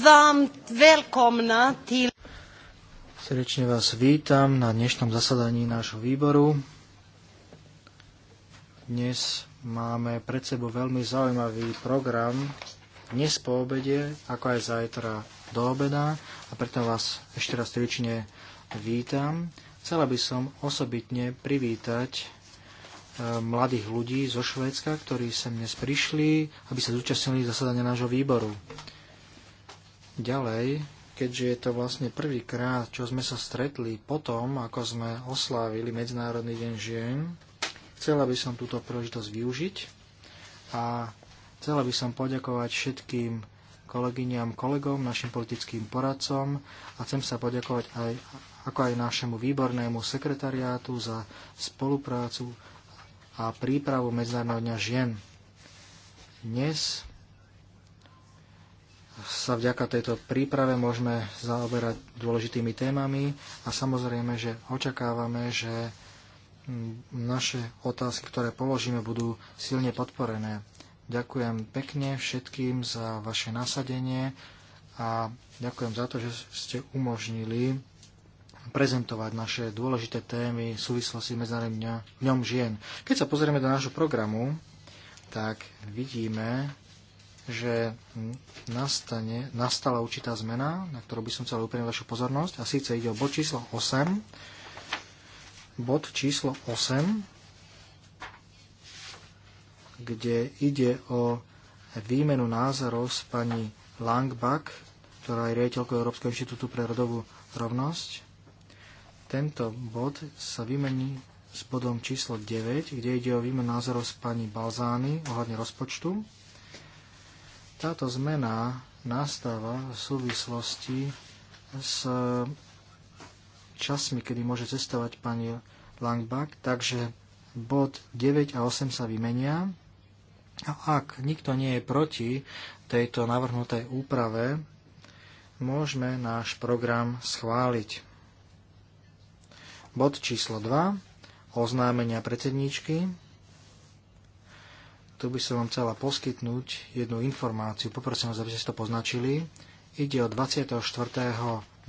varmt välkomna till... Srdečne vás vítam na dnešnom zasadaní nášho výboru. Dnes máme pred sebou veľmi zaujímavý program dnes po obede, ako aj zajtra do obeda a preto vás ešte raz srdečne vítam. Chcela by som osobitne privítať e, mladých ľudí zo Švédska, ktorí sem dnes prišli, aby sa zúčastnili zasadania nášho výboru. Ďalej, keďže je to vlastne prvýkrát, čo sme sa stretli potom, ako sme oslávili Medzinárodný deň žien, chcela by som túto príležitosť využiť a chcela by som poďakovať všetkým kolegyňam, kolegom, našim politickým poradcom a chcem sa poďakovať aj, ako aj našemu výbornému sekretariátu za spoluprácu a prípravu Medzinárodňa žien. Dnes sa vďaka tejto príprave môžeme zaoberať dôležitými témami a samozrejme, že očakávame, že mm, naše otázky, ktoré položíme, budú silne podporené. Ďakujem pekne všetkým za vaše nasadenie a ďakujem za to, že ste umožnili prezentovať naše dôležité témy v súvislosti Medzinárodným dňom žien. Keď sa pozrieme do nášho programu, tak vidíme, že nastane, nastala určitá zmena, na ktorú by som chcel úplne vašu pozornosť. A síce ide o bod číslo 8. Bod číslo 8, kde ide o výmenu názorov s pani Langbach, ktorá je riaditeľkou Európskeho inštitútu pre rodovú rovnosť. Tento bod sa vymení s bodom číslo 9, kde ide o výmenu názorov s pani Balzány ohľadne rozpočtu táto zmena nastáva v súvislosti s časmi, kedy môže cestovať pani Langbach, takže bod 9 a 8 sa vymenia. A ak nikto nie je proti tejto navrhnutej úprave, môžeme náš program schváliť. Bod číslo 2. Oznámenia predsedníčky. Tu by som vám chcela poskytnúť jednu informáciu. Poprosím vás, aby ste to poznačili. Ide od 24.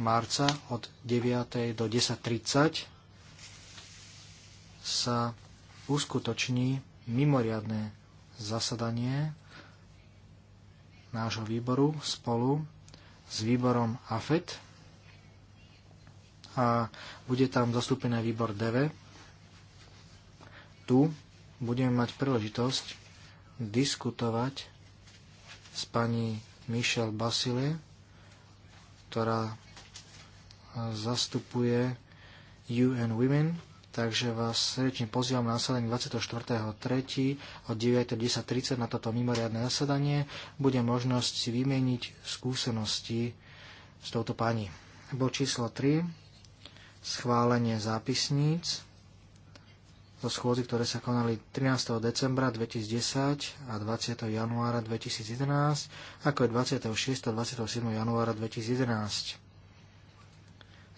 marca od 9. do 10.30 sa uskutoční mimoriadne zasadanie nášho výboru spolu s výborom AFET a bude tam zastúpený výbor DV. Tu budeme mať príležitosť diskutovať s pani Michel Basile, ktorá e, zastupuje UN Women, takže vás srdečne pozývam na zasadanie 24.3. od 9.10.30 na toto mimoriadne zasadanie. Bude možnosť si vymeniť skúsenosti s touto pani. Bo číslo 3. Schválenie zápisníc zo schôdzi, ktoré sa konali 13. decembra 2010 a 20. januára 2011, ako aj 26. a 27. januára 2011.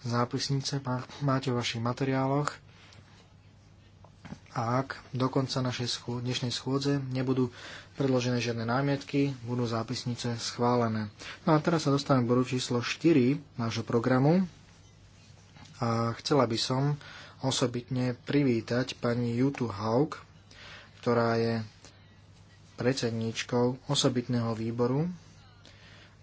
Zápisnice máte v vašich materiáloch a ak do konca našej schô- dnešnej schôdze nebudú predložené žiadne námietky, budú zápisnice schválené. No a teraz sa dostávame k bodu číslo 4 nášho programu a chcela by som osobitne privítať pani Jutu Haug, ktorá je predsedníčkou osobitného výboru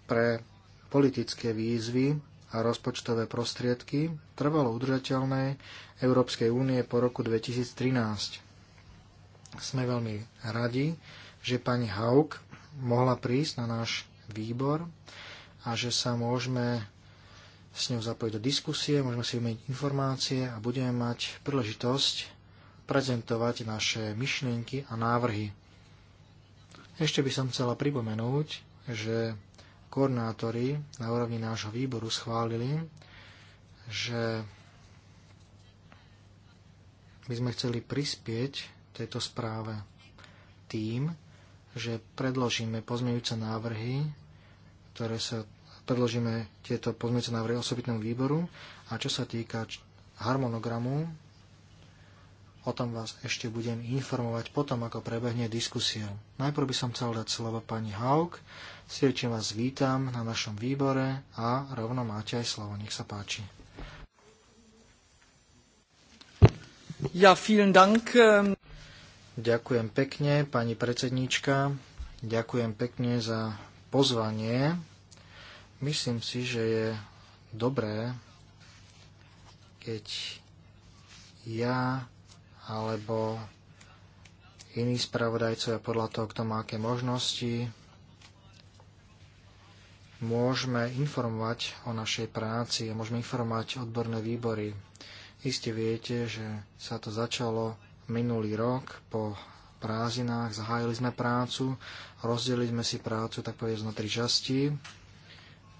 pre politické výzvy a rozpočtové prostriedky trvalo udržateľnej Európskej únie po roku 2013. Sme veľmi radi, že pani Haug mohla prísť na náš výbor a že sa môžeme s ňou zapojiť do diskusie, môžeme si vymeniť informácie a budeme mať príležitosť prezentovať naše myšlienky a návrhy. Ešte by som chcela pripomenúť, že koordinátori na úrovni nášho výboru schválili, že by sme chceli prispieť tejto správe tým, že predložíme pozmeňujúce návrhy, ktoré sa predložíme tieto pozmeňujúce návrhy osobitnému výboru. A čo sa týka harmonogramu, o tom vás ešte budem informovať potom, ako prebehne diskusia. Najprv by som chcel dať slovo pani Haug. Srdečne vás vítam na našom výbore a rovno máte aj slovo. Nech sa páči. Ja, vielen Dank. Ähm. Ďakujem pekne, pani predsedníčka. Ďakujem pekne za pozvanie Myslím si, že je dobré, keď ja alebo iní spravodajcovia podľa toho, kto má aké možnosti, môžeme informovať o našej práci a môžeme informovať odborné výbory. Isté viete, že sa to začalo minulý rok po prázdninách, zahájili sme prácu, rozdelili sme si prácu tak povedz na tri časti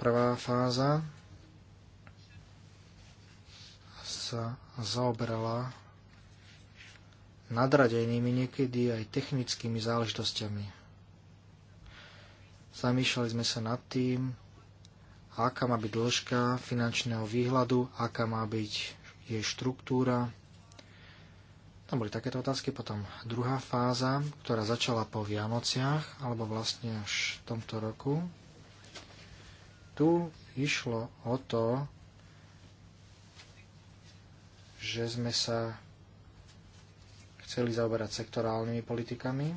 prvá fáza sa zaoberala nadradenými niekedy aj technickými záležitosťami. Zamýšľali sme sa nad tým, aká má byť dĺžka finančného výhľadu, aká má byť jej štruktúra. Tam boli takéto otázky. Potom druhá fáza, ktorá začala po Vianociach, alebo vlastne až v tomto roku, tu išlo o to, že sme sa chceli zaoberať sektorálnymi politikami,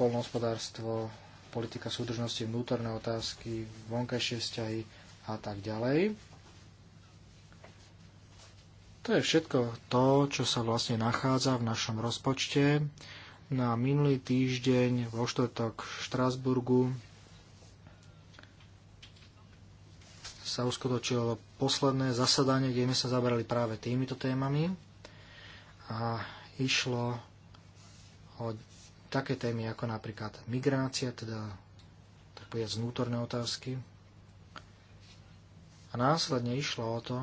polnohospodárstvo, politika súdržnosti, vnútorné otázky, vonkajšie vzťahy a tak ďalej. To je všetko to, čo sa vlastne nachádza v našom rozpočte. Na minulý týždeň vo štvrtok v Štrásburgu sa uskutočilo posledné zasadanie, kde sme sa zabrali práve týmito témami a išlo o také témy ako napríklad migrácia, teda tak povedať vnútorné otázky. A následne išlo o to,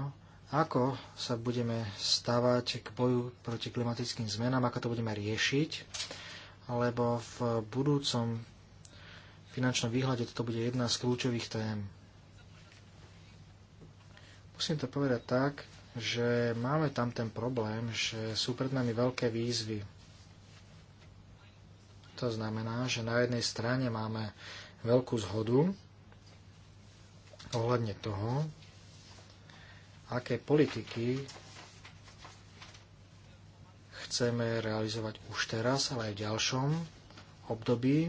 ako sa budeme stavať k boju proti klimatickým zmenám, ako to budeme riešiť, lebo v budúcom finančnom výhľade toto bude jedna z kľúčových tém. Musím to povedať tak, že máme tam ten problém, že sú pred nami veľké výzvy. To znamená, že na jednej strane máme veľkú zhodu ohľadne toho, aké politiky chceme realizovať už teraz, ale aj v ďalšom období.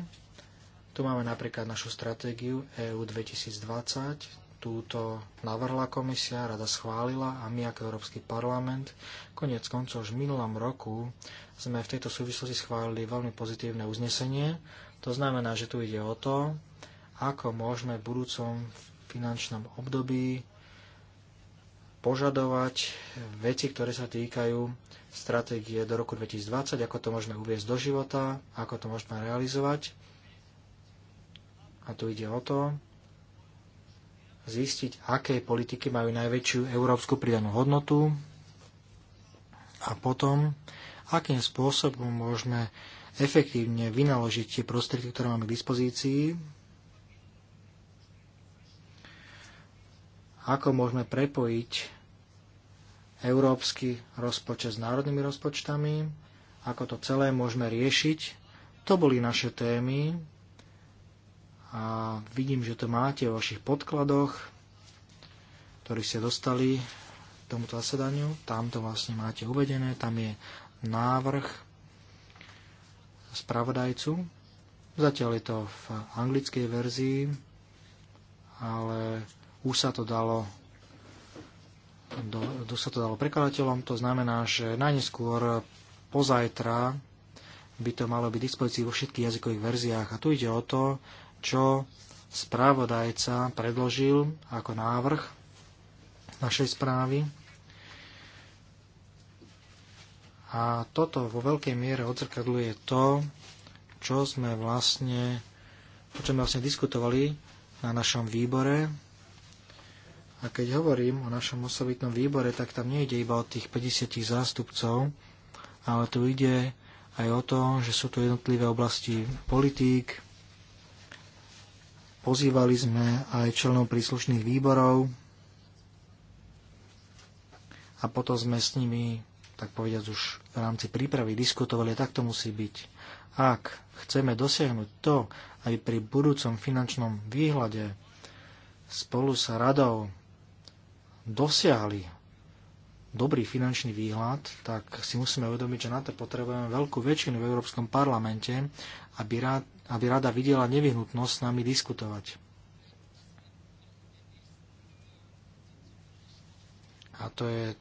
Tu máme napríklad našu stratégiu EU 2020, túto navrhla komisia, rada schválila a my ako Európsky parlament konec koncov už v minulom roku sme v tejto súvislosti schválili veľmi pozitívne uznesenie. To znamená, že tu ide o to, ako môžeme v budúcom finančnom období požadovať veci, ktoré sa týkajú stratégie do roku 2020, ako to môžeme uviezť do života, ako to môžeme realizovať. A tu ide o to, zistiť, aké politiky majú najväčšiu európsku pridanú hodnotu a potom, akým spôsobom môžeme efektívne vynaložiť tie prostriedky, ktoré máme k dispozícii, ako môžeme prepojiť európsky rozpočet s národnými rozpočtami, ako to celé môžeme riešiť. To boli naše témy, a vidím, že to máte vo vašich podkladoch, ktorý ste dostali k tomuto zasedaniu. Tam to vlastne máte uvedené, tam je návrh spravodajcu. Zatiaľ je to v anglickej verzii, ale už sa to dalo do, do sa to dalo prekladateľom, to znamená, že najneskôr pozajtra by to malo byť dispozícii vo všetkých jazykových verziách. A tu ide o to, čo správodajca predložil ako návrh našej správy. A toto vo veľkej miere odzrkadluje to, čo sme vlastne, o čom vlastne diskutovali na našom výbore. A keď hovorím o našom osobitnom výbore, tak tam nejde iba o tých 50 zástupcov, ale tu ide aj o to, že sú tu jednotlivé oblasti politík, Pozývali sme aj členov príslušných výborov a potom sme s nimi, tak povediať, už v rámci prípravy diskutovali, tak to musí byť. Ak chceme dosiahnuť to, aby pri budúcom finančnom výhľade spolu s radou dosiahli dobrý finančný výhľad, tak si musíme uvedomiť, že na to potrebujeme veľkú väčšinu v Európskom parlamente aby, rád, aby rada videla nevyhnutnosť s nami diskutovať. A to je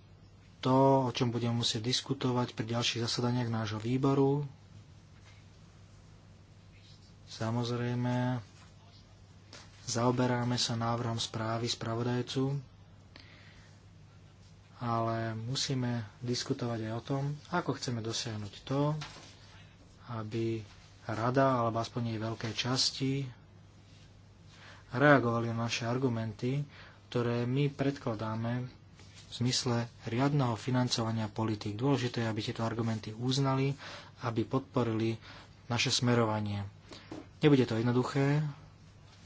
to, o čom budeme musieť diskutovať pri ďalších zasadaniach nášho výboru. Samozrejme, zaoberáme sa návrhom správy spravodajcu, ale musíme diskutovať aj o tom, ako chceme dosiahnuť to, aby rada, alebo aspoň jej veľkej časti, reagovali na naše argumenty, ktoré my predkladáme v zmysle riadneho financovania politik. Dôležité je, aby tieto argumenty uznali, aby podporili naše smerovanie. Nebude to jednoduché,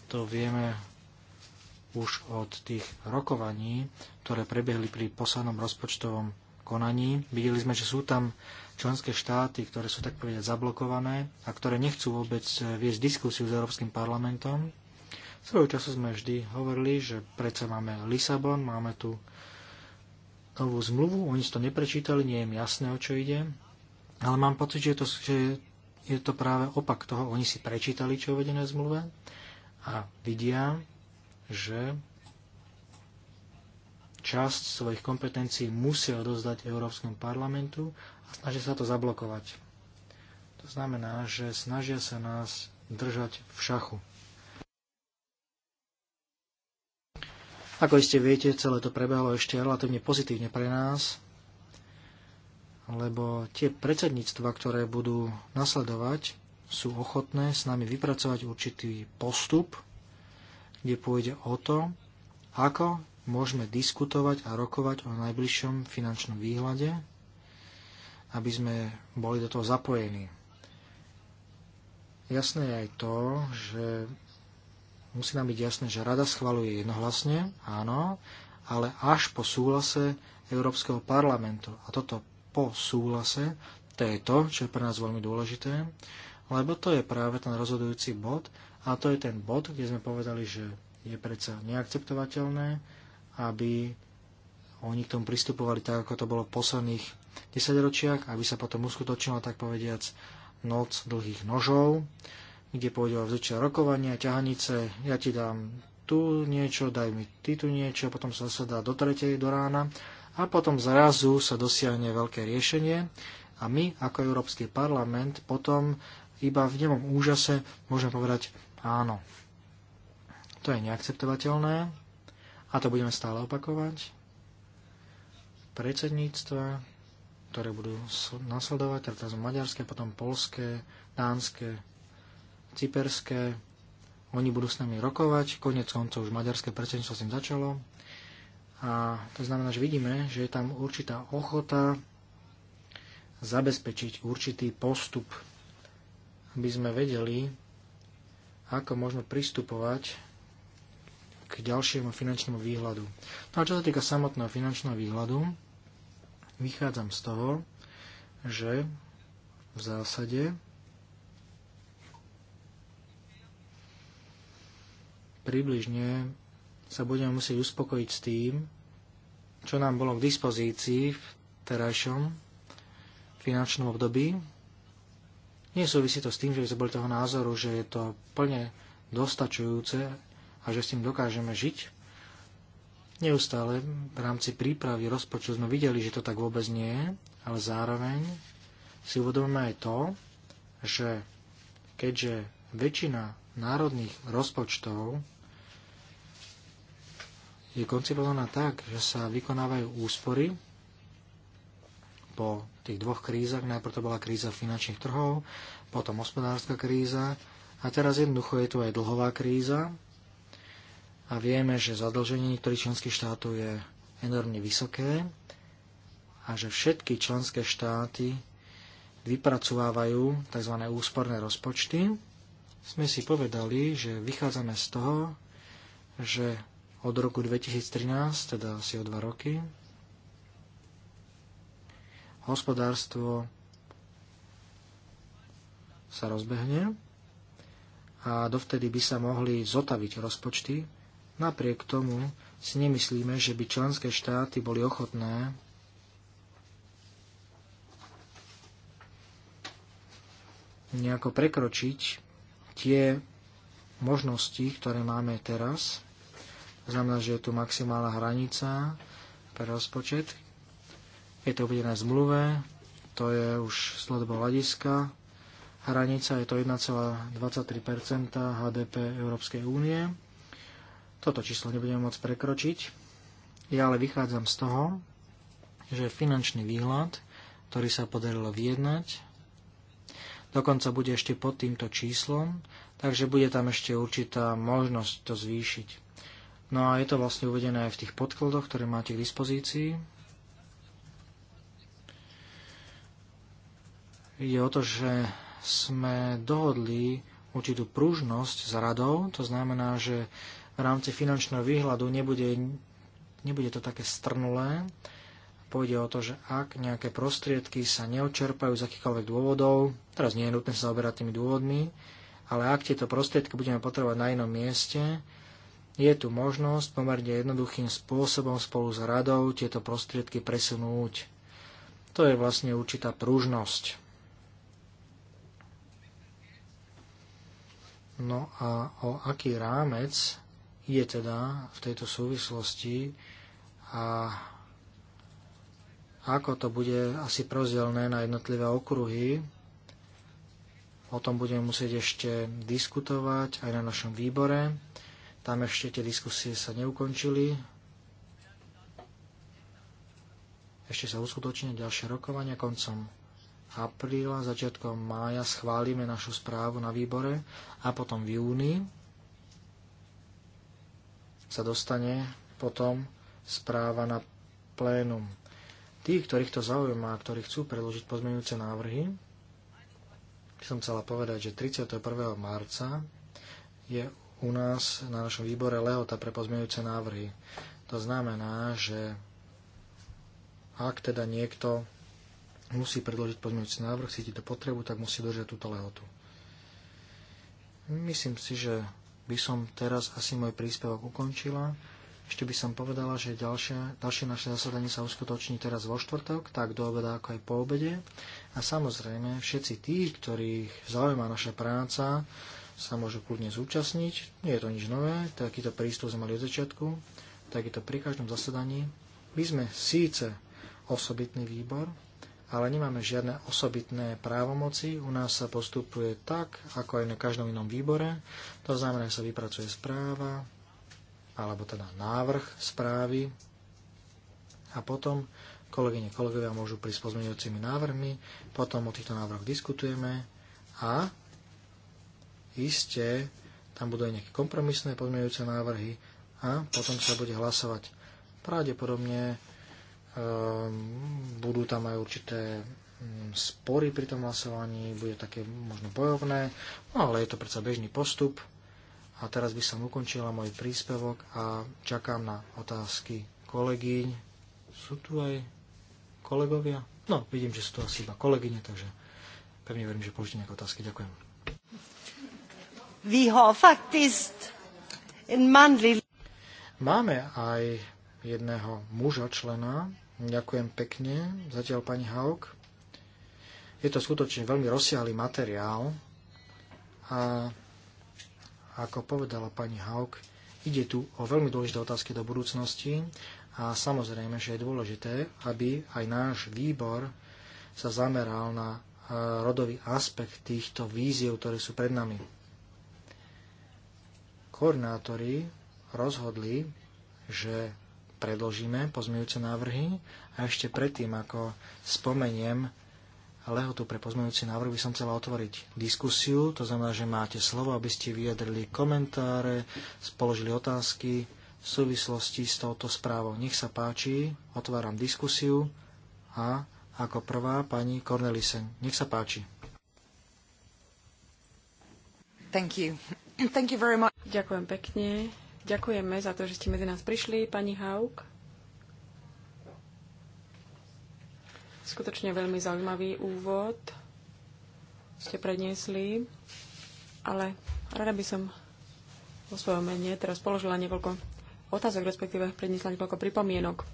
to vieme už od tých rokovaní, ktoré prebiehli pri poslednom rozpočtovom konaní. Videli sme, že sú tam členské štáty, ktoré sú tak povedať zablokované a ktoré nechcú vôbec eh, viesť diskusiu s Európskym parlamentom. Svojho času sme vždy hovorili, že predsa máme Lisabon, máme tu novú zmluvu, oni si to neprečítali, nie je im jasné, o čo ide, ale mám pocit, že je to, že je to práve opak toho, oni si prečítali, čo je uvedené v zmluve a vidia, že časť svojich kompetencií musia odozdať Európskom parlamentu a snažia sa to zablokovať. To znamená, že snažia sa nás držať v šachu. Ako iste viete, celé to prebehlo ešte relatívne pozitívne pre nás, lebo tie predsedníctva, ktoré budú nasledovať, sú ochotné s nami vypracovať určitý postup, kde pôjde o to, ako môžeme diskutovať a rokovať o najbližšom finančnom výhľade, aby sme boli do toho zapojení. Jasné je aj to, že musí nám byť jasné, že rada schvaluje jednohlasne, áno, ale až po súhlase Európskeho parlamentu. A toto po súhlase, to je to, čo je pre nás veľmi dôležité, lebo to je práve ten rozhodujúci bod a to je ten bod, kde sme povedali, že je predsa neakceptovateľné, aby oni k tomu pristupovali tak, ako to bolo v posledných desaťročiach, aby sa potom uskutočnila, tak povediac, noc dlhých nožov, kde pôjde o vzdučia rokovania, ťahanice, ja ti dám tu niečo, daj mi ty tu niečo, potom sa zase dá do tretej do rána a potom zrazu sa dosiahne veľké riešenie a my ako Európsky parlament potom iba v nemom úžase môžeme povedať áno. To je neakceptovateľné a to budeme stále opakovať, predsedníctva, ktoré budú nasledovať, teda teraz maďarské, potom polské, dánske, cyperské, oni budú s nami rokovať, konec koncov už maďarské predsedníctvo s tým začalo. A to znamená, že vidíme, že je tam určitá ochota zabezpečiť určitý postup, aby sme vedeli, ako možno pristupovať k ďalšiemu finančnému výhľadu. No a čo sa týka samotného finančného výhľadu, vychádzam z toho, že v zásade približne sa budeme musieť uspokojiť s tým, čo nám bolo k dispozícii v terajšom finančnom období. Nesúvisí to s tým, že by sme boli toho názoru, že je to plne dostačujúce a že s tým dokážeme žiť. Neustále v rámci prípravy rozpočtu sme videli, že to tak vôbec nie je, ale zároveň si uvedomujeme aj to, že keďže väčšina národných rozpočtov je koncipovaná tak, že sa vykonávajú úspory po tých dvoch krízach. Najprv to bola kríza finančných trhov, potom hospodárska kríza a teraz jednoducho je tu aj dlhová kríza, a vieme, že zadlženie niektorých členských štátov je enormne vysoké a že všetky členské štáty vypracovávajú tzv. úsporné rozpočty, sme si povedali, že vychádzame z toho, že od roku 2013, teda asi o dva roky, hospodárstvo sa rozbehne a dovtedy by sa mohli zotaviť rozpočty Napriek tomu si nemyslíme, že by členské štáty boli ochotné nejako prekročiť tie možnosti, ktoré máme teraz. Znamená, že je tu maximálna hranica pre rozpočet. Je to uvedené v zmluve, to je už z hľadiska. Hranica je to 1,23 HDP Európskej únie toto číslo nebudeme môcť prekročiť. Ja ale vychádzam z toho, že finančný výhľad, ktorý sa podarilo vyjednať, dokonca bude ešte pod týmto číslom, takže bude tam ešte určitá možnosť to zvýšiť. No a je to vlastne uvedené aj v tých podkladoch, ktoré máte k dispozícii. Ide o to, že sme dohodli určitú pružnosť s radou, to znamená, že v rámci finančného výhľadu nebude, nebude to také strnulé. Pôjde o to, že ak nejaké prostriedky sa neočerpajú z akýchkoľvek dôvodov, teraz nie je nutné sa zaoberať tými dôvodmi, ale ak tieto prostriedky budeme potrebovať na inom mieste, je tu možnosť pomerne jednoduchým spôsobom spolu s radou tieto prostriedky presunúť. To je vlastne určitá pružnosť. No a o aký rámec je teda v tejto súvislosti a ako to bude asi prozdelné na jednotlivé okruhy. O tom budeme musieť ešte diskutovať aj na našom výbore. Tam ešte tie diskusie sa neukončili. Ešte sa uskutočne ďalšie rokovania koncom apríla, začiatkom mája schválime našu správu na výbore a potom v júni sa dostane potom správa na plénum. Tí, ktorých to zaujíma a ktorí chcú predložiť pozmeňujúce návrhy, by som chcela povedať, že 31. marca je u nás na našom výbore lehota pre pozmeňujúce návrhy. To znamená, že ak teda niekto musí predložiť pozmeňujúci návrh, cíti to potrebu, tak musí držať túto lehotu. Myslím si, že by som teraz asi môj príspevok ukončila. Ešte by som povedala, že ďalšie, ďalšie naše zasadanie sa uskutoční teraz vo štvrtok, tak do obeda ako aj po obede. A samozrejme, všetci tí, ktorých zaujíma naša práca, sa môžu kľudne zúčastniť. Nie je to nič nové, takýto prístup sme mali od začiatku, takýto pri každom zasadaní. My sme síce osobitný výbor, ale nemáme žiadne osobitné právomoci. U nás sa postupuje tak, ako aj na každom inom výbore. To znamená, že sa vypracuje správa, alebo teda návrh správy a potom kolegyne, kolegovia môžu prísť pozmeňujúcimi návrhmi, potom o týchto návrhoch diskutujeme a iste tam budú aj nejaké kompromisné pozmeňujúce návrhy a potom sa bude hlasovať pravdepodobne Ehm, budú tam aj určité mm, spory pri tom hlasovaní, bude také možno bojovné, no ale je to predsa bežný postup. A teraz by som ukončila môj príspevok a čakám na otázky kolegyň. Sú tu aj kolegovia? No, vidím, že sú tu asi iba kolegyne, takže pevne verím, že položíte nejaké otázky. Ďakujem. Máme aj jedného muža člena Ďakujem pekne. Zatiaľ pani Haug. Je to skutočne veľmi rozsiahly materiál a ako povedala pani Haug, ide tu o veľmi dôležité otázky do budúcnosti a samozrejme, že je dôležité, aby aj náš výbor sa zameral na e, rodový aspekt týchto víziev, ktoré sú pred nami. Koordinátori rozhodli, že predložíme pozmeňujúce návrhy a ešte predtým, ako spomeniem lehotu pre pozmeňujúci návrh, by som chcela otvoriť diskusiu. To znamená, že máte slovo, aby ste vyjadrili komentáre, spoložili otázky v súvislosti s touto správou. Nech sa páči, otváram diskusiu a ako prvá pani Cornelisen. Nech sa páči. Thank you. Thank you very much. Ďakujem pekne. Ďakujeme za to, že ste medzi nás prišli, pani Haug. Skutočne veľmi zaujímavý úvod ste predniesli, ale rada by som vo svojom mene teraz položila niekoľko otázok, respektíve predniesla niekoľko pripomienok.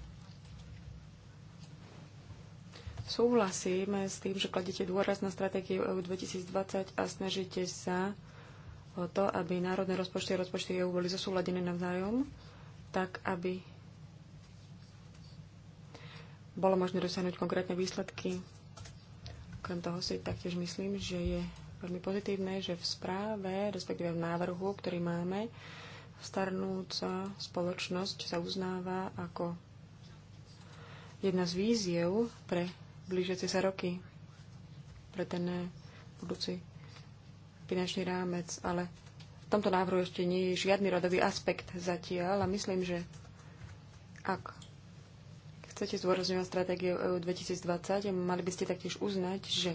Súhlasíme s tým, že kladete dôraz na stratégiu EU 2020 a snažíte sa o to, aby národné rozpočty a rozpočty EU boli zosúladené navzájom, tak aby bolo možné dosiahnuť konkrétne výsledky. Okrem toho si taktiež myslím, že je veľmi pozitívne, že v správe, respektíve v návrhu, ktorý máme, starnúca spoločnosť sa uznáva ako jedna z víziev pre blížiace sa roky, pre ten budúci finančný rámec, ale v tomto návrhu ešte nie je žiadny rodový aspekt zatiaľ a myslím, že ak chcete zdôrazňovať stratégiu EU 2020, mali by ste taktiež uznať, že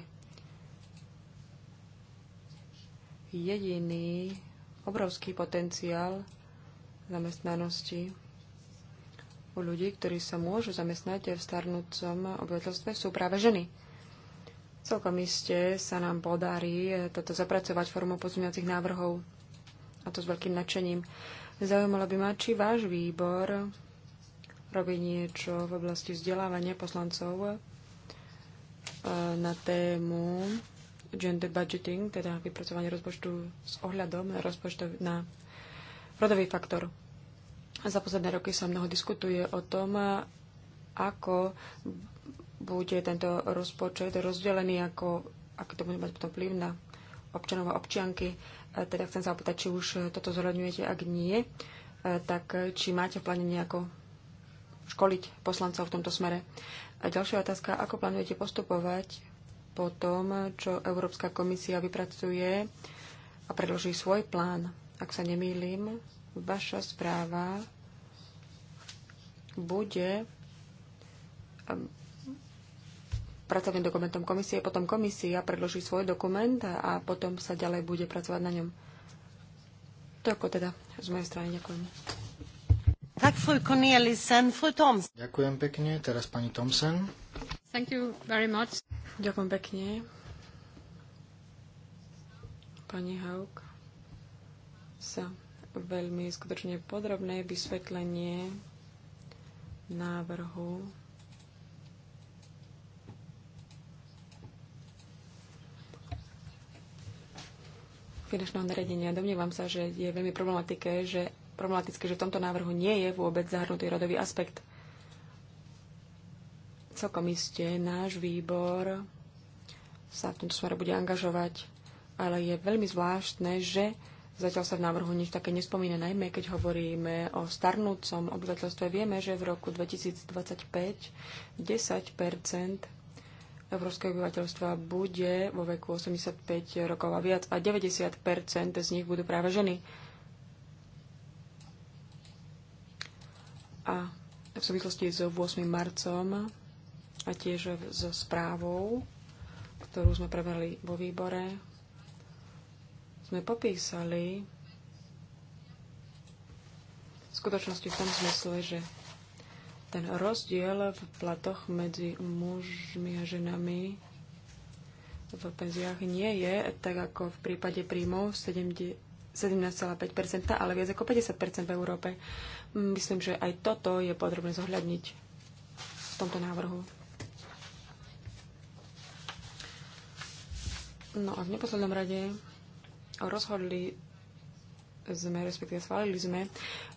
jediný obrovský potenciál zamestnanosti u ľudí, ktorí sa môžu zamestnať v starnúcom obyvateľstve, sú práve ženy. Celkom iste sa nám podarí eh, toto zapracovať formou pozmeňovacích návrhov, a to s veľkým nadšením. Zaujímalo by ma, či váš výbor robí niečo v oblasti vzdelávania poslancov eh, na tému gender budgeting, teda vypracovanie rozpočtu s ohľadom na, rozpočtov, na rodový faktor. Za posledné roky sa mnoho diskutuje o tom, eh, ako bude tento rozpočet rozdelený, ako, ako to bude mať potom vplyv na občanov a občianky. Teda chcem sa opýtať, či už toto zohľadňujete, ak nie, e, tak či máte v pláne nejako školiť poslancov v tomto smere. A ďalšia otázka, ako plánujete postupovať po tom, čo Európska komisia vypracuje a predloží svoj plán. Ak sa nemýlim, vaša správa bude pracovným dokumentom komisie, potom komisia predloží svoj dokument a potom sa ďalej bude pracovať na ňom. Toľko teda z mojej strany. Ďakujem. Tak, fru Cornelissen, fru Thomsen. Ďakujem pekne. Teraz pani Thomsen. Thank you very much. Ďakujem pekne. Pani Haug sa veľmi skutočne podrobné vysvetlenie návrhu finančného nariadenia. Domnievam sa, že je veľmi problematické, že, problematické, že v tomto návrhu nie je vôbec zahrnutý rodový aspekt. Celkom iste náš výbor sa v tomto smere bude angažovať, ale je veľmi zvláštne, že zatiaľ sa v návrhu nič také nespomína, najmä keď hovoríme o starnúcom obyvateľstve. Vieme, že v roku 2025 10 európskeho obyvateľstva bude vo veku 85 rokov a viac a 90 z nich budú práve ženy. A v súvislosti s 8. marcom a tiež so správou, ktorú sme preberali vo výbore, sme popísali skutočnosti v tom zmysle, že ten rozdiel v platoch medzi mužmi a ženami v penziách nie je, tak ako v prípade príjmov 17,5%, ale viac ako 50% v Európe. Myslím, že aj toto je potrebné zohľadniť v tomto návrhu. No a v neposlednom rade rozhodli sme, respektíve schválili sme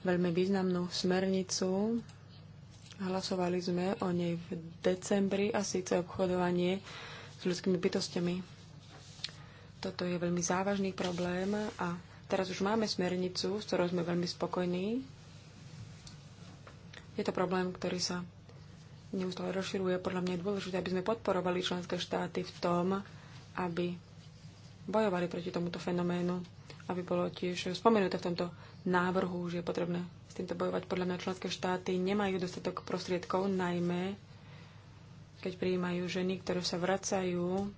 veľmi významnú smernicu Hlasovali sme o nej v decembri a síce obchodovanie s ľudskými bytostiami. Toto je veľmi závažný problém a teraz už máme smernicu, s ktorou sme veľmi spokojní. Je to problém, ktorý sa neustále rozširuje. Podľa mňa je dôležité, aby sme podporovali členské štáty v tom, aby bojovali proti tomuto fenoménu, aby bolo tiež spomenuté v tomto návrhu, že je potrebné s týmto bojovať. Podľa mňa členské štáty nemajú dostatok prostriedkov, najmä keď prijímajú ženy, ktoré sa vracajú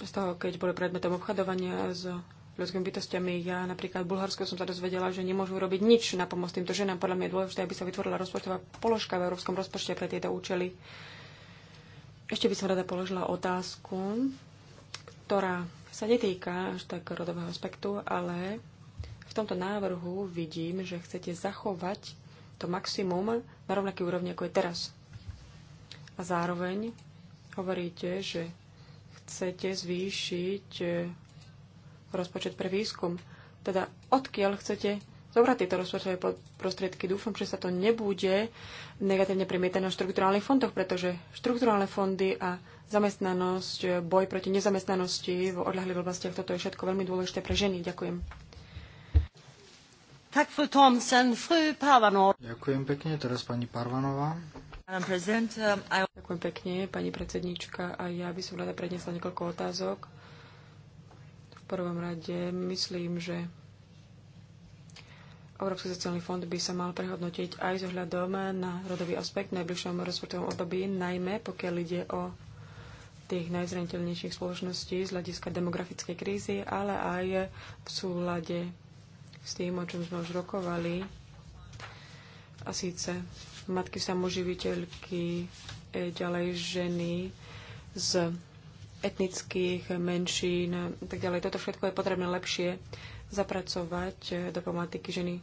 z toho, keď boli predmetom obchadovania s ľudskými bytostiami. Ja napríklad v Bulharsku som sa dozvedela, že nemôžu robiť nič na pomoc týmto ženám. Podľa mňa je dôležité, aby sa vytvorila rozpočtová položka v európskom rozpočte pre tieto účely. Ešte by som rada položila otázku, ktorá sa netýka až tak rodového aspektu, ale v tomto návrhu vidím, že chcete zachovať to maximum na rovnaké úrovni, ako je teraz. A zároveň hovoríte, že chcete zvýšiť e, rozpočet pre výskum. Teda odkiaľ chcete zobrať tieto rozpočtové prostriedky. Dúfam, že sa to nebude negatívne premietať na štrukturálnych fondoch, pretože štrukturálne fondy a zamestnanosť, boj proti nezamestnanosti v odľahlých oblastiach, toto je všetko veľmi dôležité pre ženy. Ďakujem. Tak fru Thomsen, fru Parvanov. Ďakujem pekne, teraz pani Parvanová. Um, Ďakujem pekne, pani predsedníčka. A ja by som rada predniesla niekoľko otázok. V prvom rade myslím, že Európsky sociálny fond by sa mal prehodnotiť aj s ohľadom na rodový aspekt v najbližšom rozpočtovom období, najmä pokiaľ ide o tých najzraniteľnejších spoločností z hľadiska demografickej krízy, ale aj v súlade s tým, o čom sme už rokovali. A síce matky samoživiteľky, e, ďalej ženy z etnických menšín tak ďalej. Toto všetko je potrebné lepšie zapracovať e, do problematiky ženy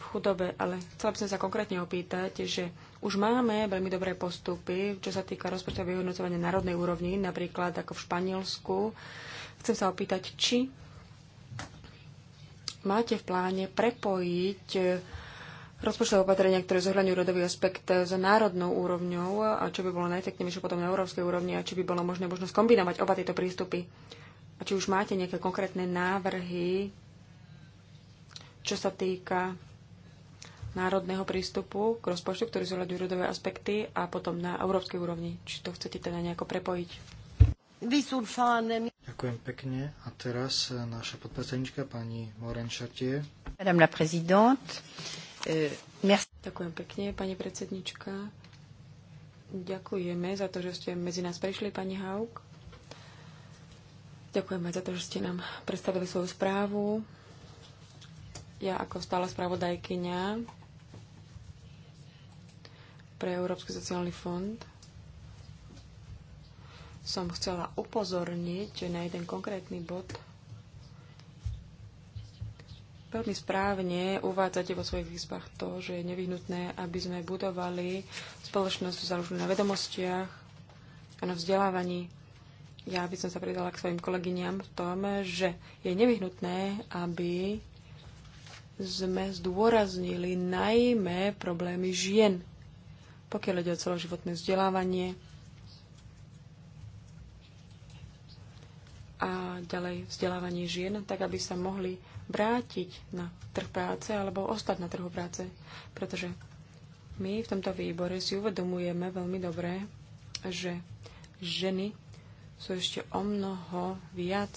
v chudobe, ale chcela by som sa konkrétne opýtať, že už máme veľmi dobré postupy, čo sa týka rozpočtového vyhodnocovania národnej úrovni, napríklad ako v Španielsku. Chcem sa opýtať, či máte v pláne prepojiť e, rozpočtové opatrenia, ktoré zohľadňujú rodový aspekt e, s národnou úrovňou a čo by bolo najefektívnejšie potom na európskej úrovni a či by bolo možné možno skombinovať oba tieto prístupy. A či už máte nejaké konkrétne návrhy, čo sa týka národného prístupu k rozpočtu, ktorý zohľadňujú rodové aspekty a potom na európskej úrovni. Či to chcete teda nejako prepojiť? Ďakujem pekne. A teraz e, naša podpredsednička pani Moren Šatie. Madame la présidente. E, Ďakujem pekne, pani predsednička. Ďakujeme za to, že ste medzi nás prišli, pani Haug. Ďakujeme za to, že ste nám predstavili svoju správu. Ja ako stála spravodajkyňa pre Európsky sociálny fond som chcela upozorniť na jeden konkrétny bod. Veľmi správne uvádzate vo svojich výzvach to, že je nevyhnutné, aby sme budovali spoločnosť založenú na vedomostiach a na vzdelávaní. Ja by som sa pridala k svojim kolegyňam v tom, že je nevyhnutné, aby sme zdôraznili najmä problémy žien, pokiaľ ide o celoživotné vzdelávanie, a ďalej vzdelávanie žien, tak aby sa mohli vrátiť na trh práce alebo ostať na trhu práce. Pretože my v tomto výbore si uvedomujeme veľmi dobre, že ženy sú ešte o mnoho viac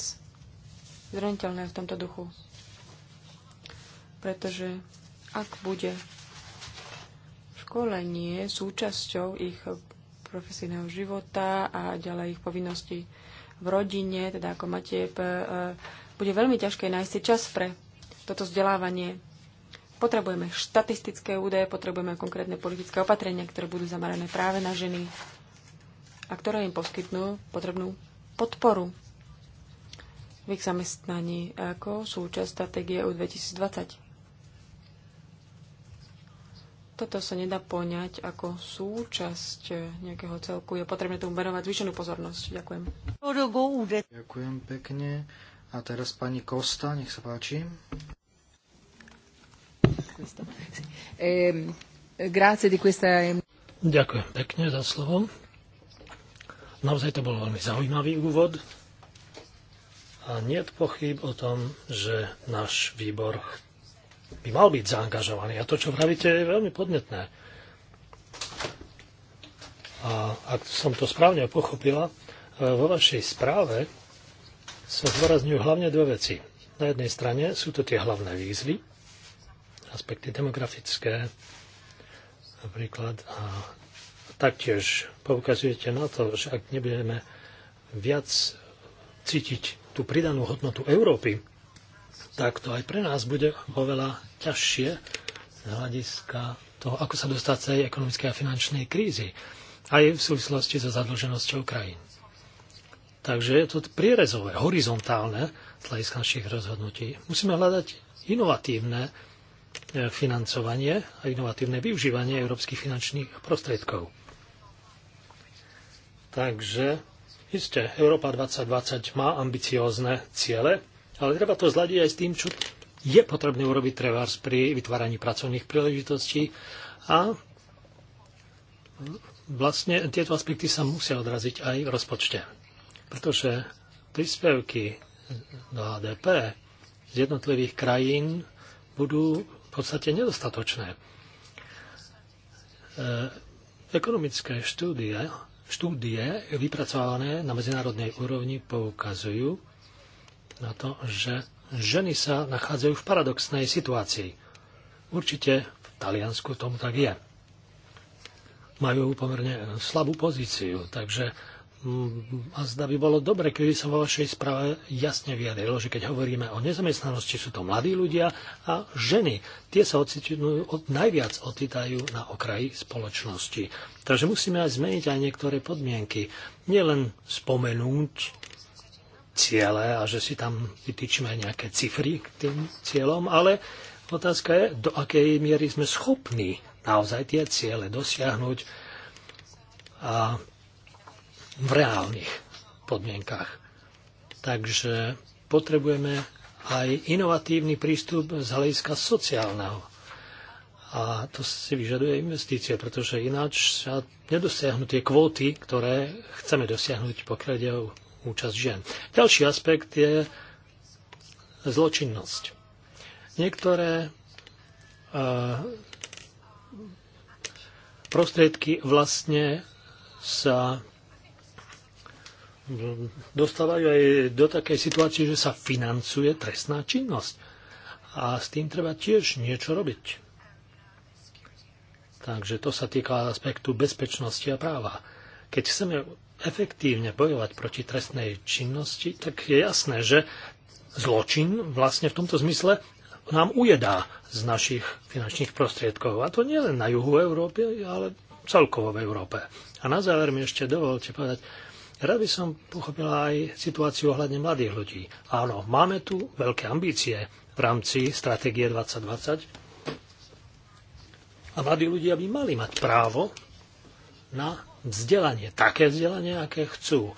zraniteľné v tomto duchu. Pretože ak bude školenie súčasťou ich profesijného života a ďalej ich povinností, v rodine, teda ako máte, e, e, bude veľmi ťažké nájsť si čas pre toto vzdelávanie. Potrebujeme štatistické údaje, potrebujeme konkrétne politické opatrenia, ktoré budú zamerané práve na ženy a ktoré im poskytnú potrebnú podporu v ich zamestnaní ako súčasť stratégie EU 2020 toto sa nedá poňať ako súčasť nejakého celku. Je potrebné tomu venovať zvýšenú pozornosť. Ďakujem. Ďakujem pekne. A teraz pani Kosta, nech sa páči. Ďakujem pekne za slovo. Naozaj to bol veľmi zaujímavý úvod. A nie pochyb o tom, že náš výbor by mal byť zaangažovaný. A to, čo vravíte, je veľmi podnetné. A ak som to správne pochopila, e, vo vašej správe sa zdôrazňujú hlavne dve veci. Na jednej strane sú to tie hlavné výzvy, aspekty demografické, napríklad, a taktiež poukazujete na to, že ak nebudeme viac cítiť tú pridanú hodnotu Európy, tak to aj pre nás bude oveľa ťažšie z hľadiska toho, ako sa dostať z tej ekonomickej a finančnej krízy, aj v súvislosti so zadlženosťou krajín. Takže je to prierezové, horizontálne z hľadiska našich rozhodnutí. Musíme hľadať inovatívne e, financovanie a inovatívne využívanie európskych finančných prostriedkov. Takže Isté, Európa 2020 má ambiciózne ciele, ale treba to zladiť aj s tým, čo je potrebné urobiť trebárs pri vytváraní pracovných príležitostí a vlastne tieto aspekty sa musia odraziť aj v rozpočte. Pretože príspevky do HDP z jednotlivých krajín budú v podstate nedostatočné. E, ekonomické štúdie, štúdie vypracované na medzinárodnej úrovni poukazujú, na to, že ženy sa nachádzajú v paradoxnej situácii. Určite v Taliansku tomu tak je. Majú pomerne slabú pozíciu, takže mm, a zda by bolo dobre, keby sa vo vašej správe jasne vyjadrilo, že keď hovoríme o nezamestnanosti, sú to mladí ľudia a ženy. Tie sa ocitujú, najviac ocitajú na okraji spoločnosti. Takže musíme aj zmeniť aj niektoré podmienky. Nielen spomenúť ciele a že si tam vytýčime nejaké cifry k tým cieľom, ale otázka je, do akej miery sme schopní naozaj tie ciele dosiahnuť a v reálnych podmienkach. Takže potrebujeme aj inovatívny prístup z hľadiska sociálneho. A to si vyžaduje investície, pretože ináč sa nedosiahnu tie kvóty, ktoré chceme dosiahnuť, pokiaľ ide o účasť žien. Ďalší aspekt je zločinnosť. Niektoré e, prostriedky vlastne sa dostávajú aj do takej situácie, že sa financuje trestná činnosť. A s tým treba tiež niečo robiť. Takže to sa týka aspektu bezpečnosti a práva. Keď chceme efektívne bojovať proti trestnej činnosti, tak je jasné, že zločin vlastne v tomto zmysle nám ujedá z našich finančných prostriedkov. A to nie len na juhu Európy, ale celkovo v Európe. A na záver mi ešte dovolte povedať, Rád by som pochopila aj situáciu ohľadne mladých ľudí. Áno, máme tu veľké ambície v rámci stratégie 2020. A mladí ľudia by mali mať právo na vzdelanie, také vzdelanie, aké chcú.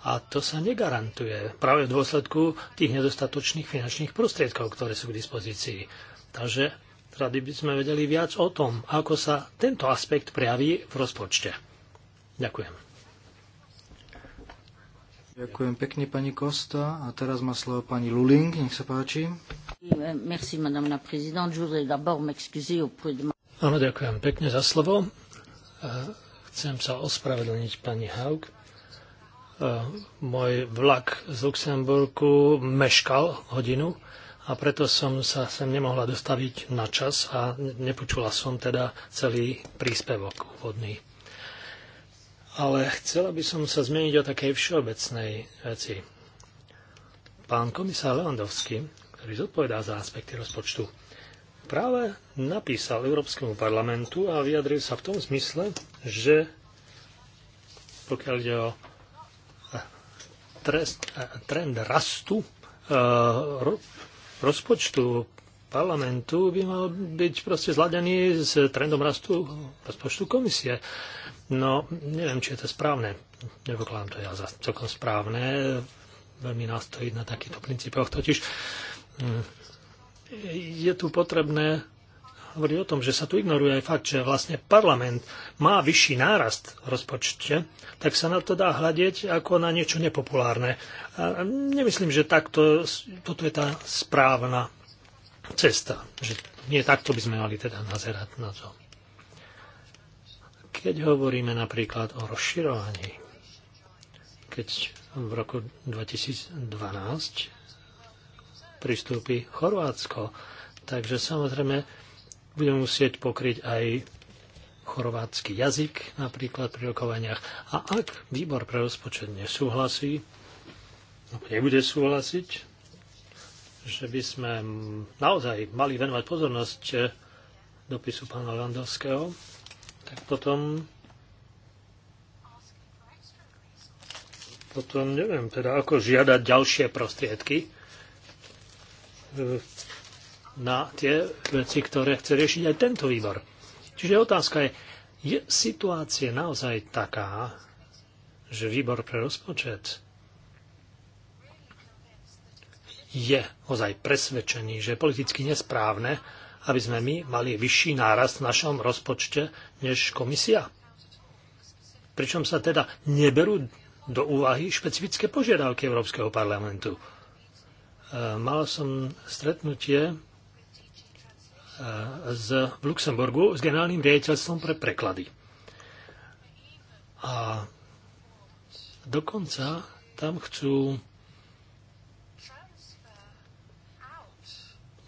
A to sa negarantuje práve v dôsledku tých nedostatočných finančných prostriedkov, ktoré sú k dispozícii. Takže rady by sme vedeli viac o tom, ako sa tento aspekt prejaví v rozpočte. Ďakujem. Ďakujem pekne pani Kosta. A teraz má slovo pani Luling, nech sa páči. Merci, madame la présidente. Je voudrais d'abord m'excuser auprès de... Áno, ďakujem pekne za slovo Chcem sa ospravedlniť pani Haug. E, môj vlak z Luxemburku meškal hodinu a preto som sa sem nemohla dostaviť na čas a nepočula som teda celý príspevok úvodný. Ale chcela by som sa zmeniť o takej všeobecnej veci. Pán komisár Levandovský, ktorý zodpovedá za aspekty rozpočtu, práve napísal Európskemu parlamentu a vyjadril sa v tom zmysle, že pokiaľ ide o eh, trest, eh, trend rastu eh, rozpočtu parlamentu by mal byť proste zladený s trendom rastu rozpočtu komisie. No, neviem, či je to správne. Nepokladám to ja za celkom správne. Veľmi nás to na takýchto princípoch. Totiž hm, je tu potrebné hovoriť o tom, že sa tu ignoruje aj fakt, že vlastne parlament má vyšší nárast v rozpočte, tak sa na to dá hľadiť ako na niečo nepopulárne. A nemyslím, že takto, toto je tá správna cesta. Že nie takto by sme mali teda nazerať na to. Keď hovoríme napríklad o rozširovaní, keď v roku 2012 pristúpi Chorvátsko. Takže samozrejme budeme musieť pokryť aj chorvátsky jazyk napríklad pri rokovaniach. A ak výbor pre rozpočet nesúhlasí, nebude súhlasiť, že by sme naozaj mali venovať pozornosť eh, dopisu pána Landovského, tak potom potom neviem teda, ako žiadať ďalšie prostriedky E, na tie veci, ktoré chce riešiť aj tento výbor. Čiže otázka je, je situácia naozaj taká, že výbor pre rozpočet je ozaj presvedčený, že je politicky nesprávne, aby sme my mali vyšší nárast v našom rozpočte než komisia. Pričom sa teda neberú do úvahy špecifické požiadavky Európskeho parlamentu. Eh, mal som stretnutie eh, z, v Luxemburgu s generálnym riaditeľstvom pre preklady. A dokonca tam chcú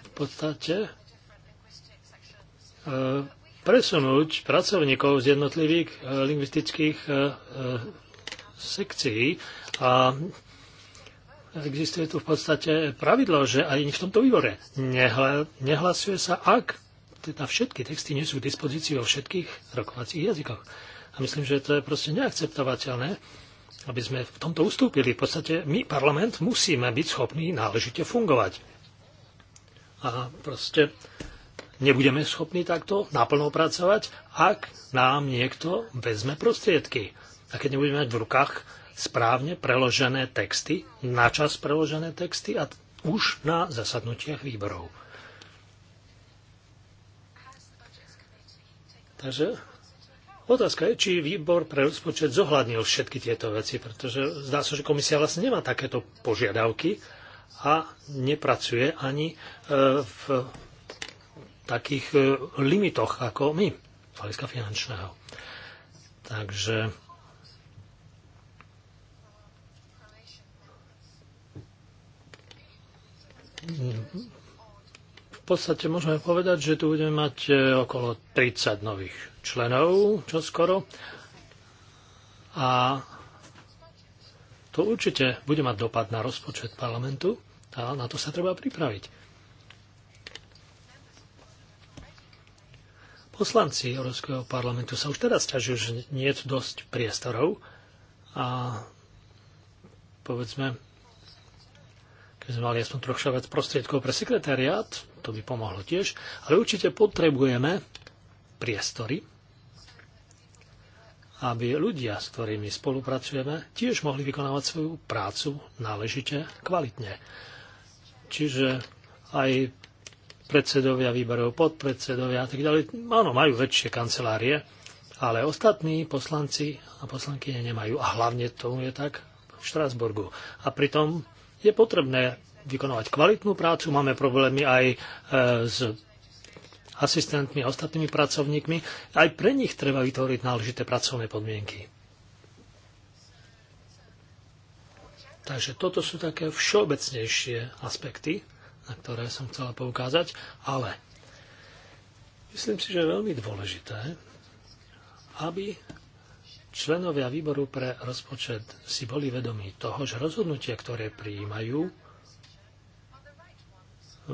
v podstate eh, presunúť pracovníkov z jednotlivých lingvistických sekcií a existuje tu v podstate pravidlo, že aj v tomto výbore nehla, nehlasuje sa, ak teda všetky texty nie sú k dispozícii vo všetkých rokovacích jazykoch. A myslím, že to je proste neakceptovateľné, aby sme v tomto ustúpili. V podstate my, parlament, musíme byť schopní náležite fungovať. A proste nebudeme schopní takto naplno pracovať, ak nám niekto vezme prostriedky. A keď nebudeme mať v rukách správne preložené texty, načas preložené texty a už na zasadnutiach výborov. Takže otázka je, či výbor pre rozpočet zohľadnil všetky tieto veci, pretože zdá sa, so, že komisia vlastne nemá takéto požiadavky a nepracuje ani e, v takých e, limitoch ako my, z hľadiska finančného. Takže v podstate môžeme povedať, že tu budeme mať e, okolo 30 nových členov čo skoro. A to určite bude mať dopad na rozpočet parlamentu a na to sa treba pripraviť. Poslanci Európskeho parlamentu sa už teraz ťažujú, že nie je dosť priestorov a povedzme keď sme mali aspoň troška viac prostriedkov pre sekretariat, to by pomohlo tiež, ale určite potrebujeme priestory, aby ľudia, s ktorými spolupracujeme, tiež mohli vykonávať svoju prácu náležite kvalitne. Čiže aj predsedovia výberov, podpredsedovia a tak ďalej, áno, majú väčšie kancelárie, ale ostatní poslanci a poslanky nemajú. A hlavne tomu je tak v Štrásburgu. A pritom je potrebné vykonávať kvalitnú prácu, máme problémy aj e, s asistentmi a ostatnými pracovníkmi. Aj pre nich treba vytvoriť náležité pracovné podmienky. Takže toto sú také všeobecnejšie aspekty, na ktoré som chcela poukázať, ale myslím si, že je veľmi dôležité, aby Členovia výboru pre rozpočet si boli vedomí toho, že rozhodnutia, ktoré prijímajú,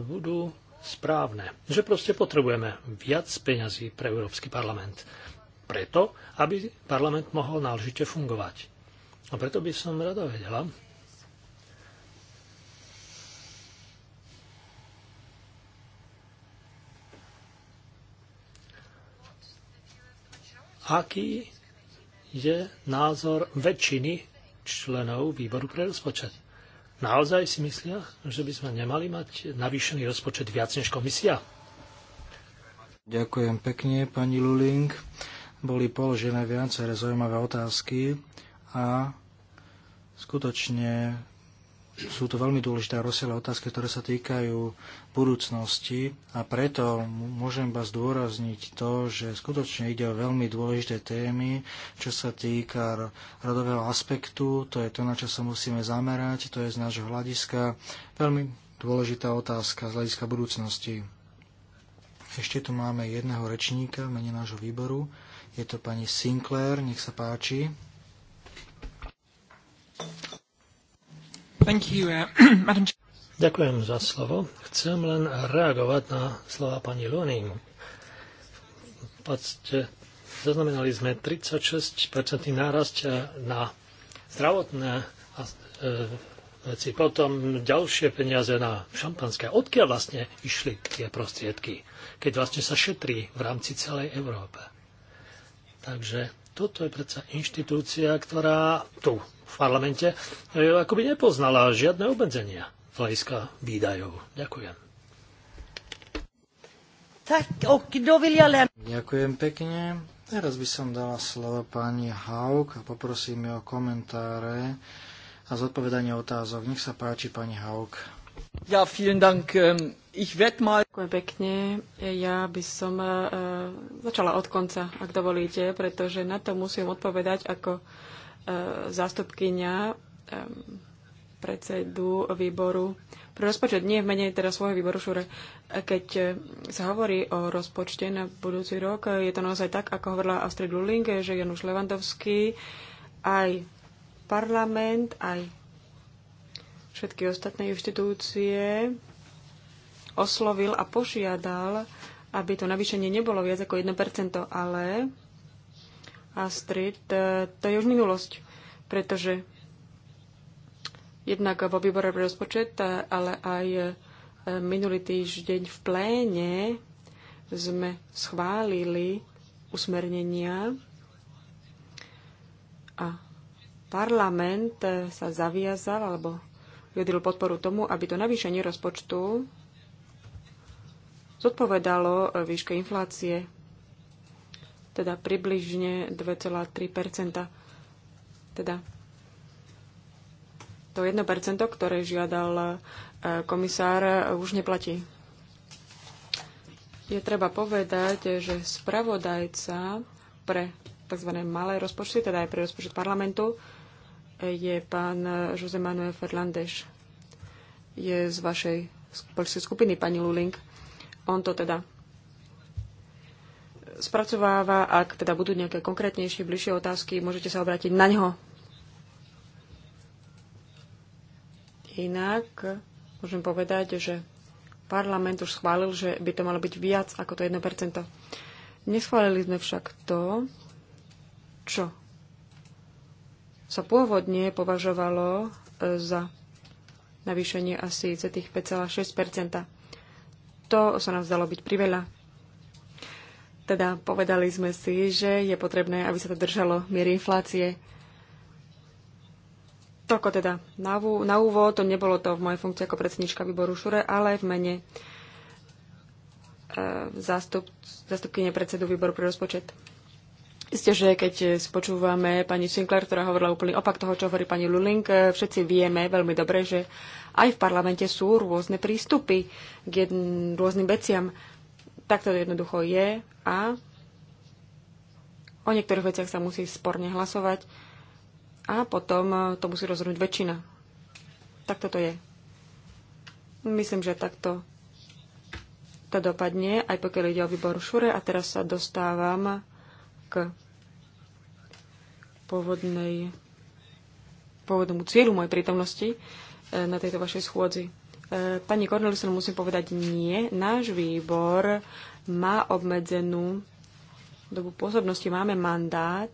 budú správne. Že proste potrebujeme viac peňazí pre Európsky parlament. Preto, aby parlament mohol náležite fungovať. A preto by som rada vedela, aký je názor väčšiny členov výboru pre rozpočet. Naozaj si myslia, že by sme nemali mať navýšený rozpočet viac než komisia? Ďakujem pekne, pani Luling. Boli položené viaceré zaujímavé otázky a skutočne sú to veľmi dôležité a rozsiahle otázky, ktoré sa týkajú budúcnosti a preto môžem vás zdôrazniť to, že skutočne ide o veľmi dôležité témy, čo sa týka rodového aspektu, to je to, na čo sa musíme zamerať, to je z nášho hľadiska veľmi dôležitá otázka z hľadiska budúcnosti. Ešte tu máme jedného rečníka v mene nášho výboru. Je to pani Sinclair, nech sa páči. Uh, Ďakujem za slovo. Chcem len reagovať na slova pani Luning. V podstate zaznamenali sme 36% nárast na zdravotné e, veci, potom ďalšie peniaze na šampanské. Odkiaľ vlastne išli tie prostriedky, keď vlastne sa šetrí v rámci celej Európe. Takže toto je predsa inštitúcia, ktorá tu v parlamente e, akoby nepoznala žiadne obmedzenia z hľadiska výdajov. Ďakujem. Tak, ok, dovilia Ďakujem pekne. Teraz by som dala slovo pani Haug a poprosím ju o komentáre a zodpovedanie otázok. Nech sa páči, pani Hauk. Ja, vielen Dank. Um ich mal... Ďakujem pekne. Ja by som e, začala od konca, ak dovolíte, pretože na to musím odpovedať ako e, zástupkynia e, predsedu výboru pre rozpočet, nie v mene teda svojho výboru Šure. E, keď sa hovorí o rozpočte na budúci rok, je to naozaj tak, ako hovorila Astrid Lulinge, že Januš Levandovský aj parlament, aj všetky ostatné inštitúcie oslovil a požiadal, aby to navýšenie nebolo viac ako 1%, ale Astrid, e, to je už minulosť, pretože jednak vo výbore pre rozpočet, e, ale aj e, minulý týždeň v pléne sme schválili usmernenia a parlament sa zaviazal alebo vyjadril podporu tomu, aby to navýšenie rozpočtu zodpovedalo eh, výške inflácie, teda približne 2,3 Teda to 1 ktoré žiadal eh, komisár, eh, už neplatí. Je treba povedať, že spravodajca pre tzv. malé rozpočty, teda aj pre rozpočet parlamentu, je pán Jose Manuel Fernández. Je z vašej politickej skupiny, pani Luling. On to teda spracováva. Ak teda budú nejaké konkrétnejšie, bližšie otázky, môžete sa obrátiť na ňo. Inak môžem povedať, že parlament už schválil, že by to malo byť viac ako to 1%. Neschválili sme však to, čo sa pôvodne považovalo za navýšenie asi tých 5,6 to sa nám zdalo byť priveľa. Teda povedali sme si, že je potrebné, aby sa to držalo miery inflácie. Toko teda na, na úvod, to nebolo to v mojej funkcii ako predsednička výboru Šure, ale v mene e, zástup, zástupkyne predsedu výboru pre rozpočet. Isté, že keď spočúvame pani Sinclair, ktorá hovorila úplný opak toho, čo hovorí pani Luling, eh, všetci vieme veľmi dobre, že aj v parlamente sú rôzne prístupy k jedn, rôznym veciam. Tak to jednoducho je a o niektorých veciach sa musí sporne hlasovať a potom eh, to musí rozhodnúť väčšina. Tak toto je. Myslím, že takto to dopadne, aj pokiaľ ide o výbor Šure. A teraz sa dostávam k pôvodnej, pôvodnému cieľu mojej prítomnosti e, na tejto vašej schôdzi. E, pani Cornelison, musím povedať nie. Náš výbor má obmedzenú dobu pôsobnosti. Máme mandát,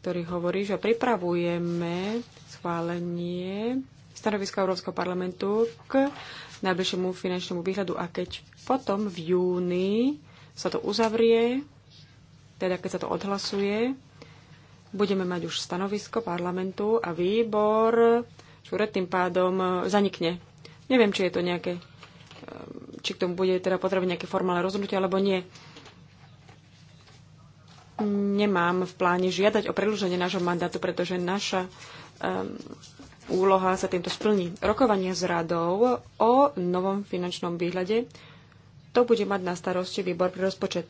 ktorý hovorí, že pripravujeme schválenie stanoviska Európskeho parlamentu k najbližšiemu finančnému výhľadu a keď potom v júni sa to uzavrie, teda keď sa to odhlasuje, budeme mať už stanovisko parlamentu a výbor Šúret tým pádom e, zanikne. Neviem, či je to nejaké, e, či k tomu bude teda potrebné nejaké formálne rozhodnutie alebo nie. Nemám v pláne žiadať o predlženie nášho mandátu, pretože naša um, úloha sa týmto splní. Rokovanie s radou o novom finančnom výhľade to bude mať na starosti výbor pre rozpočet.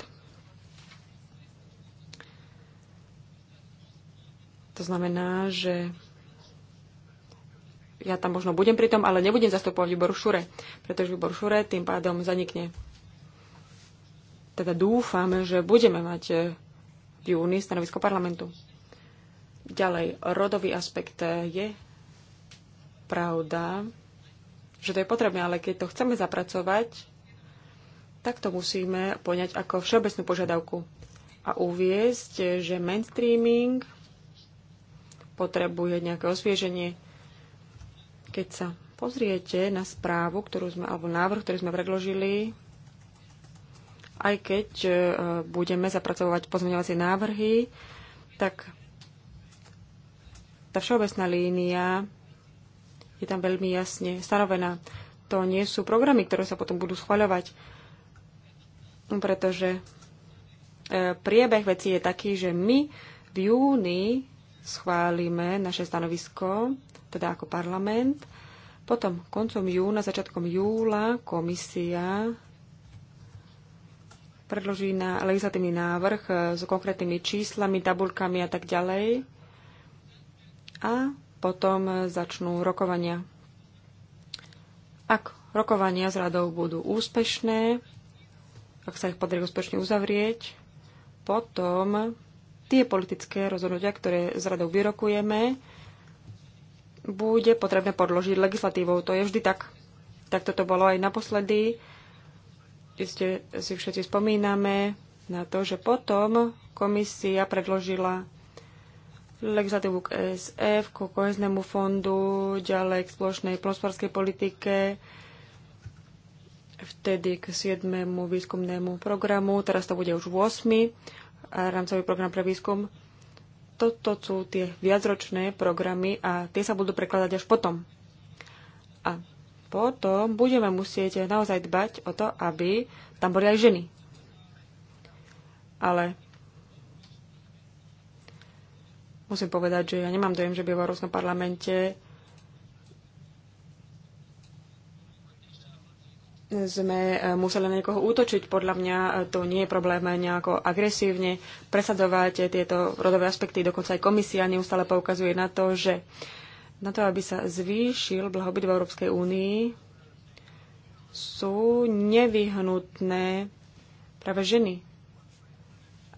To znamená, že ja tam možno budem pritom, ale nebudem zastupovať výbor Šure, pretože výbor Šure tým pádom zanikne. Teda dúfam, že budeme mať e, v júni stanovisko parlamentu. Ďalej, rodový aspekt e, je pravda, že to je potrebné, ale keď to chceme zapracovať, tak to musíme poňať ako všeobecnú požiadavku a uviezť, že mainstreaming potrebuje nejaké osvieženie. Keď sa pozriete na správu, ktorú sme, alebo návrh, ktorý sme predložili, aj keď e, budeme zapracovať pozmeňovacie návrhy, tak tá všeobecná línia je tam veľmi jasne stanovená. To nie sú programy, ktoré sa potom budú schvaľovať pretože e, priebeh veci je taký, že my v júni schválime naše stanovisko, teda ako parlament. Potom koncom júna, začiatkom júla komisia predloží na legislatívny návrh e, s konkrétnymi číslami, tabulkami a tak ďalej. A potom e, začnú rokovania. Ak rokovania s radou budú úspešné, ak sa ich podarí úspešne uzavrieť, potom tie politické rozhodnutia, ktoré s radou vyrokujeme, bude potrebné podložiť legislatívou. To je vždy tak. Tak toto bolo aj naposledy. Ste si všetci spomíname na to, že potom komisia predložila legislatívu k ESF, ku koheznému fondu, ďalej k spoločnej plnospodárskej politike, vtedy k 7. výskumnému programu, teraz to bude už 8. rámcový program pre výskum. Toto sú tie viacročné programy a tie sa budú prekladať až potom. A potom budeme musieť naozaj dbať o to, aby tam boli aj ženy. Ale musím povedať, že ja nemám dojem, že by v Európskom parlamente sme e, museli na niekoho útočiť. Podľa mňa e, to nie je problém nejako agresívne presadzovať tieto rodové aspekty. Dokonca aj komisia neustále poukazuje na to, že na to, aby sa zvýšil blahobyt v Európskej únii, sú nevyhnutné práve ženy,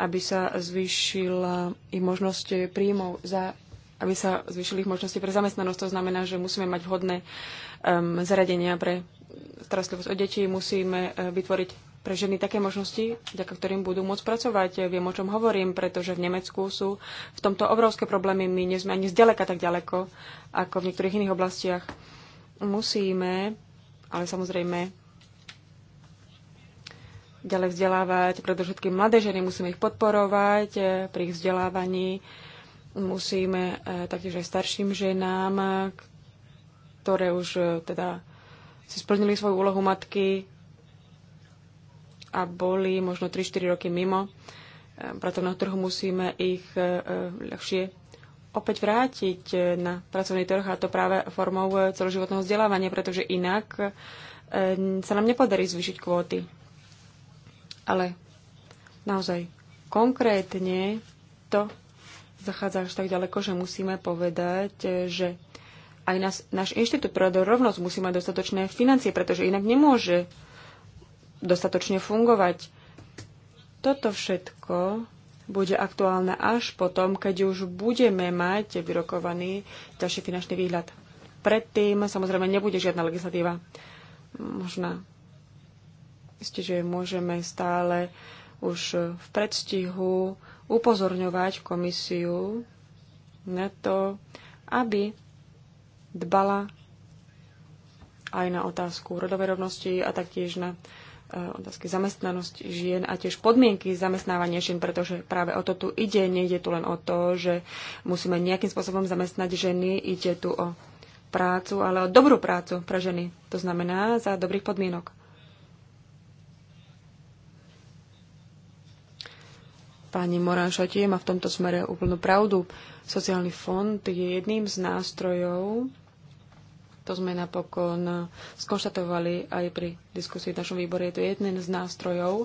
aby sa zvýšila ich možnosť príjmov za aby sa zvýšili ich možnosti pre zamestnanosť. To znamená, že musíme mať vhodné um, zaradenia pre starostlivosť o deti, musíme e, vytvoriť pre ženy také možnosti, vďaka ktorým budú môcť pracovať. E, viem, o čom hovorím, pretože v Nemecku sú v tomto obrovské problémy. My nie sme ani zďaleka tak ďaleko, ako v niektorých iných oblastiach. Musíme, ale samozrejme, ďalej vzdelávať všetky mladé ženy, musíme ich podporovať e, pri ich vzdelávaní. Musíme taktiež aj starším ženám, ktoré už teda si splnili svoju úlohu matky a boli možno 3-4 roky mimo eh, pracovného trhu, musíme ich eh, ľahšie opäť vrátiť eh, na pracovný trh a to práve formou celoživotného vzdelávania, pretože inak sa nám nepodarí zvýšiť kvóty. Ale naozaj konkrétne to zachádza až tak ďaleko, že musíme povedať, že aj nás, náš inštitút pre rovnosť musí mať dostatočné financie, pretože inak nemôže dostatočne fungovať. Toto všetko bude aktuálne až potom, keď už budeme mať vyrokovaný ďalší finančný výhľad. Predtým samozrejme nebude žiadna legislatíva. Možná ste, že môžeme stále už v predstihu upozorňovať komisiu na to, aby dbala aj na otázku rodovej rovnosti a taktiež na e, otázky zamestnanosť žien a tiež podmienky zamestnávania žien, pretože práve o to tu ide. Nejde tu len o to, že musíme nejakým spôsobom zamestnať ženy. Ide tu o prácu, ale o dobrú prácu pre ženy. To znamená za dobrých podmienok. Pani Morán Šatie má v tomto smere úplnú pravdu. Sociálny fond je jedným z nástrojov, to sme napokon skonštatovali aj pri diskusii v našom výbore. Je to jeden z nástrojov,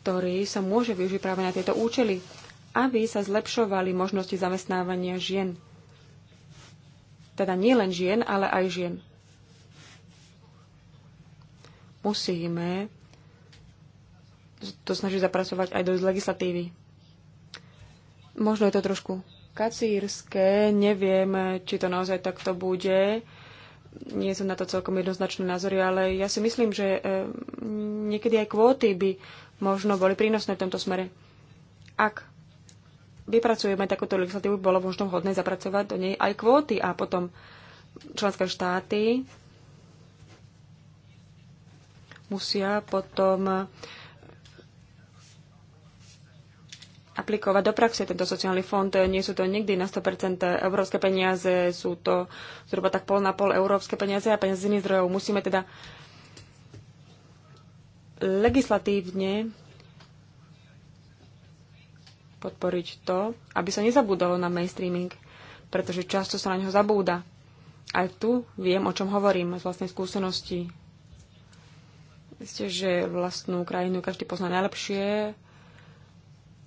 ktorý sa môže využiť práve na tieto účely, aby sa zlepšovali možnosti zamestnávania žien. Teda nie len žien, ale aj žien. Musíme to snažiť zapracovať aj do legislatívy. Možno je to trošku kacírske, neviem, či to naozaj takto bude nie som na to celkom jednoznačné názory, ale ja si myslím, že eh, niekedy aj kvóty by možno boli prínosné v tomto smere. Ak vypracujeme takúto legislatívu, bolo možno vhodné zapracovať do nej aj kvóty a potom členské štáty musia potom aplikovať do praxe tento sociálny fond. Eh, nie sú to nikdy na 100% európske peniaze, sú to zhruba tak pol na pol európske peniaze a peniaze z iných zdrojov. Musíme teda legislatívne podporiť to, aby sa nezabúdalo na mainstreaming, pretože často sa na neho zabúda. Aj tu viem, o čom hovorím z vlastnej skúsenosti. Viete, že vlastnú krajinu každý pozná najlepšie,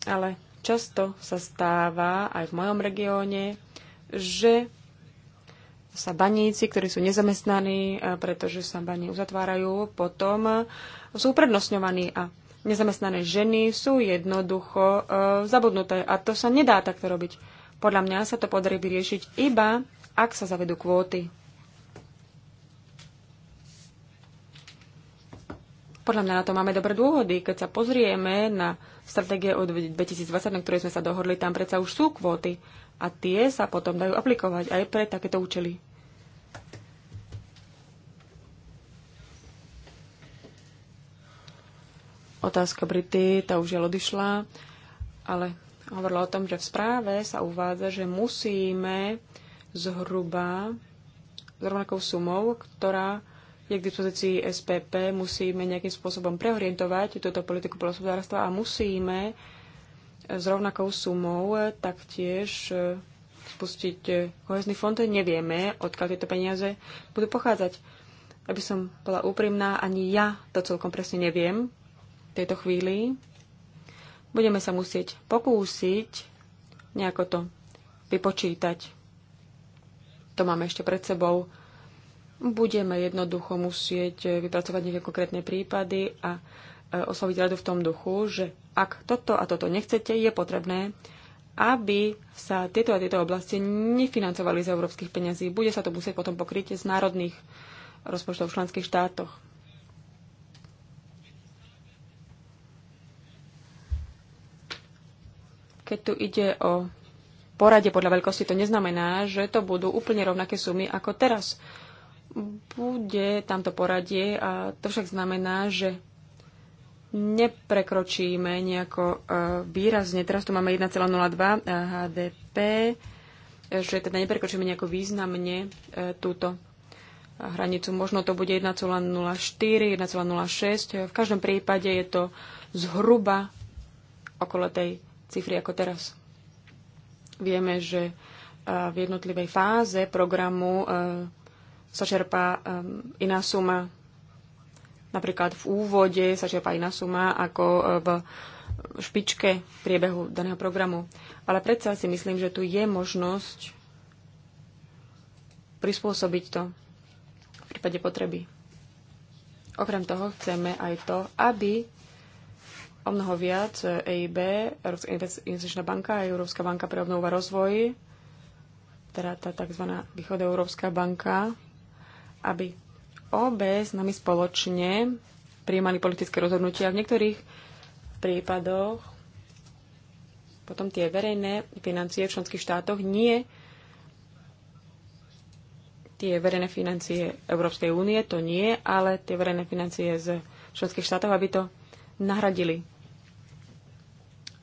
ale často sa stáva aj v mojom regióne, že sa baníci, ktorí sú nezamestnaní, eh, pretože sa baní uzatvárajú, potom eh, sú uprednostňovaní a nezamestnané ženy sú jednoducho e, zabudnuté a to sa nedá takto robiť. Podľa mňa sa to podarí vyriešiť iba, ak sa zavedú kvóty. Podľa mňa na to máme dobré dôvody. Keď sa pozrieme na stratégie od 2020, na ktorej sme sa dohodli, tam predsa už sú kvóty a tie sa potom dajú aplikovať aj pre takéto účely. Otázka Brity, tá už je odišla, ale hovorila o tom, že v správe sa uvádza, že musíme zhruba s rovnakou sumou, ktorá je k dispozícii SPP, musíme nejakým spôsobom preorientovať túto politiku polospodárstva a musíme s rovnakou sumou taktiež e, spustiť e, kohezný fond. Nevieme, odkiaľ tieto peniaze budú pochádzať. Aby som bola úprimná, ani ja to celkom presne neviem v tejto chvíli. Budeme sa musieť pokúsiť nejako to vypočítať. To máme ešte pred sebou budeme jednoducho musieť eh, vypracovať nejaké konkrétne prípady a eh, osloviť radu v tom duchu, že ak toto a toto nechcete, je potrebné, aby sa tieto a tieto oblasti nefinancovali z európskych peňazí. Bude sa to musieť potom pokryť z národných rozpočtov v členských štátoch. Keď tu ide o porade podľa veľkosti, to neznamená, že to budú úplne rovnaké sumy ako teraz bude tamto poradie a to však znamená, že neprekročíme nejako e, výrazne. Teraz tu máme 1,02 e, HDP, e, že teda neprekročíme nejako významne túto hranicu. Možno to bude 1,04, 1,06. V každom prípade je to zhruba okolo tej cifry ako teraz. Vieme, že v jednotlivej fáze programu sa čerpá ehm, iná suma. Napríklad v úvode sa čerpá iná suma ako e, v špičke priebehu daného programu. Ale predsa si myslím, že tu je možnosť prispôsobiť to v prípade potreby. Okrem toho chceme aj to, aby o mnoho viac EIB, Európska investičná banka a Európska banka pre obnovu a rozvoj, teda tá tzv. východoeurópska banka, aby obe s nami spoločne prijímali politické rozhodnutia. a V niektorých prípadoch potom tie verejné financie v členských štátoch nie tie verejné financie Európskej únie, to nie, ale tie verejné financie z členských štátov, aby to nahradili.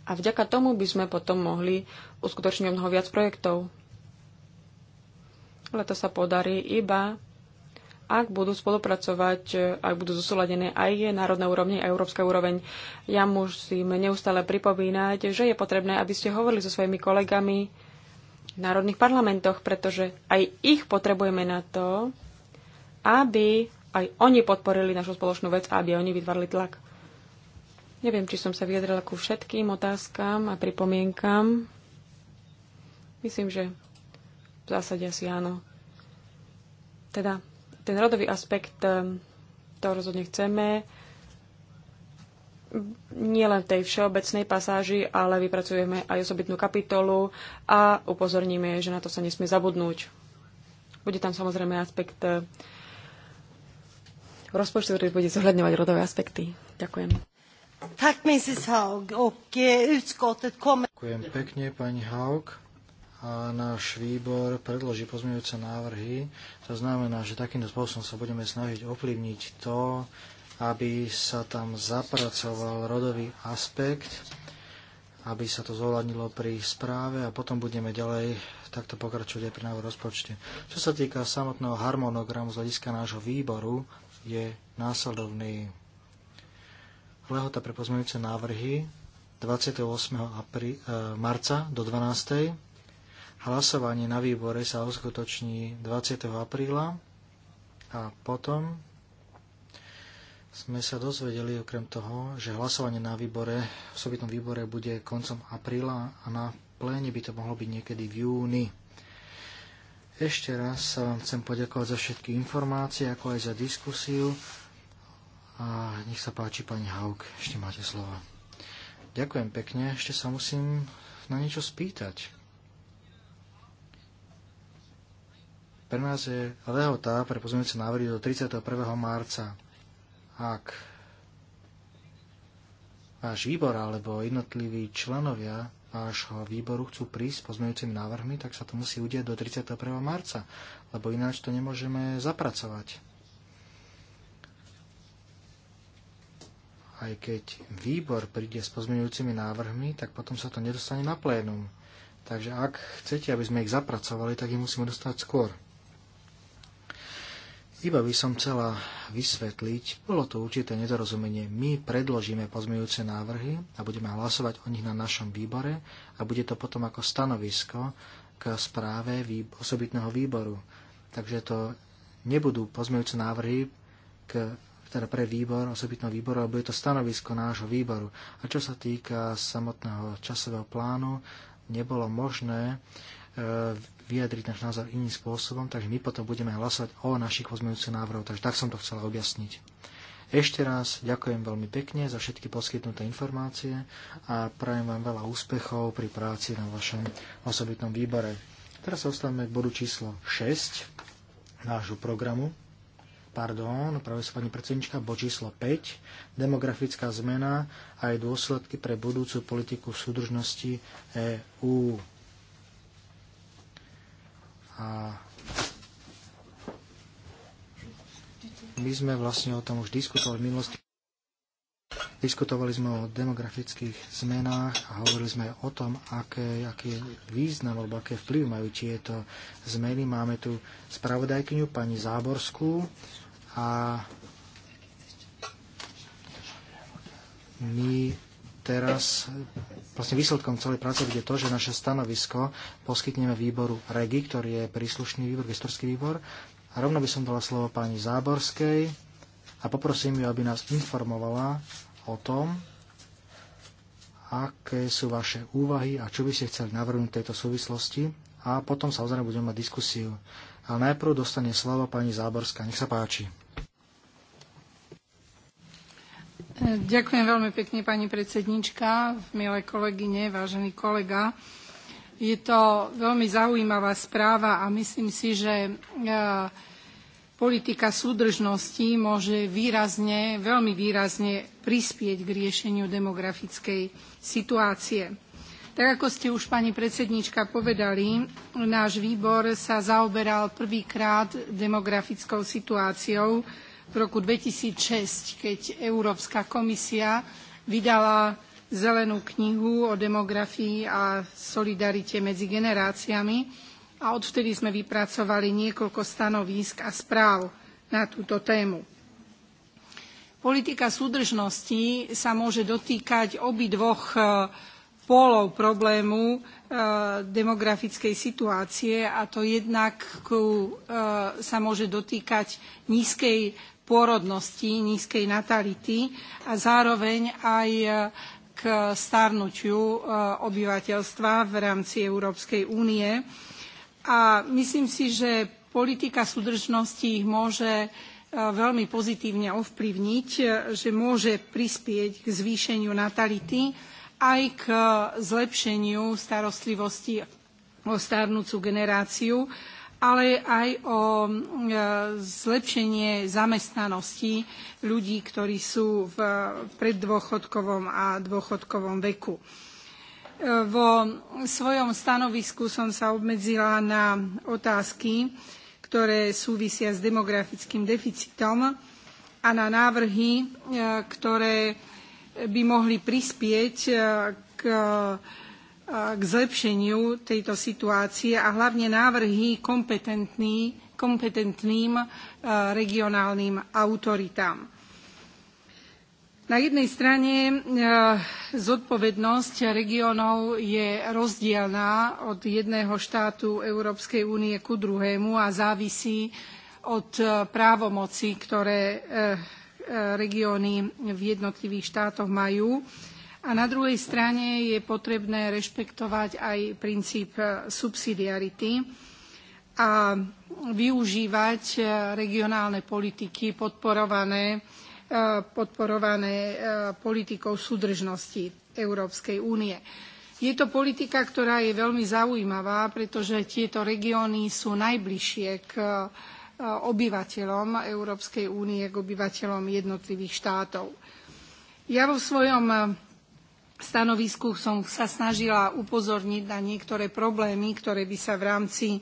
A vďaka tomu by sme potom mohli uskutočniť mnoho viac projektov. Ale to sa podarí iba ak budú spolupracovať, ak budú zosúladené aj národná úrovne a európska úroveň. Ja musím neustále pripomínať, že je potrebné, aby ste hovorili so svojimi kolegami v národných parlamentoch, pretože aj ich potrebujeme na to, aby aj oni podporili našu spoločnú vec a aby oni vytvorili tlak. Neviem, či som sa vyjadrila ku všetkým otázkam a pripomienkam. Myslím, že v zásade asi áno. Teda ten rodový aspekt, ehm, to rozhodne chceme, nie len v tej všeobecnej pasáži, ale vypracujeme aj osobitnú kapitolu a upozorníme, že na to sa nesmie zabudnúť. Bude tam samozrejme aspekt ehm, rozpočtu, ktorý bude zohľadňovať rodové aspekty. Ďakujem. Ďakujem pekne, pani Haug a náš výbor predloží pozmeňujúce návrhy. To znamená, že takýmto spôsobom sa budeme snažiť ovplyvniť to, aby sa tam zapracoval rodový aspekt, aby sa to zohľadnilo pri správe a potom budeme ďalej takto pokračovať aj pri návrhu rozpočte. Čo sa týka samotného harmonogramu z hľadiska nášho výboru, je následovný. Lehota pre pozmeňujúce návrhy 28. Apri- eh, marca do 12. Hlasovanie na výbore sa uskutoční 20. apríla a potom sme sa dozvedeli okrem toho, že hlasovanie na výbore, v sobitom výbore bude koncom apríla a na pléne by to mohlo byť niekedy v júni. Ešte raz sa vám chcem poďakovať za všetky informácie, ako aj za diskusiu. A nech sa páči, pani Hauk, ešte máte slova. Ďakujem pekne, ešte sa musím na niečo spýtať. Pre nás je lehota pre pozmeňujúce návrhy do 31. marca. Ak váš výbor alebo jednotliví členovia vášho výboru chcú prísť s pozmeňujúcimi návrhmi, tak sa to musí udiať do 31. marca, lebo ináč to nemôžeme zapracovať. Aj keď výbor príde s pozmeňujúcimi návrhmi, tak potom sa to nedostane na plénum. Takže ak chcete, aby sme ich zapracovali, tak ich musíme dostať skôr. Iba by som chcela vysvetliť, bolo to určité nedorozumenie. My predložíme pozmejúce návrhy a budeme hlasovať o nich na našom výbore a bude to potom ako stanovisko k správe osobitného výboru. Takže to nebudú pozmejúce návrhy k, teda pre výbor, osobitného výboru, ale bude to stanovisko nášho výboru. A čo sa týka samotného časového plánu, nebolo možné e, vyjadriť náš názor iným spôsobom, takže my potom budeme hlasovať o našich pozmeňujúcich návrhoch, takže tak som to chcela objasniť. Ešte raz ďakujem veľmi pekne za všetky poskytnuté informácie a prajem vám veľa úspechov pri práci na vašom osobitnom výbore. Teraz sa ostávame k bodu číslo 6 nášho programu. Pardon, práve sa pani predsednička, bod číslo 5. Demografická zmena a jej dôsledky pre budúcu politiku súdržnosti EÚ. A my sme vlastne o tom už diskutovali v minulosti. Diskutovali sme o demografických zmenách a hovorili sme o tom, aké, aký význam alebo aké vplyv majú tieto zmeny. Máme tu spravodajkyňu pani Záborskú a my teraz vlastne výsledkom celej práce bude to, že naše stanovisko poskytneme výboru REGI, ktorý je príslušný výbor, gestorský výbor. A rovno by som dala slovo pani Záborskej a poprosím ju, aby nás informovala o tom, aké sú vaše úvahy a čo by ste chceli navrhnúť tejto súvislosti. A potom samozrejme budeme mať diskusiu. A najprv dostane slovo pani Záborská. Nech sa páči. Ďakujem veľmi pekne, pani predsednička, milé kolegyne, vážený kolega. Je to veľmi zaujímavá správa a myslím si, že e, politika súdržnosti môže výrazne, veľmi výrazne prispieť k riešeniu demografickej situácie. Tak ako ste už, pani predsednička, povedali, náš výbor sa zaoberal prvýkrát demografickou situáciou v roku 2006, keď Európska komisia vydala zelenú knihu o demografii a solidarite medzi generáciami a odvtedy sme vypracovali niekoľko stanovísk a správ na túto tému. Politika súdržnosti sa môže dotýkať dvoch e, polov problému e, demografickej situácie a to jednak e, sa môže dotýkať nízkej pôrodnosti, nízkej natality a zároveň aj e, k starnutiu e, obyvateľstva v rámci Európskej únie. A myslím si, že politika súdržnosti ich môže e, veľmi pozitívne ovplyvniť, že môže prispieť k zvýšeniu natality aj k zlepšeniu starostlivosti o starnúcu generáciu ale aj o e, zlepšenie zamestnanosti ľudí, ktorí sú v preddôchodkovom a dôchodkovom veku. E, vo svojom stanovisku som sa obmedzila na otázky, ktoré súvisia s demografickým deficitom a na návrhy, e, ktoré by mohli prispieť k k zlepšeniu tejto situácie a hlavne návrhy kompetentným e, regionálnym autoritám. Na jednej strane e, zodpovednosť regiónov je rozdielná od jedného štátu Európskej únie ku druhému a závisí od e, právomoci, ktoré regióny v jednotlivých štátoch majú. A na druhej strane je potrebné rešpektovať aj princíp e, subsidiarity a využívať e, regionálne politiky podporované, e, podporované politikou súdržnosti Európskej únie. Je to politika, ktorá je veľmi zaujímavá, pretože tieto regióny sú najbližšie k obyvateľom Európskej únie, k obyvateľom jednotlivých štátov. Ja vo svojom stanovisku som sa snažila upozorniť na niektoré problémy, ktoré by sa v rámci e,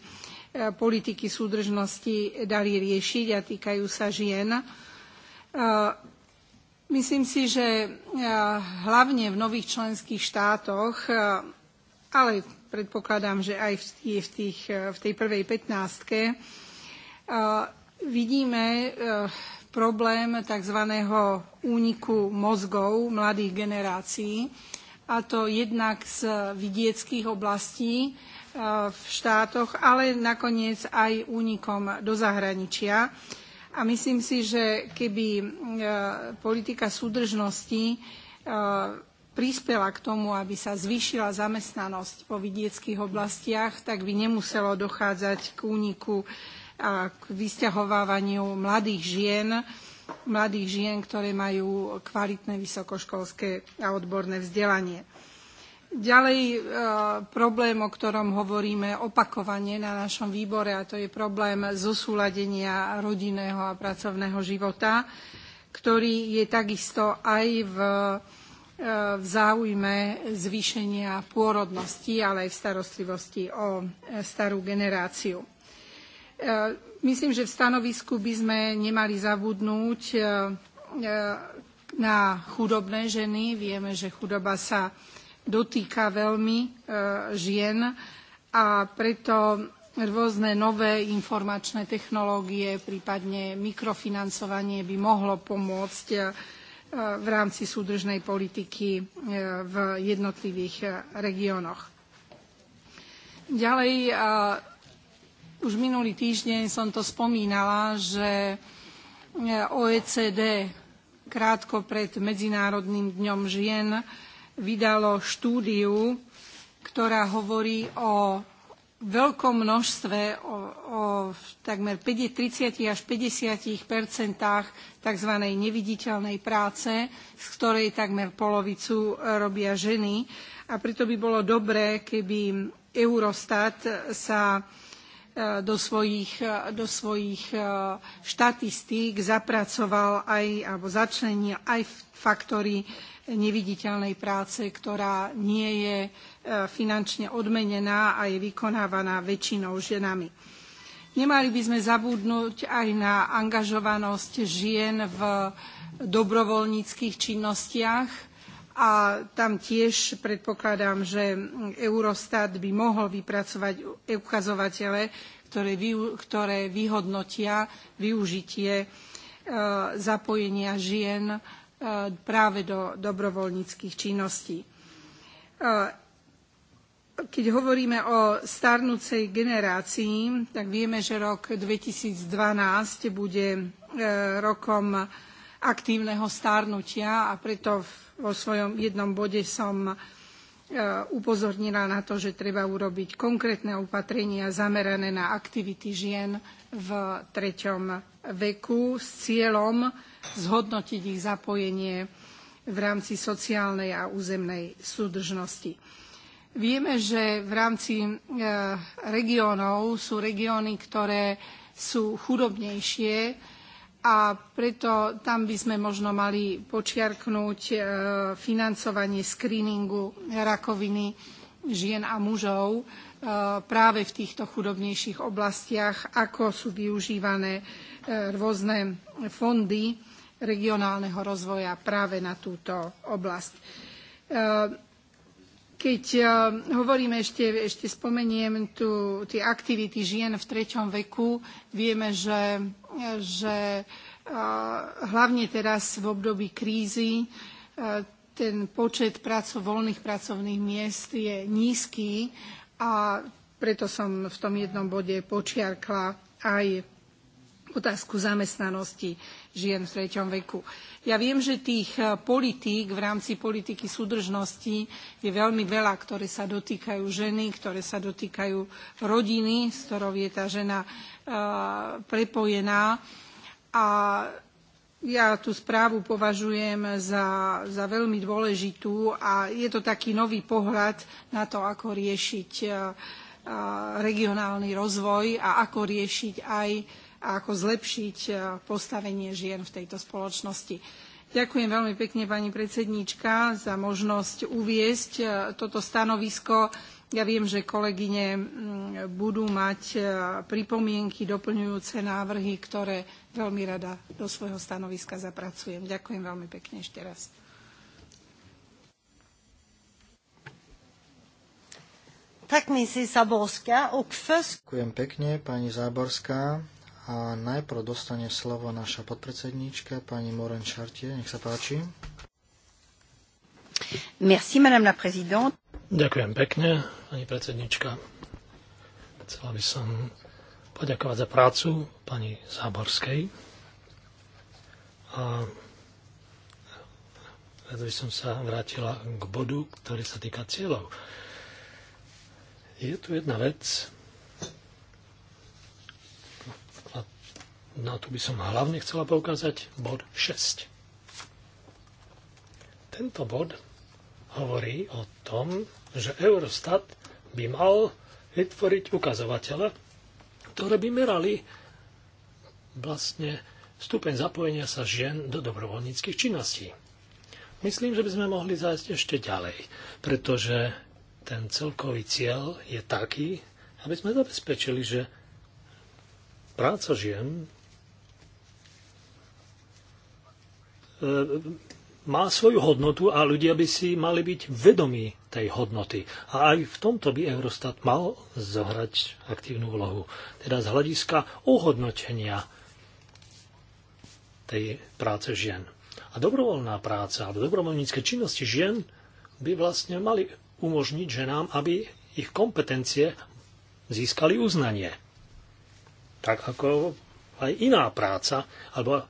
politiky súdržnosti dali riešiť a týkajú sa žien. E, myslím si, že e, hlavne v nových členských štátoch, ale predpokladám, že aj v, tých, v tej prvej petnástke, vidíme problém tzv. úniku mozgov mladých generácií, a to jednak z vidieckých oblastí e, v štátoch, ale nakoniec aj únikom do zahraničia. A myslím si, že keby e, politika súdržnosti e, prispela k tomu, aby sa zvýšila zamestnanosť po vidieckých oblastiach, tak by nemuselo dochádzať k úniku uh, a k vysťahovávaniu mladých žien, mladých žien, ktoré majú kvalitné vysokoškolské a odborné vzdelanie. Ďalej e, problém, o ktorom hovoríme opakovane na našom výbore, a to je problém zosúladenia rodinného a pracovného života, ktorý je takisto aj v, e, v záujme zvýšenia pôrodnosti, ale aj v starostlivosti o e, starú generáciu. E, myslím, že v stanovisku by sme nemali zabudnúť e, e, na chudobné ženy. Vieme, že chudoba sa dotýka veľmi žien a preto rôzne nové informačné technológie, prípadne mikrofinancovanie by mohlo pomôcť v rámci súdržnej politiky v jednotlivých regiónoch. Ďalej už minulý týždeň som to spomínala, že e, OECD krátko pred Medzinárodným dňom žien vydalo štúdiu, ktorá hovorí o veľkom množstve, o, o takmer 30 až 50 percentách tzv. neviditeľnej práce, z ktorej takmer polovicu robia ženy. A preto by bolo dobré, keby Eurostat sa E, do svojich, e, do svojich e, štatistík zapracoval aj, alebo začlenil aj faktory neviditeľnej práce, ktorá nie je finančne odmenená a je vykonávaná väčšinou ženami. Nemali by sme zabudnúť aj na angažovanosť žien v dobrovoľníckých činnostiach, a tam tiež predpokladám, že Eurostat by mohol vypracovať ukazovatele, ktoré, ktoré vyhodnotia využitie e, zapojenia žien e, práve do dobrovoľníckých činností. E, keď hovoríme o starnúcej generácii, tak vieme, že rok 2012 bude rokom aktívneho stárnutia a preto vo svojom jednom bode som e, upozornila na to, že treba urobiť konkrétne opatrenia zamerané na aktivity žien v treťom veku s cieľom zhodnotiť ich zapojenie v rámci sociálnej a územnej súdržnosti. Vieme, že v rámci e, regiónov sú regióny, ktoré sú chudobnejšie, a preto tam by sme možno mali počiarknúť e, financovanie screeningu rakoviny žien a mužov e, práve v týchto chudobnejších oblastiach, ako sú využívané e, rôzne fondy regionálneho rozvoja práve na túto oblasť. Keď eh, hovoríme ešte, ešte spomeniem tu tie aktivity žien v treťom veku, vieme, že, že eh, hlavne teraz v období krízy eh, ten počet praco, voľných pracovných miest je nízky a preto som v tom jednom bode počiarkla aj otázku zamestnanosti žien v treťom veku. Ja viem, že tých e, politík v rámci politiky súdržnosti je veľmi veľa, ktoré sa dotýkajú ženy, ktoré sa dotýkajú rodiny, s ktorou je tá žena e, prepojená. A ja tú správu považujem za, za veľmi dôležitú a je to taký nový pohľad na to, ako riešiť e, regionálny rozvoj a ako riešiť aj a ako zlepšiť e, postavenie žien v tejto spoločnosti. Ďakujem veľmi pekne pani predsedníčka za možnosť uviesť e, toto stanovisko. Ja viem, že kolegyne budú mať e, pripomienky, doplňujúce návrhy, ktoré veľmi rada do svojho stanoviska zapracujem. Ďakujem veľmi pekne ešte raz. Ďakujem pekne, pani Záborská a najprv dostane slovo naša podpredsedníčka, pani Moren Chartier. Nech sa páči. Merci, madame la présidente. Ďakujem pekne, pani predsednička. Chcela by som poďakovať za prácu pani Záborskej. A by som sa vrátila k bodu, ktorý sa týka cieľov. Je tu jedna vec, na no, tu by som hlavne chcela poukázať bod 6. Tento bod hovorí o tom, že Eurostat by mal vytvoriť ukazovatele, ktoré by merali vlastne stupeň zapojenia sa žien do dobrovoľníckých činností. Myslím, že by sme mohli zájsť ešte ďalej, pretože ten celkový cieľ je taký, aby sme zabezpečili, že práca žien E, má svoju hodnotu a ľudia by si mali byť vedomí tej hodnoty. A aj v tomto by Eurostat mal zohrať aktívnu úlohu. Teda z hľadiska ohodnotenia tej práce žien. A dobrovoľná práca alebo dobrovoľnícke činnosti žien by vlastne mali umožniť ženám, aby ich kompetencie získali uznanie. Tak ako aj iná práca, alebo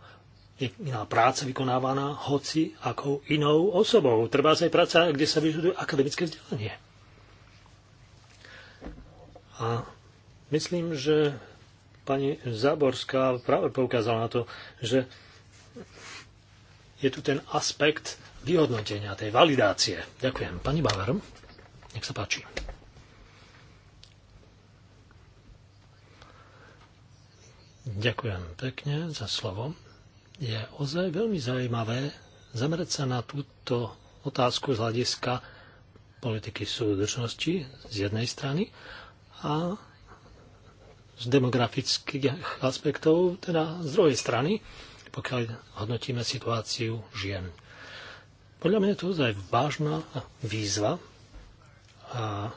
iná práca vykonávaná hoci akou inou osobou. Treba sa aj práca, kde sa vyžaduje akademické vzdelanie. A myslím, že pani Zaborská práve poukázala na to, že je tu ten aspekt vyhodnotenia, tej validácie. Ďakujem. Pani Bauer, nech sa páči. Ďakujem pekne za slovo je ozaj veľmi zaujímavé zamerať sa na túto otázku z hľadiska politiky súdržnosti z jednej strany a z demografických aspektov, teda z druhej strany, pokiaľ hodnotíme situáciu žien. Podľa mňa je to ozaj vážna výzva a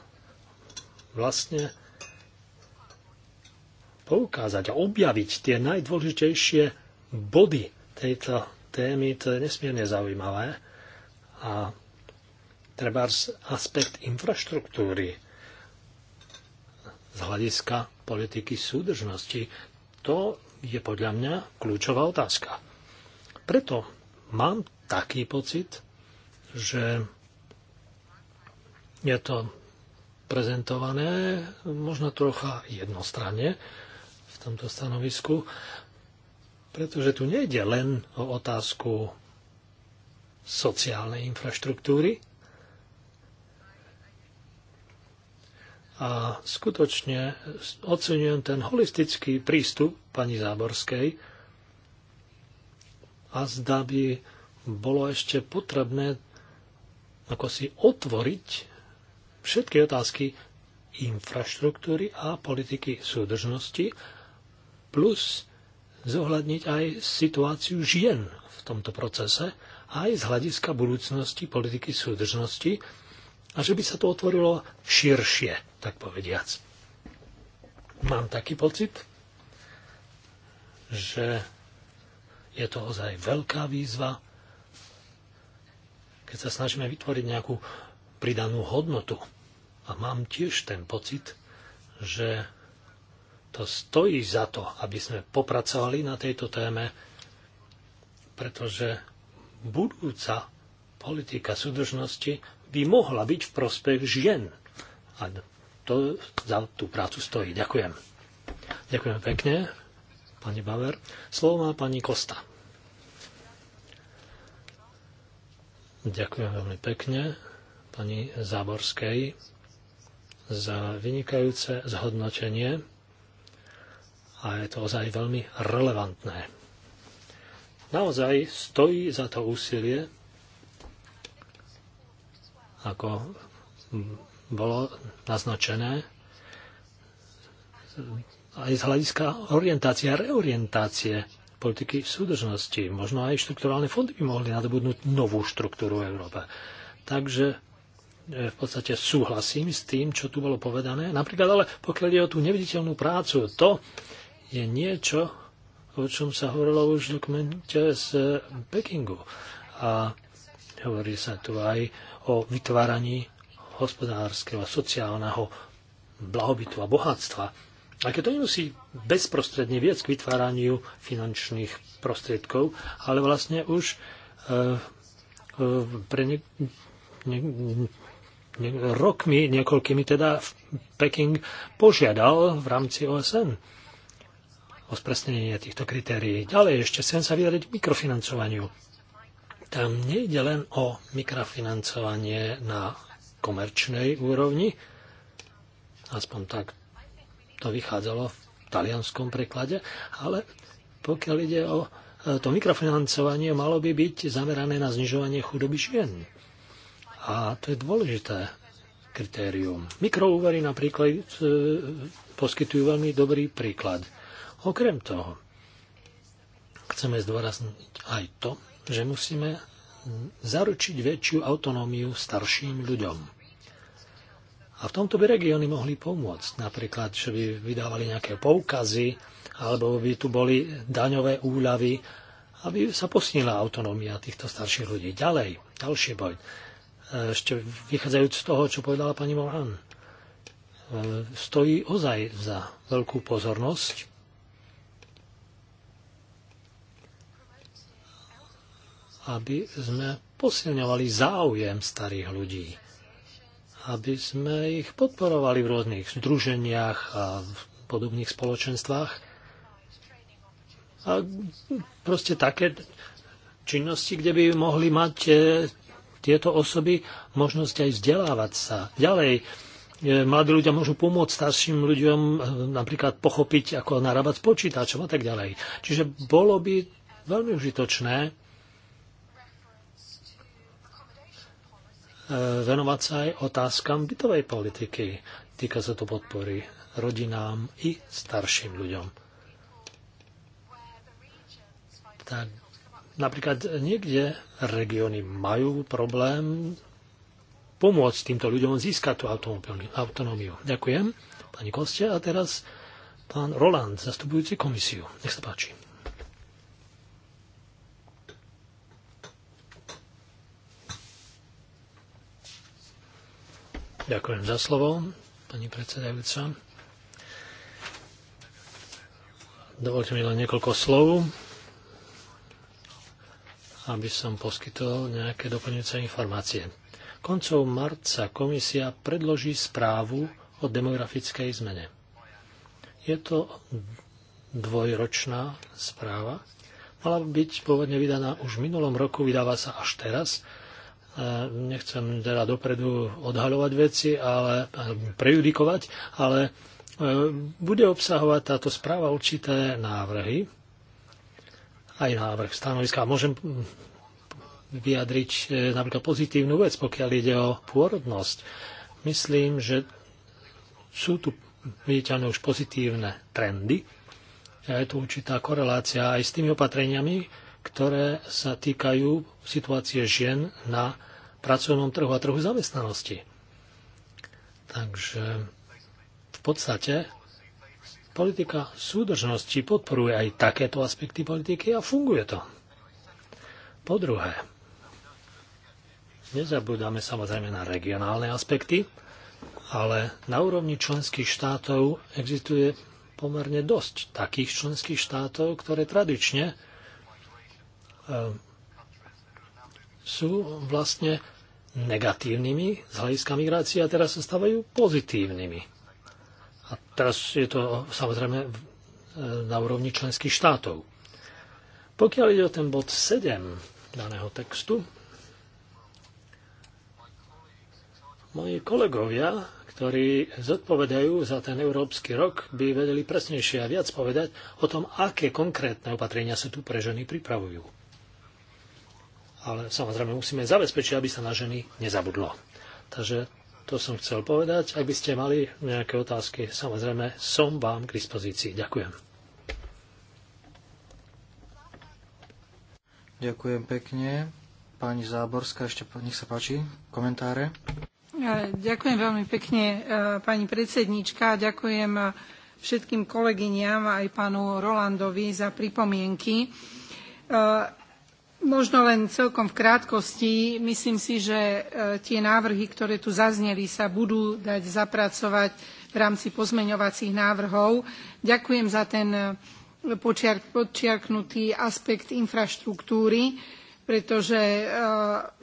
vlastne poukázať a objaviť tie najdôležitejšie body tejto témy, to je nesmierne zaujímavé. A treba aspekt infraštruktúry z hľadiska politiky súdržnosti, to je podľa mňa kľúčová otázka. Preto mám taký pocit, že je to prezentované možno trocha jednostranne v tomto stanovisku pretože tu nejde len o otázku sociálnej infraštruktúry. A skutočne ocenujem ten holistický prístup pani Záborskej a zdá by bolo ešte potrebné ako si otvoriť všetky otázky infraštruktúry a politiky súdržnosti plus zohľadniť aj situáciu žien v tomto procese, aj z hľadiska budúcnosti politiky súdržnosti a že by sa to otvorilo širšie, tak povediac. Mám taký pocit, že je to ozaj veľká výzva, keď sa snažíme vytvoriť nejakú pridanú hodnotu. A mám tiež ten pocit, že to stojí za to, aby sme popracovali na tejto téme, pretože budúca politika súdržnosti by mohla byť v prospech žien. A to za tú prácu stojí. Ďakujem. Ďakujem pekne, pani Baver. Slovo má pani Kosta. Ďakujem veľmi pekne pani Záborskej za vynikajúce zhodnotenie a je to ozaj veľmi relevantné. Naozaj stojí za to úsilie, ako bolo naznačené, aj z hľadiska orientácie a reorientácie politiky súdržnosti. Možno aj štrukturálne fondy by mohli nadobudnúť novú štruktúru v Európe. Takže e, v podstate súhlasím s tým, čo tu bolo povedané. Napríklad ale pokiaľ je o tú neviditeľnú prácu, to je niečo, o čom sa hovorilo už v dokumente z eh, Pekingu. A hovorí sa tu aj o vytváraní hospodárskeho a sociálneho blahobytu a bohatstva. A keď to nemusí bezprostredne viec k vytváraniu finančných prostriedkov, ale vlastne už e, e, pre ne, ne, ne, rokmi, niekoľkými teda Peking požiadal v rámci OSN o týchto kritérií. Ďalej ešte chcem sa vyjadriť k mikrofinancovaniu. Tam nejde len o mikrofinancovanie na komerčnej úrovni, aspoň tak to vychádzalo v talianskom preklade, ale pokiaľ ide o e, to mikrofinancovanie, malo by byť zamerané na znižovanie chudoby žien. A to je dôležité kritérium. Mikroúvery napríklad e, poskytujú veľmi dobrý príklad. Okrem toho, chceme zdôrazniť aj to, že musíme zaručiť väčšiu autonómiu starším ľuďom. A v tomto by regióny mohli pomôcť. Napríklad, že by vydávali nejaké poukazy, alebo by tu boli daňové úľavy, aby sa posnila autonómia týchto starších ľudí. Ďalej, ďalší boj. Ešte vychádzajúc z toho, čo povedala pani Moran, ehm, stojí ozaj za veľkú pozornosť aby sme posilňovali záujem starých ľudí, aby sme ich podporovali v rôznych združeniach a v podobných spoločenstvách. A proste také činnosti, kde by mohli mať e, tieto osoby možnosť aj vzdelávať sa. Ďalej, e, mladí ľudia môžu pomôcť starším ľuďom e, napríklad pochopiť, ako narábať s počítačom a tak ďalej. Čiže bolo by veľmi užitočné venovať sa aj otázkam bytovej politiky. Týka sa to podpory rodinám i starším ľuďom. Tak napríklad niekde regióny majú problém pomôcť týmto ľuďom získať tú autonómiu. Ďakujem, pani Kostia. A teraz pán Roland, zastupujúci komisiu. Nech sa páči. Ďakujem za slovo, pani predsedajúca. Dovolte mi len niekoľko slov, aby som poskytol nejaké doplňujúce informácie. Koncov marca komisia predloží správu o demografickej zmene. Je to dvojročná správa. Mala byť pôvodne vydaná už v minulom roku, vydáva sa až teraz Eh, nechcem teda dopredu odhaľovať veci, ale eh, prejudikovať, ale eh, bude obsahovať táto správa určité návrhy, aj návrh stanoviska. Môžem hm, vyjadriť napríklad pozitívnu vec, pokiaľ ide o pôrodnosť. Myslím, že sú tu viditeľné už pozitívne trendy. Je tu určitá korelácia aj s tými opatreniami, ktoré sa týkajú situácie žien na pracovnom trhu a trhu zamestnanosti. Takže v podstate politika súdržnosti podporuje aj takéto aspekty politiky a funguje to. Po druhé, nezabúdame samozrejme na regionálne aspekty, ale na úrovni členských štátov existuje pomerne dosť takých členských štátov, ktoré tradične eh, sú vlastne negatívnymi z hľadiska migrácie a teraz sa stávajú pozitívnymi. A teraz je to samozrejme e, na úrovni členských štátov. Pokiaľ ide o ten bod 7 daného textu, moji kolegovia, ktorí zodpovedajú za ten európsky rok, by vedeli presnejšie a viac povedať o tom, aké konkrétne opatrenia sa tu pre ženy pripravujú ale samozrejme musíme zabezpečiť, aby sa na ženy nezabudlo. Takže to som chcel povedať. Ak by ste mali nejaké otázky, samozrejme som vám k dispozícii. Ďakujem. Ďakujem pekne. Pani Záborská, ešte nech sa páči, komentáre. Ďakujem veľmi pekne, e, pani predsednička. Ďakujem e, všetkým kolegyňam aj pánu Rolandovi za pripomienky e, Možno len celkom v krátkosti. Myslím si, že e, tie návrhy, ktoré tu zazneli, sa budú dať zapracovať v rámci pozmeňovacích návrhov. Ďakujem za ten e, podčiarknutý aspekt infraštruktúry, pretože e,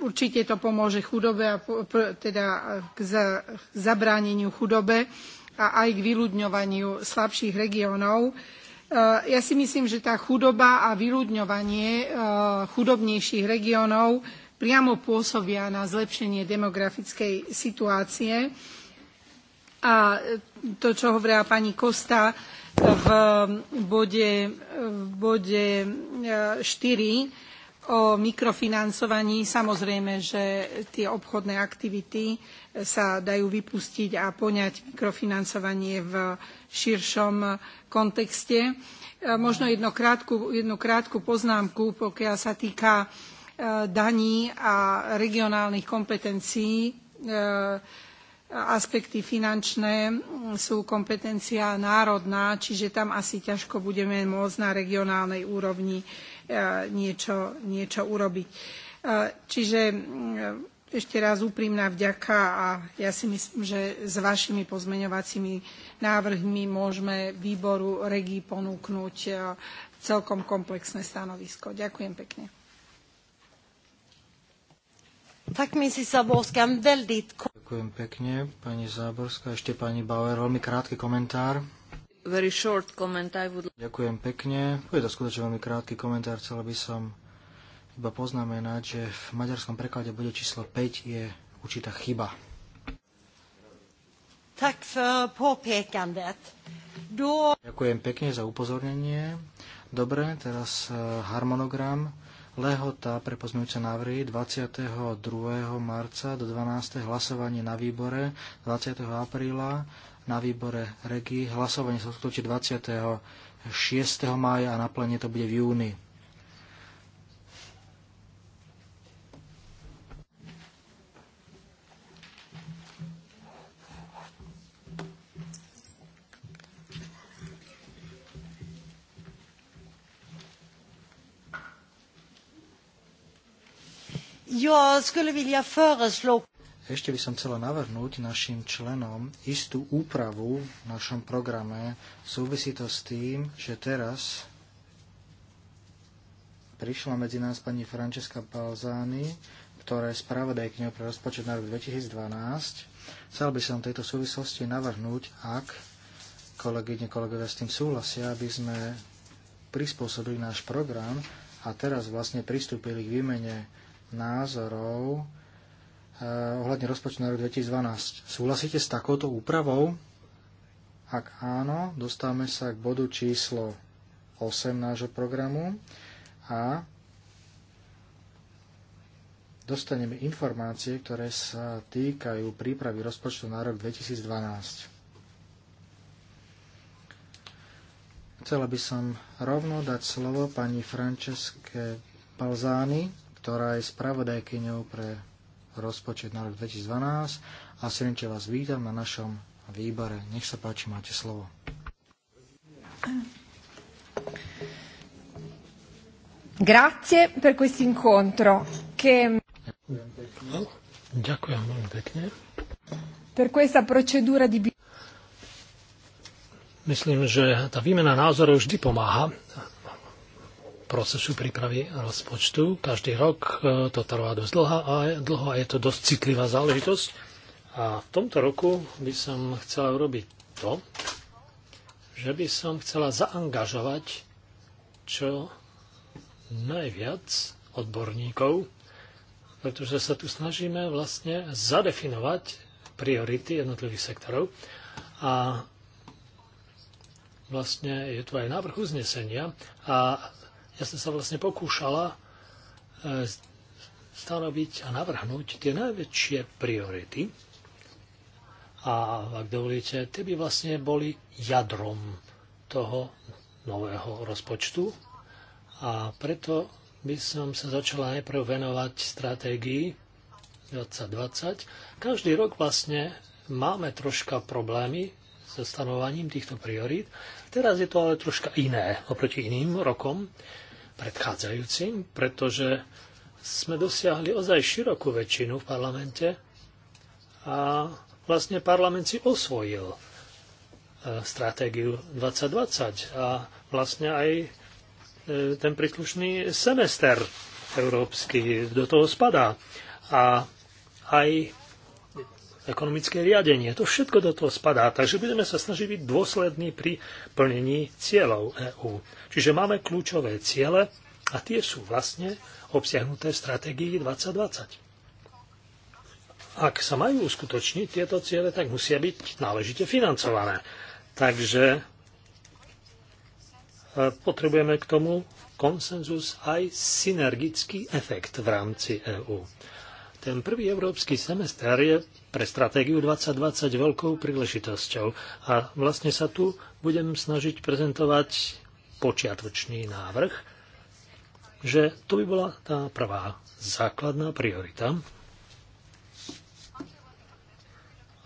určite to pomôže chudobe, a teda k zabráneniu chudobe a aj k vyľudňovaniu slabších regiónov. Eh, ja si myslím, že tá chudoba a vyľudňovanie eh, chudobnejších regiónov priamo pôsobia na zlepšenie demografickej situácie. A to, čo hovorila pani Kosta eh, v bode, štyri o mikrofinancovaní. Samozrejme, že tie obchodné aktivity e, sa dajú vypustiť a poňať mikrofinancovanie v širšom e, kontexte. E, možno jednu krátku, jednu krátku poznámku, pokiaľ sa týka daní a regionálnych kompetencií. Aspekty finančné sú kompetencia národná, čiže tam asi ťažko budeme môcť na regionálnej úrovni niečo, niečo urobiť. Čiže ešte raz úprimná vďaka a ja si myslím, že s vašimi pozmeňovacími návrhmi môžeme výboru regí ponúknuť celkom komplexné stanovisko. Ďakujem pekne. Ďakujem pekne, pani Záborská. Ešte pani Bauer, veľmi krátky komentár. Would... Ďakujem pekne. Bude to skutočne veľmi krátky komentár. Chcel by som iba poznamenať, že v maďarskom preklade bude číslo 5 je určitá chyba. Tak Do... Ďakujem pekne za upozornenie. Dobre, teraz e, harmonogram. Lehota pre pozmeňujúce návrhy 22. marca do 12. hlasovanie na výbore 20. apríla na výbore REGI. Hlasovanie sa skutočí 26. mája a na to bude v júni. Jag skulle vilja föreslå ešte by som chcela navrhnúť našim členom istú úpravu v našom programe. Súvisí to s tým, že teraz prišla medzi nás pani Francesca Palzány, ktorá je spravodajkňou pre rozpočet na rok 2012. Chcel by som tejto súvislosti navrhnúť, ak kolegyne, kolegovia s tým súhlasia, aby sme prispôsobili náš program a teraz vlastne pristúpili k výmene názorov Eh, ohľadne rozpočtu na rok 2012. Súhlasíte s takouto úpravou? Ak áno, dostávame sa k bodu číslo 8 nášho programu a dostaneme informácie, ktoré sa týkajú prípravy rozpočtu na rok 2012. Chcela by som rovno dať slovo pani Franceske Balzány, ktorá je spravodajkyňou pre rozpočet na rok 2012 a srdečne vás vítam na našom výbore. Nech sa páči, máte slovo. Grazie per questo incontro. Che... Ďakujem veľmi pekne. Per questa procedura di... Myslím, že tá výmena názorov vždy pomáha procesu prípravy rozpočtu. Každý rok e, to trvá dosť dlho a, dlho a je to dosť citlivá záležitosť. A v tomto roku by som chcela urobiť to, že by som chcela zaangažovať čo najviac odborníkov, pretože sa tu snažíme vlastne zadefinovať priority jednotlivých sektorov a vlastne je tu aj návrh uznesenia a ja som sa vlastne pokúšala e, stanoviť a navrhnúť tie najväčšie priority. A ak dovolíte, tie by vlastne boli jadrom toho nového rozpočtu. A preto by som sa začala najprv venovať stratégii 2020. Každý rok vlastne máme troška problémy so stanovaním týchto priorít. Teraz je to ale troška iné oproti iným rokom predchádzajúcim, pretože sme dosiahli ozaj širokú väčšinu v parlamente a vlastne parlament si osvojil e, stratégiu 2020 a vlastne aj e, ten príslušný semester európsky do toho spadá. A aj ekonomické riadenie. To všetko do toho spadá, takže budeme sa snažiť byť dôslední pri plnení cieľov EÚ. Čiže máme kľúčové ciele a tie sú vlastne obsiahnuté v stratégii 2020. Ak sa majú uskutočniť tieto ciele, tak musia byť náležite financované. Takže e, potrebujeme k tomu konsenzus aj synergický efekt v rámci EÚ. Ten prvý európsky semester je pre stratégiu 2020 veľkou príležitosťou. A vlastne sa tu budem snažiť prezentovať počiatočný návrh, že to by bola tá prvá základná priorita.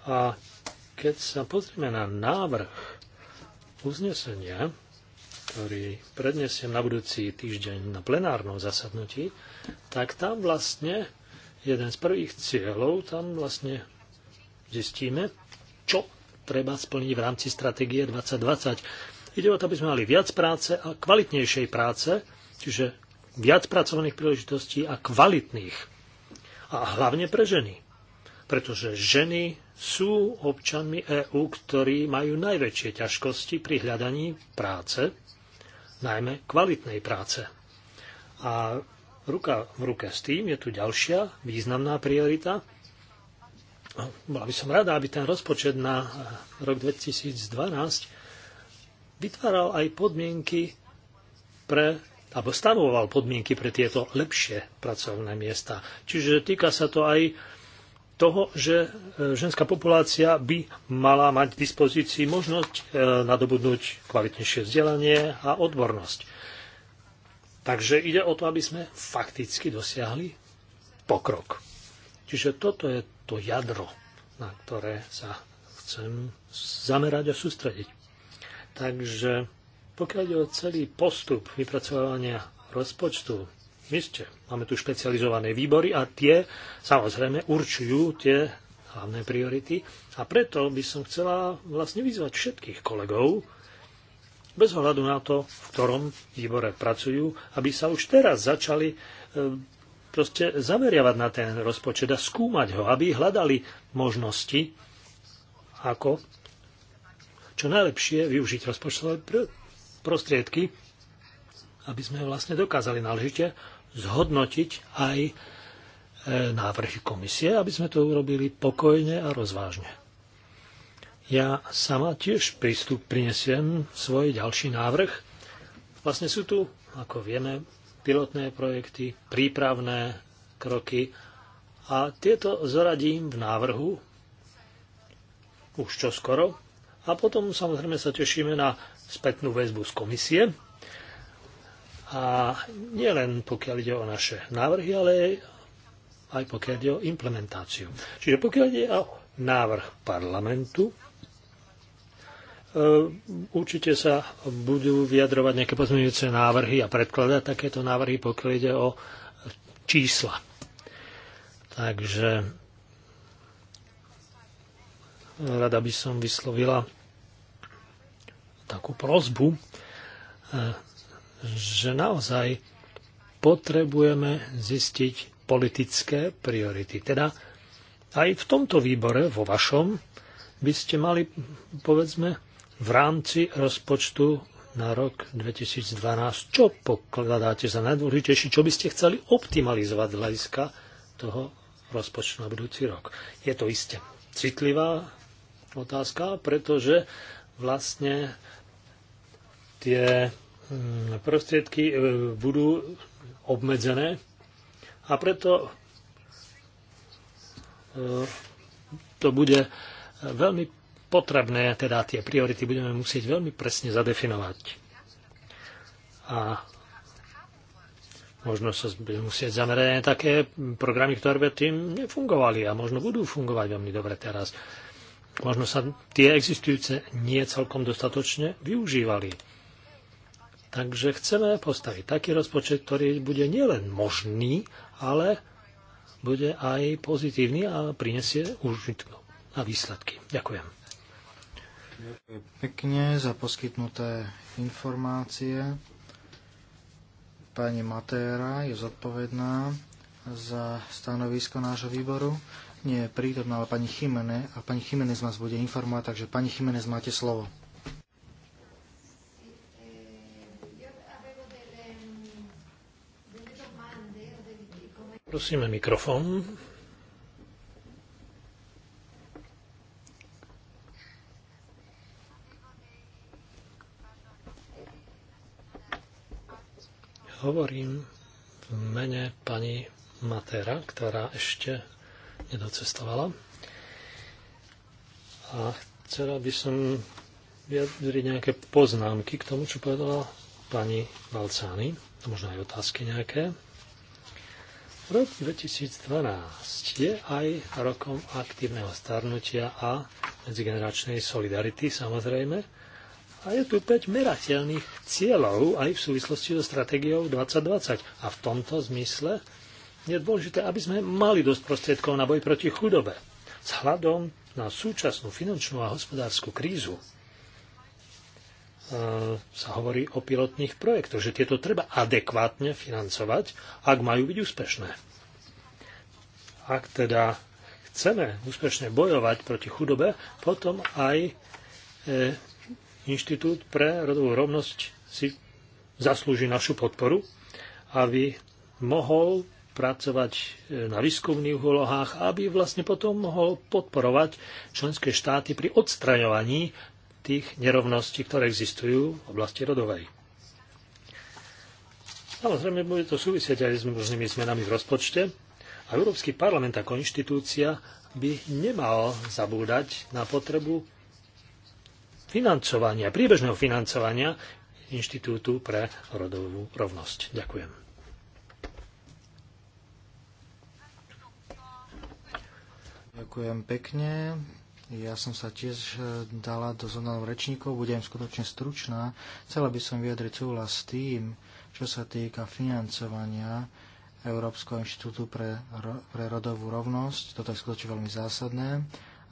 A keď sa pozrieme na návrh uznesenia, ktorý prednesiem na budúci týždeň na plenárnom zasadnutí, tak tam vlastne jeden z prvých cieľov, tam vlastne zistíme, čo treba splniť v rámci stratégie 2020. Ide o to, aby sme mali viac práce a kvalitnejšej práce, čiže viac pracovných príležitostí a kvalitných. A hlavne pre ženy. Pretože ženy sú občanmi EÚ, ktorí majú najväčšie ťažkosti pri hľadaní práce, najmä kvalitnej práce. A ruka v ruke s tým je tu ďalšia významná priorita, bola by som rada, aby ten rozpočet na eh, rok 2012 vytváral aj podmienky pre alebo stanovoval podmienky pre tieto lepšie pracovné miesta. Čiže týka sa to aj toho, že eh, ženská populácia by mala mať v dispozícii možnosť eh, nadobudnúť kvalitnejšie vzdelanie a odbornosť. Takže ide o to, aby sme fakticky dosiahli pokrok. Čiže toto je to jadro, na ktoré sa chcem zamerať a sústrediť. Takže pokiaľ ide o celý postup vypracovania rozpočtu, my ste, máme tu špecializované výbory a tie samozrejme určujú tie hlavné priority a preto by som chcela vlastne vyzvať všetkých kolegov, bez ohľadu na to, v ktorom výbore pracujú, aby sa už teraz začali e, proste zameriavať na ten rozpočet a skúmať ho, aby hľadali možnosti, ako čo najlepšie využiť rozpočtové pr prostriedky, aby sme vlastne dokázali náležite zhodnotiť aj e, návrhy komisie, aby sme to urobili pokojne a rozvážne. Ja sama tiež prístup prinesiem svoj ďalší návrh. Vlastne sú tu, ako vieme, pilotné projekty, prípravné kroky a tieto zoradím v návrhu už čoskoro a potom samozrejme sa tešíme na spätnú väzbu z komisie a nielen pokiaľ ide o naše návrhy, ale aj pokiaľ ide o implementáciu. Čiže pokiaľ ide o návrh parlamentu, Ehm, určite sa budú vyjadrovať nejaké pozmeňujúce návrhy a predkladať takéto návrhy, pokiaľ ide o čísla. Takže ehm, rada by som vyslovila takú prozbu, ehm, že naozaj potrebujeme zistiť politické priority. Teda aj v tomto výbore, vo vašom, by ste mali, povedzme, v rámci rozpočtu na rok 2012, čo pokladáte za najdôležitejšie, čo by ste chceli optimalizovať z hľadiska toho rozpočtu na budúci rok. Je to isté citlivá otázka, pretože vlastne tie mm, prostriedky e, budú obmedzené a preto e, to bude veľmi potrebné, teda tie priority budeme musieť veľmi presne zadefinovať. A možno sa budeme musieť zamerať na také programy, ktoré by tým nefungovali a možno budú fungovať veľmi dobre teraz. Možno sa tie existujúce nie celkom dostatočne využívali. Takže chceme postaviť taký rozpočet, ktorý bude nielen možný, ale bude aj pozitívny a prinesie užitno a výsledky. Ďakujem. Ďakujem pekne za poskytnuté informácie. Pani Matéra je zodpovedná za stanovisko nášho výboru. Nie je prítomná, ale pani Chimene a pani Chimenez nás bude informovať, takže pani Chimenez máte slovo. Prosíme mikrofón. Hovorím v mene pani Matera, ktorá ešte nedocestovala. A chcela by som vyjadriť nejaké poznámky k tomu, čo povedala pani Balcány, a možno aj otázky nejaké. Rok 2012 je aj rokom aktívneho starnutia a medzigeneračnej solidarity, samozrejme. A je tu 5 merateľných cieľov aj v súvislosti so stratégiou 2020. A v tomto zmysle je dôležité, aby sme mali dosť prostriedkov na boj proti chudobe. S hľadom na súčasnú finančnú a hospodárskú krízu e, sa hovorí o pilotných projektoch, že tieto treba adekvátne financovať, ak majú byť úspešné. Ak teda chceme úspešne bojovať proti chudobe, potom aj e, Inštitút pre rodovú rovnosť si zaslúži našu podporu, aby mohol pracovať e, na výskumných úlohách, aby vlastne potom mohol podporovať členské štáty pri odstraňovaní tých nerovností, ktoré existujú v oblasti rodovej. Samozrejme, bude to súvisieť aj s možnými zmenami v rozpočte. A Európsky parlament ako inštitúcia by nemal zabúdať na potrebu financovania, príbežného financovania Inštitútu pre rodovú rovnosť. Ďakujem. Ďakujem pekne. Ja som sa tiež e, dala do zoznamu rečníkov, budem skutočne stručná. Chcela by som vyjadriť súhlas s tým, čo sa týka financovania Európskeho inštitútu pre, pre rodovú rovnosť. Toto je skutočne veľmi zásadné.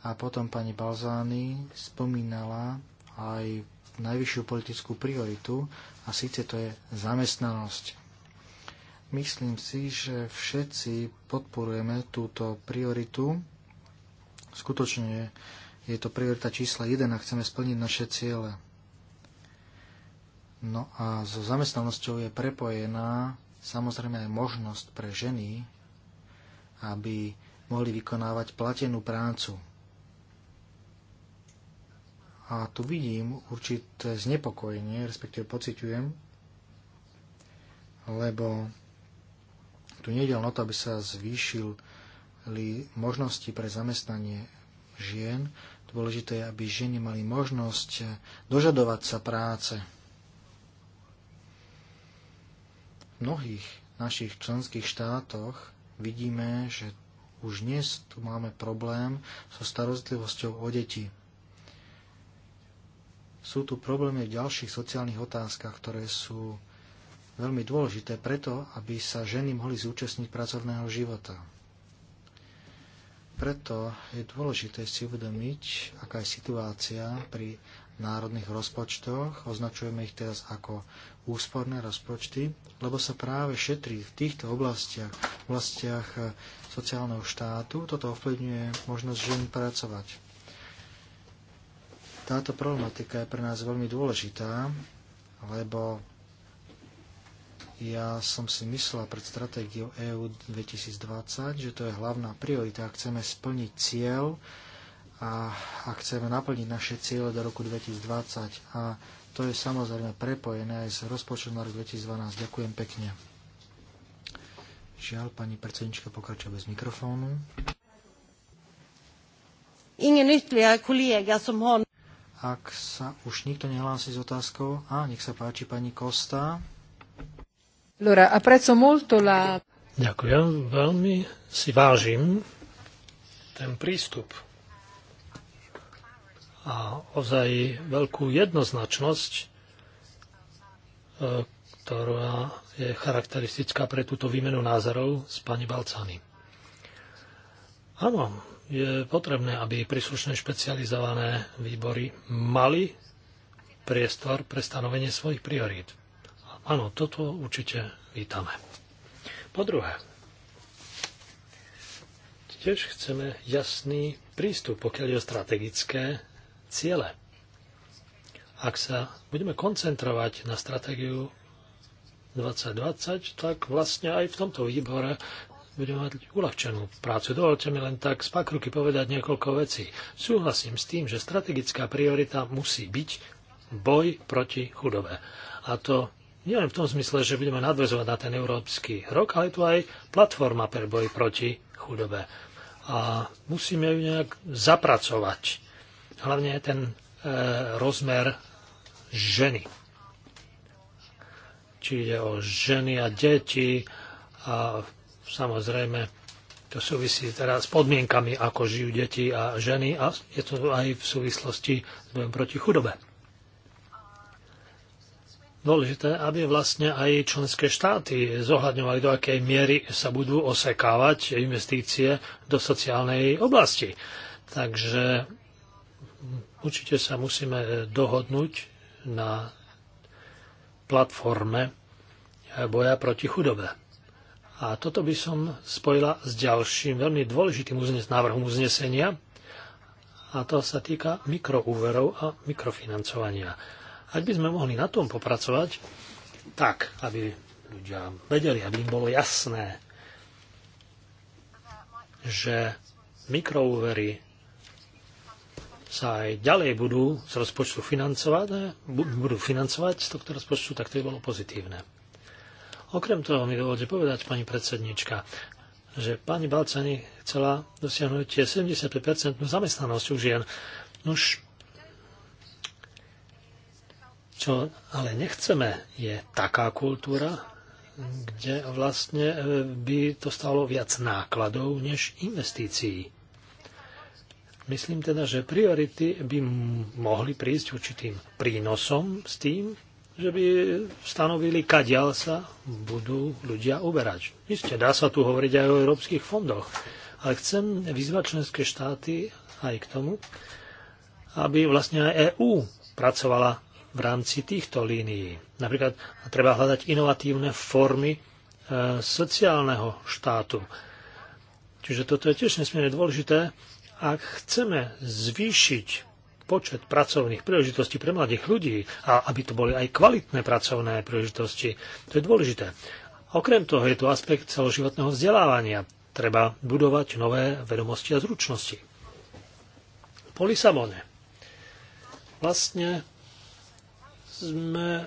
A potom pani Balzány spomínala aj najvyššiu politickú prioritu a síce to je zamestnanosť. Myslím si, že všetci podporujeme túto prioritu. Skutočne je to priorita čísla 1 a chceme splniť naše ciele. No a so zamestnanosťou je prepojená samozrejme aj možnosť pre ženy, aby mohli vykonávať platenú prácu a tu vidím určité znepokojenie, respektíve pociťujem, lebo tu nejde len o to, aby sa zvýšili možnosti pre zamestnanie žien. Dôležité je, aby ženy mali možnosť dožadovať sa práce. V mnohých našich členských štátoch vidíme, že už dnes tu máme problém so starostlivosťou o deti sú tu problémy v ďalších sociálnych otázkach, ktoré sú veľmi dôležité preto, aby sa ženy mohli zúčastniť pracovného života. Preto je dôležité si uvedomiť, aká je situácia pri národných rozpočtoch. Označujeme ich teraz ako úsporné rozpočty, lebo sa práve šetrí v týchto oblastiach, v oblastiach eh, sociálneho štátu. Toto ovplyvňuje možnosť žien pracovať. Táto problematika je pre nás veľmi dôležitá, lebo ja som si myslela pred stratégiou EU 2020, že to je hlavná priorita. Ak chceme splniť cieľ a ak chceme naplniť naše ciele do roku 2020 a to je samozrejme prepojené aj s rozpočtom na rok 2012. Ďakujem pekne. Žiaľ, pani predsednička pokračuje bez mikrofónu. Ingen ytterligare kollega som har ak sa už nikto nehlási s otázkou, a nech sa páči pani Kosta. Lora, a prečo molto la... Ďakujem, veľmi si vážim ten prístup a ozaj veľkú jednoznačnosť, e, ktorá je charakteristická pre túto výmenu názorov s pani Balcany. Áno, je potrebné, aby príslušné špecializované výbory mali priestor pre stanovenie svojich priorít. Áno, toto určite vítame. Po druhé, tiež chceme jasný prístup, pokiaľ je o strategické ciele. Ak sa budeme koncentrovať na stratégiu 2020, tak vlastne aj v tomto výbore budeme mať uľahčenú prácu. Dovolte mi len tak z pakruky povedať niekoľko vecí. Súhlasím s tým, že strategická priorita musí byť boj proti chudobe. A to len v tom zmysle, že budeme nadvezovať na ten európsky rok, ale je tu aj platforma pre boj proti chudobe. A musíme ju nejak zapracovať. Hlavne ten e, rozmer ženy. Či ide o ženy a deti a Samozrejme, to súvisí teraz s podmienkami, ako žijú deti a ženy a je to aj v súvislosti s bojom proti chudobe. Dôležité, aby vlastne aj členské štáty zohľadňovali, do akej miery sa budú osekávať investície do sociálnej oblasti. Takže určite sa musíme dohodnúť na platforme boja proti chudobe. A toto by som spojila s ďalším veľmi dôležitým uznes, návrhom uznesenia, a to sa týka mikroúverov a mikrofinancovania. Ak by sme mohli na tom popracovať, tak, aby ľudia vedeli, aby im bolo jasné, že mikroúvery sa aj ďalej budú z rozpočtu financovať, budú financovať z tohto rozpočtu, tak to je bolo pozitívne. Okrem toho mi dovolte povedať, pani predsednička, že pani Balcani chcela dosiahnuť 75% zamestnanosť u žien. Nož, čo ale nechceme, je taká kultúra, kde vlastne e, by to stalo viac nákladov než investícií. Myslím teda, že priority by mohli prísť určitým prínosom s tým, že by stanovili, kadiaľ sa budú ľudia uberať. Isté, dá sa tu hovoriť aj o európskych fondoch, ale chcem vyzvať členské štáty aj k tomu, aby vlastne aj EÚ pracovala v rámci týchto línií. Napríklad treba hľadať inovatívne formy e, sociálneho štátu. Čiže toto je tiež nesmierne dôležité, ak chceme zvýšiť počet pracovných príležitostí pre mladých ľudí a aby to boli aj kvalitné pracovné príležitosti. To je dôležité. Okrem toho je tu aspekt celoživotného vzdelávania. Treba budovať nové vedomosti a zručnosti. Po Lisabone. Vlastne sme,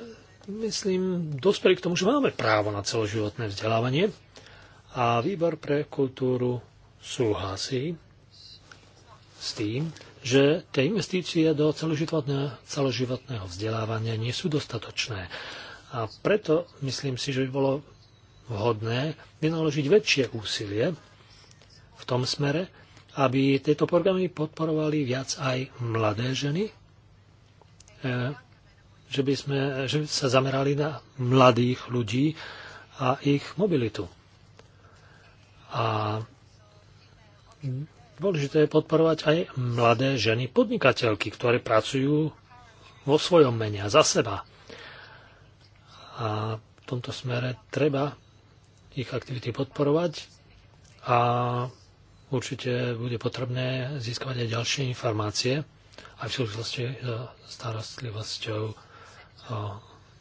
myslím, dospeli k tomu, že máme právo na celoživotné vzdelávanie a výbor pre kultúru súhlasí s tým, že tie investície do celoživotného, celoživotného vzdelávania nie sú dostatočné. A preto myslím si, že by bolo vhodné vynaložiť väčšie úsilie v tom smere, aby tieto programy podporovali viac aj mladé ženy, e, že by sme že by sa zamerali na mladých ľudí a ich mobilitu. A Dôležité je podporovať aj mladé ženy podnikateľky, ktoré pracujú vo svojom mene a za seba. A v tomto smere treba ich aktivity podporovať a určite bude potrebné získavať aj ďalšie informácie aj v súvislosti so starostlivosťou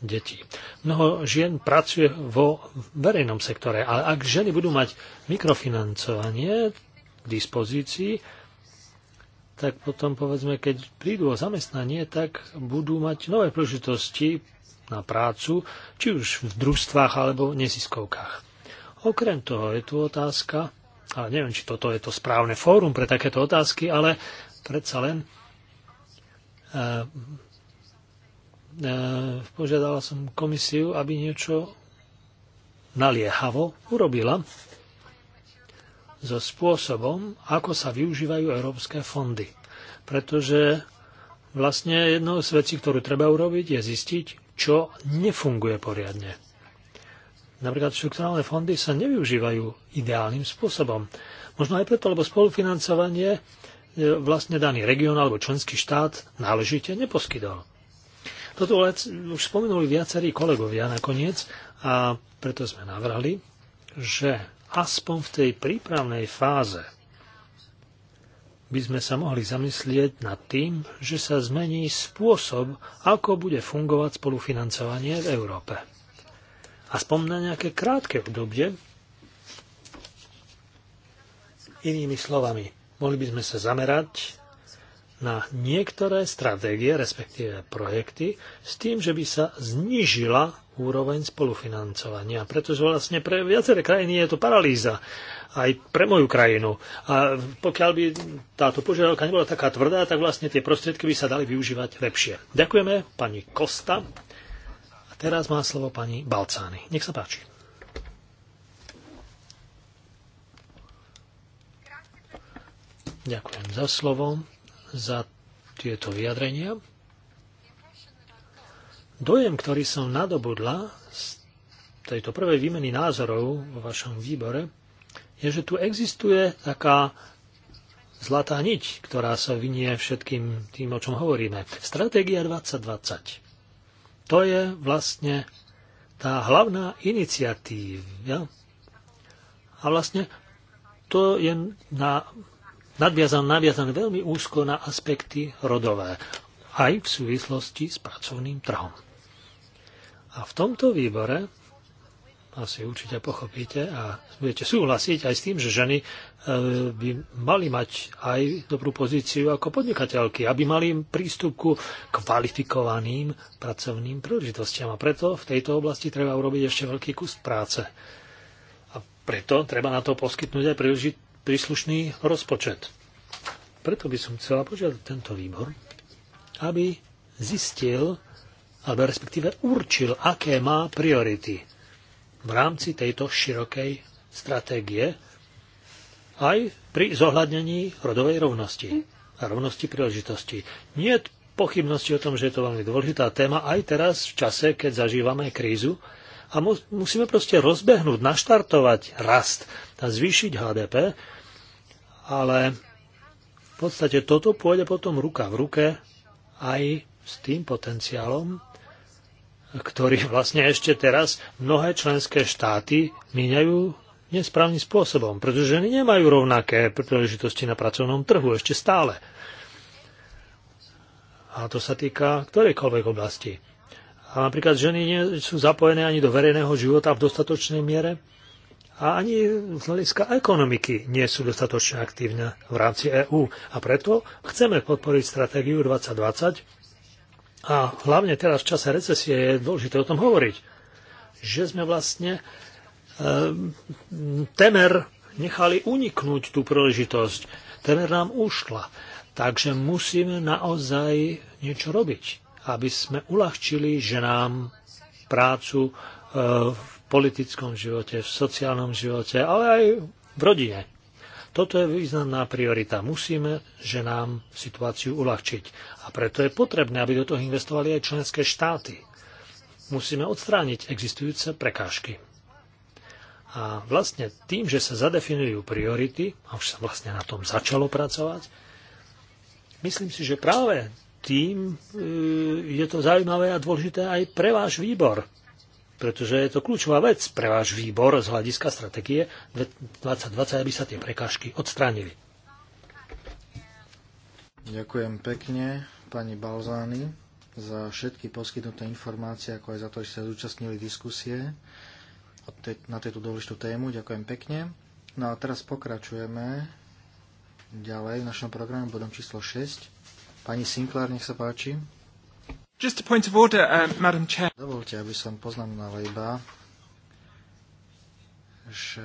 detí. Mnoho žien pracuje vo verejnom sektore, ale ak ženy budú mať mikrofinancovanie, dispozícii, tak potom povedzme, keď prídu o zamestnanie, tak budú mať nové príležitosti na prácu, či už v družstvách alebo v neziskovkách. Okrem toho je tu otázka, ale neviem, či toto je to správne fórum pre takéto otázky, ale predsa len e, e, požiadala som komisiu, aby niečo naliehavo urobila so spôsobom, ako sa využívajú európske fondy. Pretože vlastne jednou z vecí, ktorú treba urobiť, je zistiť, čo nefunguje poriadne. Napríklad štrukturálne fondy sa nevyužívajú ideálnym spôsobom. Možno aj preto, lebo spolufinancovanie e, vlastne daný región alebo členský štát náležite neposkytol. Toto už spomenuli viacerí kolegovia nakoniec a preto sme navrhli, že aspoň v tej prípravnej fáze by sme sa mohli zamyslieť nad tým, že sa zmení spôsob, ako bude fungovať spolufinancovanie v Európe. Aspoň na nejaké krátke obdobie. Inými slovami, mohli by sme sa zamerať na niektoré stratégie, respektíve projekty, s tým, že by sa znížila úroveň spolufinancovania, pretože vlastne pre viaceré krajiny je to paralýza, aj pre moju krajinu. A pokiaľ by táto požiadavka nebola taká tvrdá, tak vlastne tie prostriedky by sa dali využívať lepšie. Ďakujeme pani Kosta. A teraz má slovo pani Balcány. Nech sa páči. Ďakujem za slovo, za tieto vyjadrenia. Dojem, ktorý som nadobudla z tejto prvej výmeny názorov vo vašom výbore, je, že tu existuje taká zlatá niť, ktorá sa vynie všetkým tým, o čom hovoríme. Stratégia 2020. To je vlastne tá hlavná iniciatíva. A vlastne to je na, nadviazan, nadviazan veľmi úzko na aspekty rodové aj v súvislosti s pracovným trhom. A v tomto výbore asi určite pochopíte a budete súhlasiť aj s tým, že ženy e, by mali mať aj dobrú pozíciu ako podnikateľky, aby mali prístup ku kvalifikovaným pracovným príležitostiam. A preto v tejto oblasti treba urobiť ešte veľký kus práce. A preto treba na to poskytnúť aj príslušný rozpočet. Preto by som chcela požiadať tento výbor, aby zistil, alebo respektíve určil, aké má priority v rámci tejto širokej stratégie aj pri zohľadnení rodovej rovnosti a rovnosti príležitostí. Nie je pochybnosti o tom, že je to veľmi dôležitá téma aj teraz v čase, keď zažívame krízu a musíme proste rozbehnúť, naštartovať rast a zvýšiť HDP, ale v podstate toto pôjde potom ruka v ruke aj s tým potenciálom, ktorý vlastne ešte teraz mnohé členské štáty míňajú nesprávnym spôsobom, pretože ženy nemajú rovnaké príležitosti na pracovnom trhu ešte stále. A to sa týka ktorejkoľvek oblasti. A napríklad ženy nie sú zapojené ani do verejného života v dostatočnej miere a ani z hľadiska ekonomiky nie sú dostatočne aktívne v rámci EÚ. A preto chceme podporiť stratégiu 2020 a hlavne teraz v čase recesie je dôležité o tom hovoriť, že sme vlastne um, temer nechali uniknúť tú príležitosť. Temer nám ušla. Takže musíme naozaj niečo robiť, aby sme uľahčili ženám prácu eh, v politickom živote, v sociálnom živote, ale aj v rodine. Toto je významná priorita. Musíme nám situáciu uľahčiť. A preto je potrebné, aby do toho investovali aj členské štáty. Musíme odstrániť existujúce prekážky. A vlastne tým, že sa zadefinujú priority, a už sa vlastne na tom začalo pracovať, myslím si, že práve tým e, je to zaujímavé a dôležité aj pre váš výbor, pretože je to kľúčová vec pre váš výbor z hľadiska stratégie 2020, aby sa tie prekážky odstránili. Ďakujem pekne pani Balzány za všetky poskytnuté informácie, ako aj za to, že ste zúčastnili diskusie na tejto dôležitú tému. Ďakujem pekne. No a teraz pokračujeme ďalej v našom programe bodom číslo 6. Pani Sinclair, nech sa páči. Just a point of order, uh, Madam Chair. Dovolte, aby som poznamenal iba, že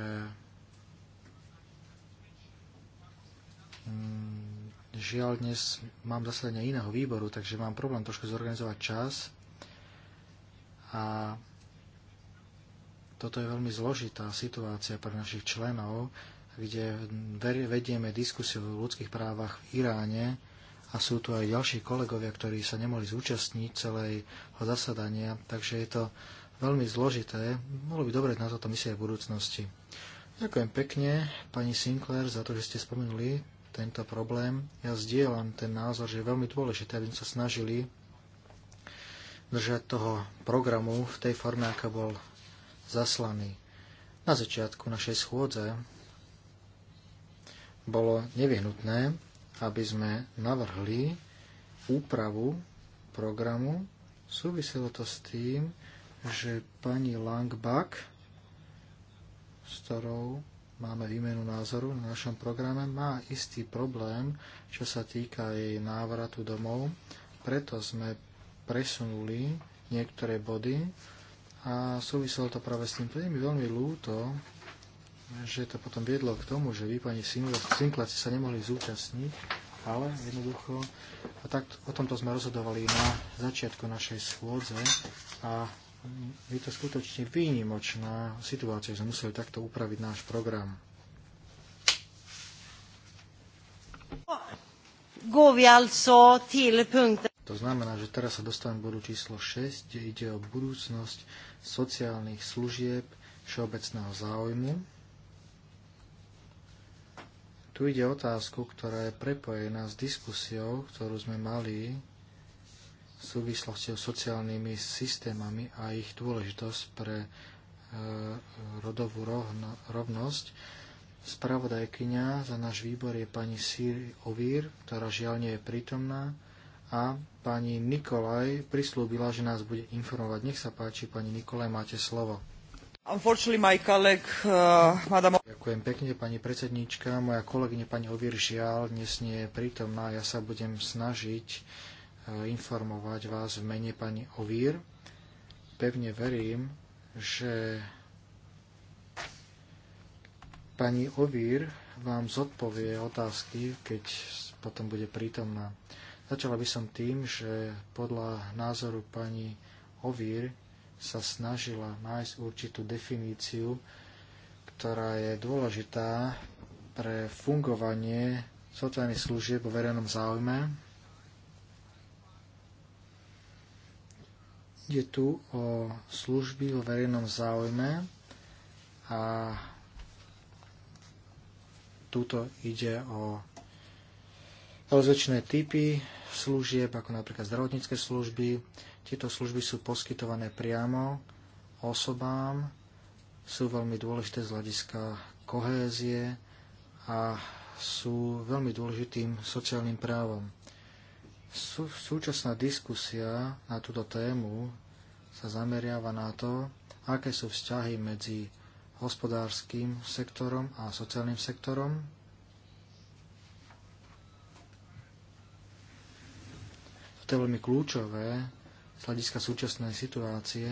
mm, žiaľ dnes mám zasadenie iného výboru, takže mám problém trošku zorganizovať čas a toto je veľmi zložitá situácia pre našich členov, kde vedieme diskusiu o ľudských právach v Iráne, a sú tu aj ďalší kolegovia, ktorí sa nemohli zúčastniť celého zasadania, takže je to veľmi zložité. Bolo by dobre na toto myslieť v budúcnosti. Ďakujem pekne, pani Sinclair, za to, že ste spomenuli tento problém. Ja zdieľam ten názor, že je veľmi dôležité, aby sme sa snažili držať toho programu v tej forme, aká bol zaslaný. Na začiatku našej schôdze bolo nevyhnutné, aby sme navrhli úpravu programu. Súviselo to s tým, že pani Langbach, s ktorou máme výmenu názoru na našom programe, má istý problém, čo sa týka jej návratu domov. Preto sme presunuli niektoré body a súviselo to práve s tým. Je mi veľmi ľúto, že to potom viedlo k tomu, že vy, pani Sinkláci, sa nemohli zúčastniť, ale jednoducho, a tak, o tomto sme rozhodovali na začiatku našej schôdze a je to skutočne výnimočná situácia, že sme museli takto upraviť náš program. To znamená, že teraz sa dostávam k bodu číslo 6, kde ide o budúcnosť sociálnych služieb všeobecného záujmu. Tu ide otázku, ktorá je prepojená s diskusiou, ktorú sme mali v súvislosti s sociálnymi systémami a ich dôležitosť pre e, rodovú rovnosť. Spravodajkyňa za náš výbor je pani Sír Ovír, ktorá žiaľ nie je prítomná a pani Nikolaj prislúbila, že nás bude informovať. Nech sa páči, pani Nikolaj, máte slovo. Uh, Ďakujem pekne, pani predsedníčka. Moja kolegyňa pani Ovir žiaľ dnes nie je prítomná. Ja sa budem snažiť uh, informovať vás v mene pani Ovír. Pevne verím, že pani Ovír vám zodpovie otázky, keď potom bude prítomná. Začala by som tým, že podľa názoru pani Ovír sa snažila nájsť určitú definíciu, ktorá je dôležitá pre fungovanie sociálnych služieb vo verejnom záujme. Ide tu o služby vo verejnom záujme a túto ide o rozličné typy služieb, ako napríklad zdravotnícke služby, tieto služby sú poskytované priamo osobám, sú veľmi dôležité z hľadiska kohézie a sú veľmi dôležitým sociálnym právom. Sú, súčasná diskusia na túto tému sa zameriava na to, aké sú vzťahy medzi hospodárským sektorom a sociálnym sektorom. Toto je veľmi kľúčové z hľadiska súčasnej situácie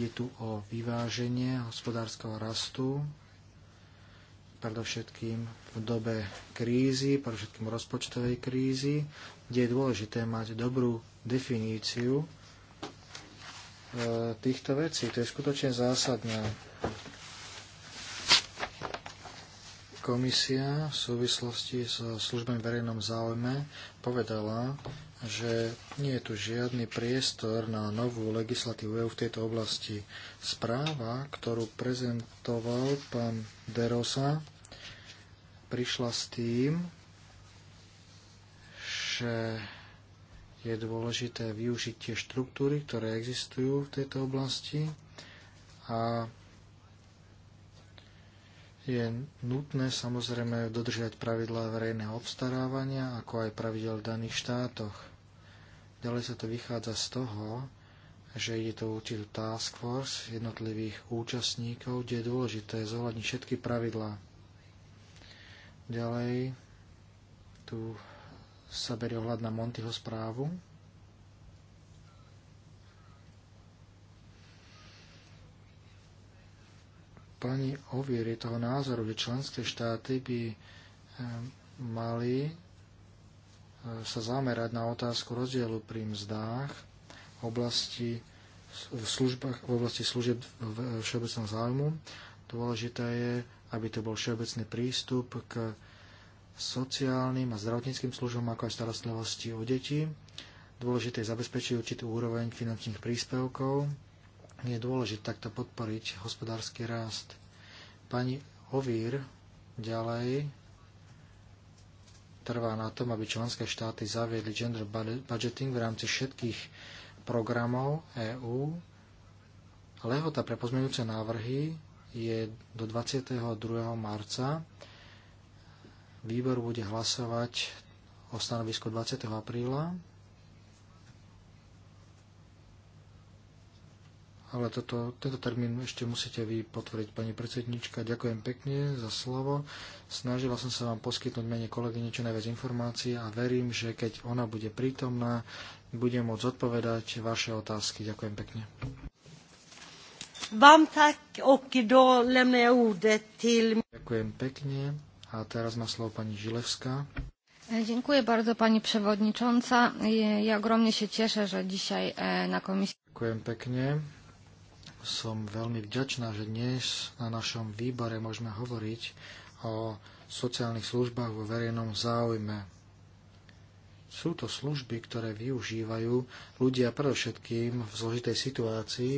je tu o vyváženie hospodárskeho rastu, predovšetkým v dobe krízy, predovšetkým rozpočtovej krízy, kde je dôležité mať dobrú definíciu e, týchto vecí. To je skutočne zásadná. Komisia v súvislosti so službami verejnom záujme povedala, že nie je tu žiadny priestor na novú legislatívu EU v tejto oblasti. Správa, ktorú prezentoval pán Derosa, prišla s tým, že je dôležité využiť tie štruktúry, ktoré existujú v tejto oblasti a je nutné samozrejme dodržiať pravidlá verejného obstarávania, ako aj pravidel v daných štátoch. Ďalej sa to vychádza z toho, že ide to určitú task force jednotlivých účastníkov, kde je dôležité zohľadniť všetky pravidlá. Ďalej tu sa berie ohľad na Montyho správu, Pani Ovier je toho názoru, že členské štáty by eh, mali eh, sa zamerať na otázku rozdielu pri mzdách v oblasti, v službách, v oblasti služieb všeobecného záujmu. Dôležité je, aby to bol všeobecný prístup k sociálnym a zdravotníckým službám, ako aj starostlivosti o deti. Dôležité je zabezpečiť určitú úroveň finančných príspevkov je dôležité takto podporiť hospodársky rast. Pani Ovír ďalej trvá na tom, aby členské štáty zaviedli gender budgeting v rámci všetkých programov EÚ. Lehota pre pozmeňujúce návrhy je do 22. marca. Výbor bude hlasovať o stanovisku 20. apríla ale toto, tento termín ešte musíte vy potvrdiť, pani predsednička. Ďakujem pekne za slovo. Snažila som sa vám poskytnúť mene kolegyne čo najviac informácií a verím, že keď ona bude prítomná, budem môcť odpovedať vaše otázky. Ďakujem pekne. Vám tak, ok, do til... Ďakujem pekne. A teraz má slovo pani Žilevská. E, dziękuję bardzo Pani Przewodnicząca. Ja ogromnie się cieszę, że dzisiaj e, na komisji... Dziękuję pięknie som veľmi vďačná, že dnes na našom výbore môžeme hovoriť o sociálnych službách vo verejnom záujme. Sú to služby, ktoré využívajú ľudia predovšetkým v zložitej situácii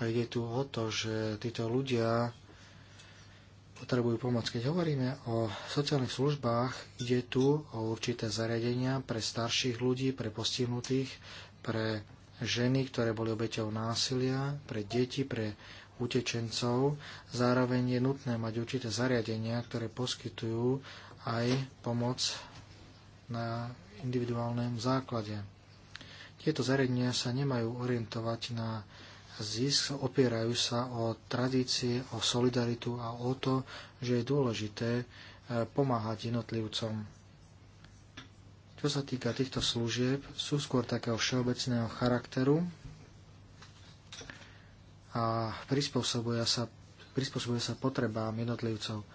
a ide tu o to, že títo ľudia potrebujú pomoc. Keď hovoríme o sociálnych službách, ide tu o určité zariadenia pre starších ľudí, pre postihnutých, pre ženy, ktoré boli obeťou násilia, pre deti, pre utečencov. Zároveň je nutné mať určité zariadenia, ktoré poskytujú aj pomoc na individuálnom základe. Tieto zariadenia sa nemajú orientovať na zisk, opierajú sa o tradície, o solidaritu a o to, že je dôležité eh, pomáhať jednotlivcom čo sa týka týchto služieb, sú skôr takého všeobecného charakteru a prispôsobuje sa, prispôsobuje sa potrebám jednotlivcov.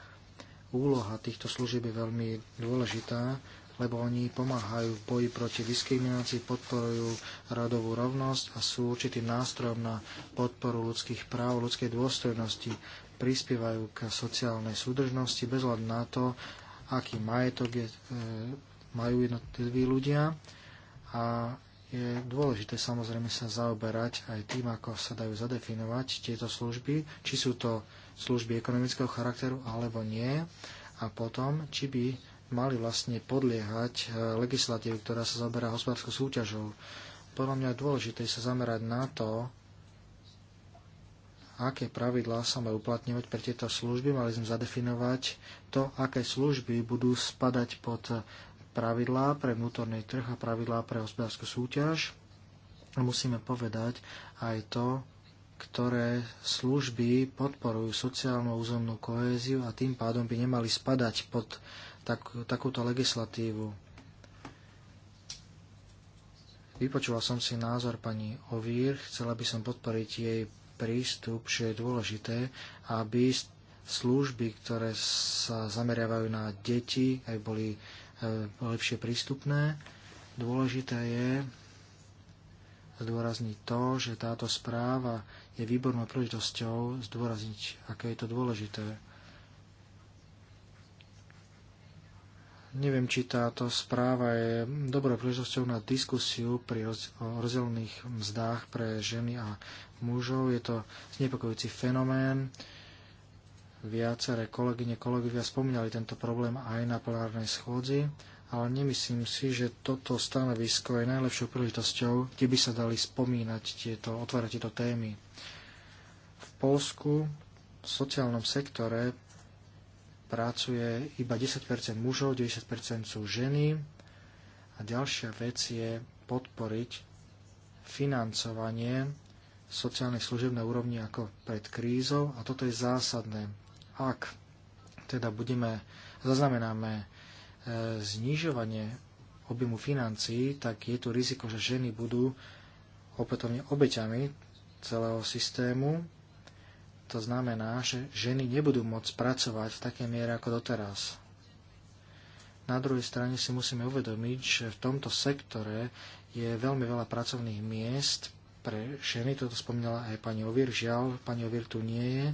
Úloha týchto služieb je veľmi dôležitá, lebo oni pomáhajú v boji proti diskriminácii, podporujú radovú rovnosť a sú určitým nástrojom na podporu ľudských práv, ľudskej dôstojnosti, prispievajú k sociálnej súdržnosti bez hľadu na to, aký majetok je, e, majú jednotliví ľudia a je dôležité samozrejme sa zaoberať aj tým, ako sa dajú zadefinovať tieto služby, či sú to služby ekonomického charakteru alebo nie a potom, či by mali vlastne podliehať e, legislatívu, ktorá sa zaoberá hospodárskou súťažou. Podľa mňa je dôležité sa zamerať na to, aké pravidlá sa majú uplatňovať pre tieto služby. Mali sme zadefinovať to, aké služby budú spadať pod pravidlá pre vnútorný trh a pravidlá pre hospodárskú súťaž. A musíme povedať aj to, ktoré služby podporujú sociálnu a územnú kohéziu a tým pádom by nemali spadať pod tak, takúto legislatívu. Vypočula som si názor pani Ovír, chcela by som podporiť jej prístup, že je dôležité, aby služby, ktoré sa zameriavajú na deti, aj boli E, lepšie prístupné. Dôležité je zdôrazniť to, že táto správa je výbornou príležitosťou zdôrazniť, aké je to dôležité. Neviem, či táto správa je dobrou príležitosťou na diskusiu pri rozdelených mzdách pre ženy a mužov. Je to znepokojujúci fenomén. Viaceré kolegyne, kolegovia spomínali tento problém aj na plenárnej schôdzi, ale nemyslím si, že toto stanovisko je najlepšou príležitosťou, kde by sa dali spomínať tieto, otvárať tieto témy. V Polsku v sociálnom sektore pracuje iba 10% mužov, 90% sú ženy a ďalšia vec je podporiť financovanie sociálnych služieb na úrovni ako pred krízou a toto je zásadné ak teda budeme, zaznamenáme e, znižovanie objemu financií, tak je tu riziko, že ženy budú opätovne obeťami celého systému. To znamená, že ženy nebudú môcť pracovať v takej miere ako doteraz. Na druhej strane si musíme uvedomiť, že v tomto sektore je veľmi veľa pracovných miest pre ženy, toto spomínala aj pani Ovier, žiaľ, pani Ovier tu nie je,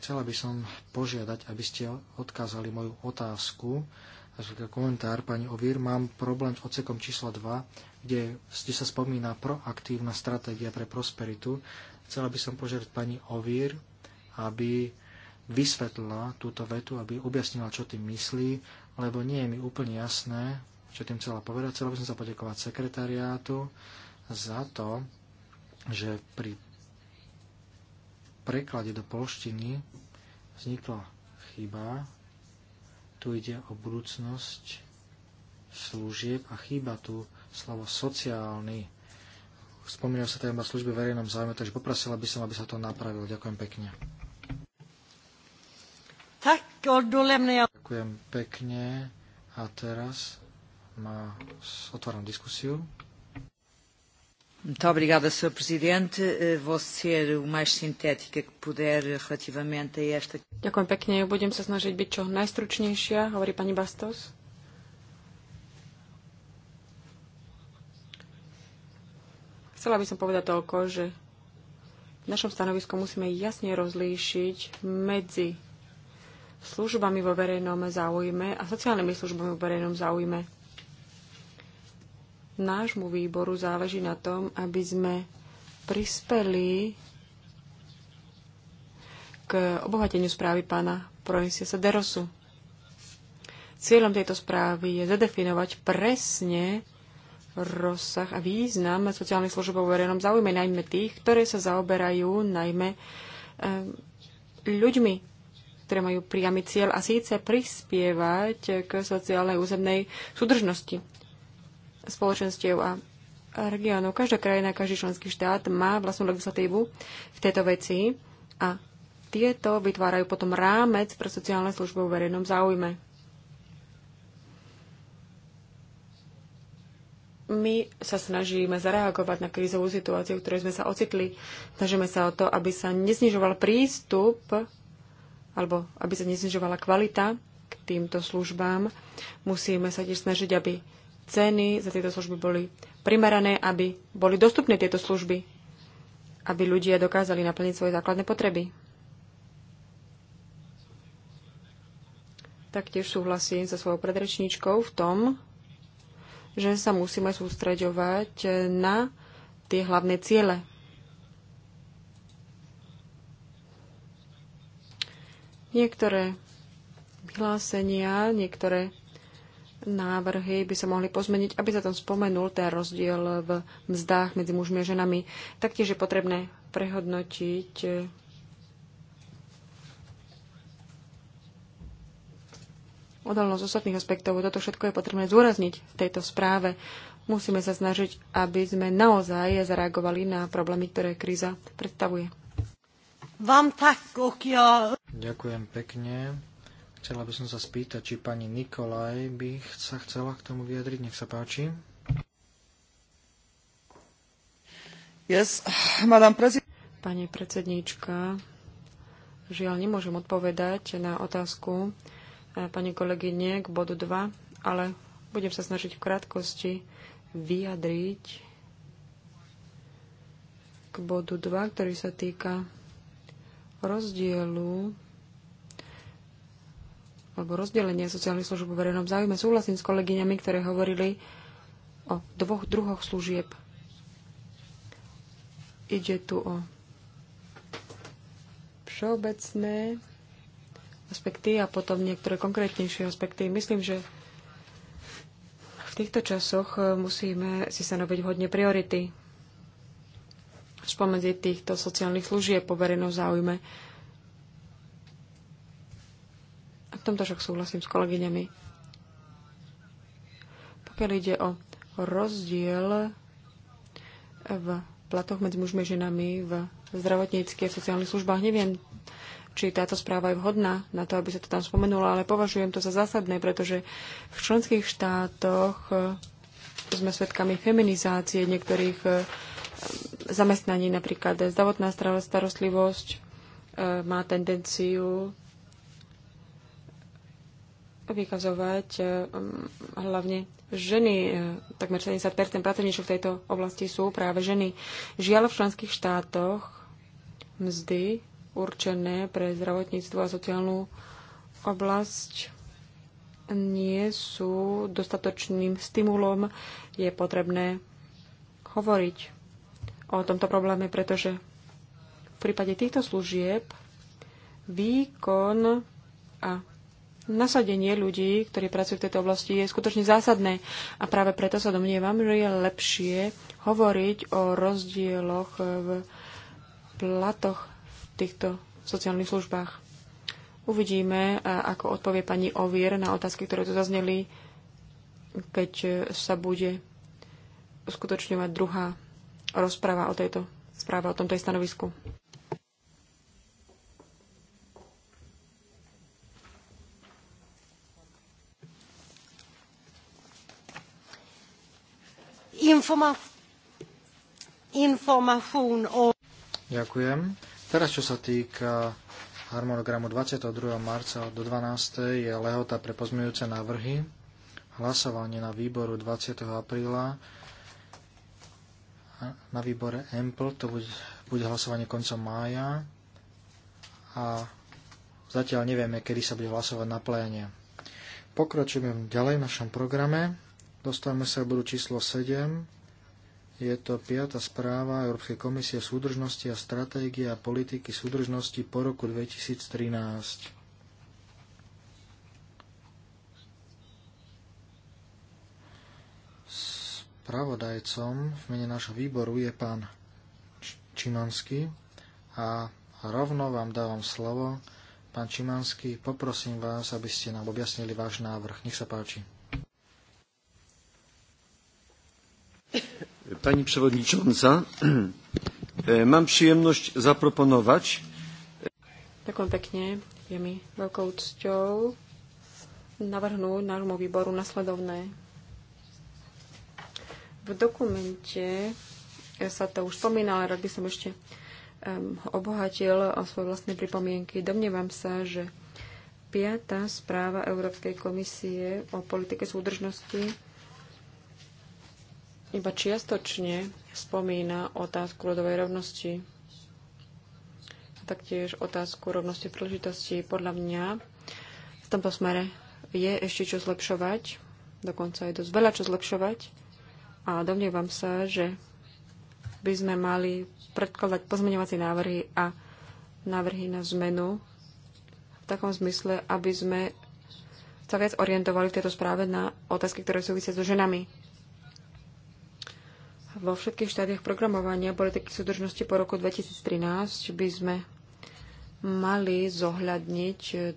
Chcela by som požiadať, aby ste odkázali moju otázku, komentár pani Ovír. Mám problém s odsekom číslo 2, kde, kde sa spomína proaktívna stratégia pre prosperitu. Chcela by som požiadať pani Ovír, aby vysvetlila túto vetu, aby objasnila, čo tým myslí, lebo nie je mi úplne jasné, čo tým chcela povedať. Chcela by som sa poďakovať sekretariátu za to, že pri preklade do polštiny vznikla chyba. Tu ide o budúcnosť služieb a chýba tu slovo sociálny. Spomínal sa teda iba služby verejnom záujme, takže poprosila by som, aby sa to napravilo. Ďakujem pekne. Ďakujem pekne. A teraz má, otváram diskusiu. Muito obrigada, Sr. Presidente. Eh, vou ser o mais sintética que puder relativamente a esta... Ďakujem pekne. Budem sa snažiť byť čo najstručnejšia, hovorí pani Bastos. Chcela by som povedať toľko, že v našom stanovisku musíme jasne rozlíšiť medzi službami vo verejnom záujme a sociálnymi službami vo verejnom záujme nášmu výboru záleží na tom, aby sme prispeli k obohateniu správy pána Proinsiasa Derosu. Cieľom tejto správy je zadefinovať presne rozsah a význam sociálnych služieb vo verejnom záujme, najmä tých, ktoré sa zaoberajú najmä eh, ľuďmi, ktoré majú priamy cieľ a síce prispievať k sociálnej územnej súdržnosti spoločenstiev a regiónov. Každá krajina, každý členský štát má vlastnú legislatívu v tejto veci a tieto vytvárajú potom rámec pre sociálne služby v verejnom záujme. My sa snažíme zareagovať na krízovú situáciu, v ktorej sme sa ocitli. Snažíme sa o to, aby sa neznižoval prístup alebo aby sa neznižovala kvalita k týmto službám. Musíme sa tiež snažiť, aby ceny za tieto služby boli primerané, aby boli dostupné tieto služby, aby ľudia dokázali naplniť svoje základné potreby. Taktiež súhlasím so svojou predrečníčkou v tom, že sa musíme sústreďovať na tie hlavné ciele. Niektoré vyhlásenia, niektoré návrhy by sa mohli pozmeniť, aby sa tam spomenul ten rozdiel v mzdách medzi mužmi a ženami. Taktiež je potrebné prehodnotiť eh, odolnosť ostatných aspektov. Toto všetko je potrebné zúrazniť v tejto správe. Musíme sa snažiť, aby sme naozaj zareagovali na problémy, ktoré kríza predstavuje. Vám tak, ja... Ďakujem pekne. Chcela by som sa spýtať, či pani Nikolaj by sa chcela k tomu vyjadriť. Nech sa páči. Yes, madam prezid- Pani predsedníčka, žiaľ nemôžem odpovedať na otázku eh, pani kolegyne k bodu 2, ale budem sa snažiť v krátkosti vyjadriť k bodu 2, ktorý sa týka rozdielu alebo rozdelenie sociálnych služieb vo verejnom záujme. Súhlasím s kolegyňami, ktoré hovorili o dvoch druhoch služieb. Ide tu o všeobecné aspekty a potom niektoré konkrétnejšie aspekty. Myslím, že v týchto časoch e, musíme si stanoviť hodne priority spomedzi týchto sociálnych služieb po verejnom záujme. V tomto však súhlasím s kolegyňami. Pokiaľ ide o rozdiel v platoch medzi mužmi a ženami v zdravotníckých a sociálnych službách, neviem, či táto správa je vhodná na to, aby sa to tam spomenulo, ale považujem to za zásadné, pretože v členských štátoch sme svedkami feminizácie niektorých eh, zamestnaní, napríklad zdravotná starostlivosť eh, má tendenciu vykazovať eh, mm, hlavne ženy. Eh, Takmer 70 pracovníčov v tejto oblasti sú práve ženy. Žiaľ v členských štátoch mzdy určené pre zdravotníctvo a sociálnu oblasť nie sú dostatočným stimulom. Je potrebné hovoriť o tomto probléme, pretože v prípade týchto služieb výkon a nasadenie ľudí, ktorí pracujú v tejto oblasti, je skutočne zásadné. A práve preto sa domnievam, že je lepšie hovoriť o rozdieloch v platoch v týchto sociálnych službách. Uvidíme, ako odpovie pani Ovier na otázky, ktoré tu zazneli, keď sa bude uskutočňovať druhá rozpráva o tejto správe, o tomto stanovisku. informa- o... Ďakujem. Teraz, čo sa týka harmonogramu 22. marca do 12. je lehota pre pozmeňujúce návrhy. Hlasovanie na výboru 20. apríla na výbore EMPL, to bude, bude hlasovanie koncom mája a zatiaľ nevieme, kedy sa bude hlasovať na pléne. Pokročujeme ďalej v našom programe. Dostávame sa k bodu číslo 7. Je to piata správa Európskej komisie súdržnosti a stratégie a politiky súdržnosti po roku 2013. Spravodajcom v mene nášho výboru je pán Čimanský a rovno vám dávam slovo. Pán Čimanský, poprosím vás, aby ste nám objasnili váš návrh. Nech sa páči. Pani przewodnicząca, e, mám przyjemność zaproponować. E, Je mi veľkou cťou navrhnúť nášmu výboru nasledovné. V dokumente ja sa to už spomína, ale rád by som ešte um, obohatil o svoje vlastné pripomienky. Domnievam sa, že piata správa Európskej komisie o politike súdržnosti iba čiastočne spomína otázku rodovej rovnosti a taktiež otázku rovnosti príležitostí. Podľa mňa v tomto smere je ešte čo zlepšovať, dokonca je dosť veľa čo zlepšovať a domnievam sa, že by sme mali predkladať pozmeňovacie návrhy a návrhy na zmenu v takom zmysle, aby sme sa viac orientovali v tejto správe na otázky, ktoré súvisia so ženami vo všetkých štádiach programovania politiky súdržnosti po roku 2013 by sme mali zohľadniť e,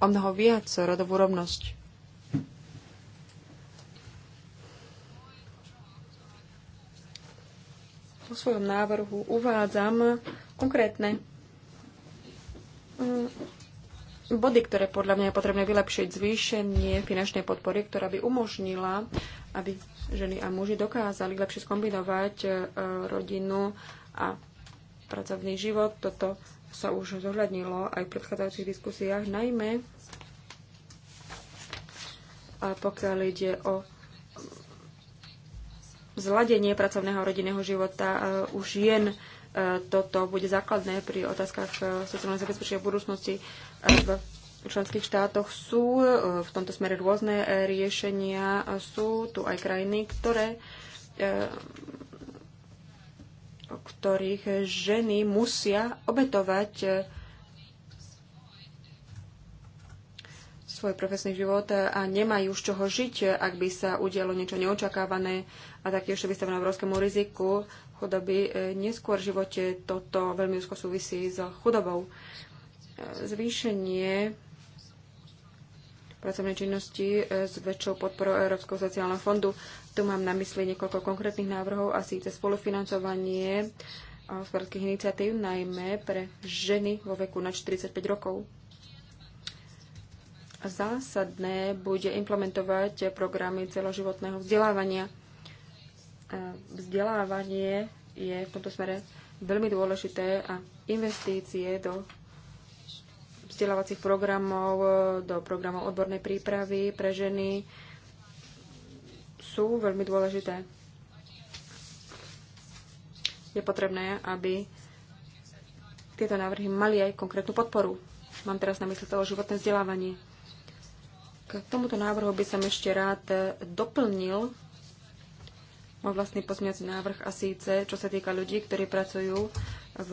o mnoho viac rodovú rovnosť. Po svojom návrhu uvádzam konkrétne mm, body, ktoré podľa mňa je potrebné vylepšiť, zvýšenie finančnej podpory, ktorá by umožnila, aby ženy a muži dokázali lepšie skombinovať e, rodinu a pracovný život. Toto sa už zohľadnilo aj v predchádzajúcich diskusiách, najmä pokiaľ ide o zladenie pracovného rodinného života e, u žien. E, toto bude základné pri otázkach sociálneho zabezpečenia budúcnosti v členských štátoch sú e, v tomto smere rôzne e, riešenia. Sú tu aj krajiny, ktoré e, ktorých ženy musia obetovať svoj profesný život a nemajú z čoho žiť, ak by sa udialo niečo neočakávané a taktiež sú vystavené obrovskému riziku chudoby. Neskôr v živote toto veľmi úzko súvisí s chudobou. Zvýšenie pracovnej činnosti e, s väčšou podporou Európskeho sociálneho fondu. Tu mám na mysli niekoľko konkrétnych návrhov a síce spolufinancovanie e, hospodárských iniciatív, najmä pre ženy vo veku na 45 rokov. Zásadné bude implementovať programy celoživotného vzdelávania. E, vzdelávanie je v tomto smere veľmi dôležité a investície do vzdelávacích programov e, do programov odbornej prípravy pre ženy sú veľmi dôležité. Je potrebné, aby tieto návrhy mali aj konkrétnu podporu. Mám teraz na mysli životné vzdelávanie. K tomuto návrhu by som ešte rád e, doplnil môj vlastný pozmeňací návrh a síce, čo sa týka ľudí, ktorí pracujú v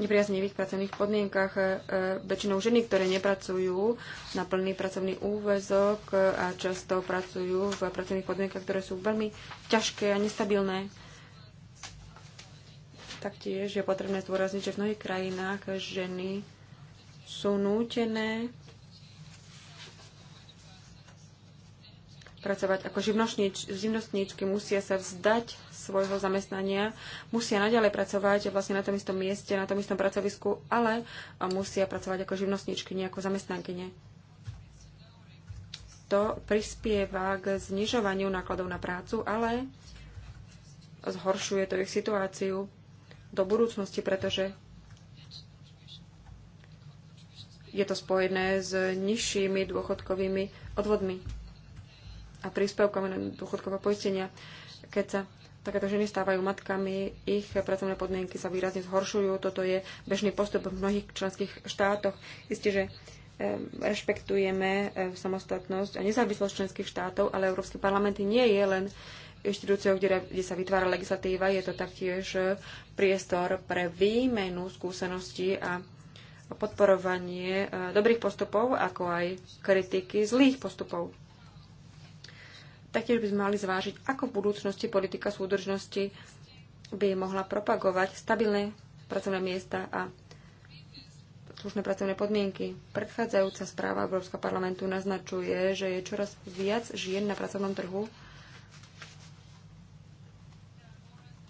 nepriaznivých pracovných podmienkach. E, e, väčšinou ženy, ktoré nepracujú na plný pracovný úvezok e, a často pracujú v pracovných podmienkach, ktoré sú veľmi ťažké a nestabilné. Taktiež je potrebné zdôrazniť, že v mnohých krajinách ženy sú nútené pracovať ako živnostníčky, musia sa vzdať svojho zamestnania, musia naďalej pracovať vlastne na tom istom mieste, na tom istom pracovisku, ale musia pracovať ako živnostničky, nie ako zamestnankyne. To prispieva k znižovaniu nákladov na prácu, ale zhoršuje to ich situáciu do budúcnosti, pretože je to spojené s nižšími dôchodkovými odvodmi a príspevkami na dôchodkové poistenia. Keď sa takéto ženy stávajú matkami, ich pracovné podmienky sa výrazne zhoršujú. Toto je bežný postup v mnohých členských štátoch. Isté, že rešpektujeme samostatnosť a nezávislosť členských štátov, ale Európsky parlament nie je len inštitúciou, kde, kde sa vytvára legislatíva, je to taktiež e, priestor pre výmenu skúseností a podporovanie e, dobrých postupov, ako aj kritiky zlých postupov. Taktiež by sme mali zvážiť, ako v budúcnosti politika súdržnosti by mohla propagovať stabilné pracovné miesta a slušné pracovné podmienky. Predchádzajúca správa Európskeho parlamentu naznačuje, že je čoraz viac žien na pracovnom trhu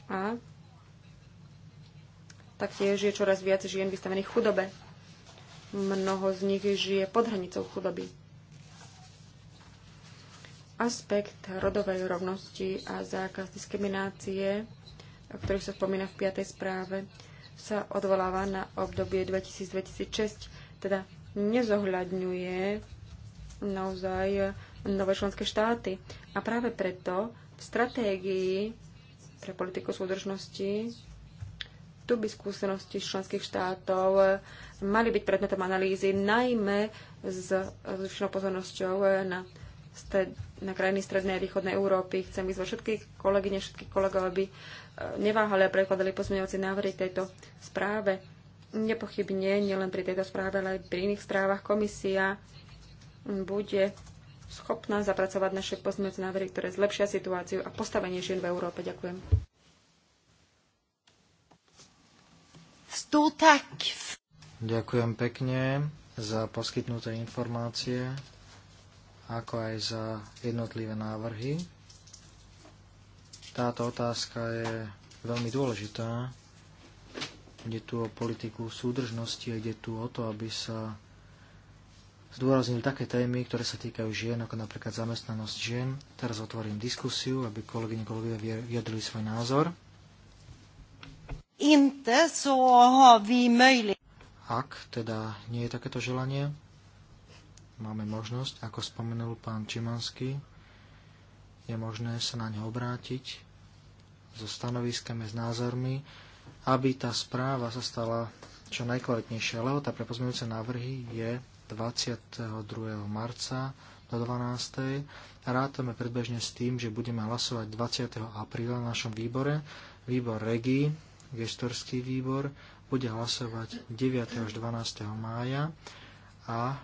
a taktiež je čoraz viac žien vystavených chudobe. Mnoho z nich žije pod hranicou chudoby aspekt rodovej rovnosti a zákaz diskriminácie, o ktorých sa spomína v 5. správe, sa odvoláva na obdobie 2000-2006, teda nezohľadňuje naozaj nové členské štáty. A práve preto v stratégii pre politiku súdržnosti tu by skúsenosti členských štátov mali byť predmetom analýzy, najmä s zvyšnou pozornosťou na stred, na krajiny strednej a východnej Európy. Chcem vyzvať všetkých kolegyne, všetkých kolegov, aby e, neváhali a prekladali pozmeňovacie návrhy k tejto správe. Nepochybne, nielen pri tejto správe, ale aj pri iných správach komisia bude schopná zapracovať naše pozmeňovacie návrhy, ktoré zlepšia situáciu a postavenie žien v Európe. Ďakujem. Ďakujem pekne za poskytnuté informácie ako aj za jednotlivé návrhy. Táto otázka je veľmi dôležitá. Ide tu o politiku súdržnosti a ide tu o to, aby sa zdôraznili také témy, ktoré sa týkajú žien, ako napríklad zamestnanosť žien. Teraz otvorím diskusiu, aby kolegyne kolegovia vyjadrili svoj názor. Inte, so Ak teda nie je takéto želanie, máme možnosť, ako spomenul pán Čimanský, je možné sa na ňo obrátiť so stanoviskami, s názormi, aby tá správa sa stala čo najkvalitnejšia. Lehota pre pozmeňujúce návrhy je 22. marca do 12. Rátame predbežne s tým, že budeme hlasovať 20. apríla v našom výbore. Výbor REGI, gestorský výbor, bude hlasovať 9. až 12. mája a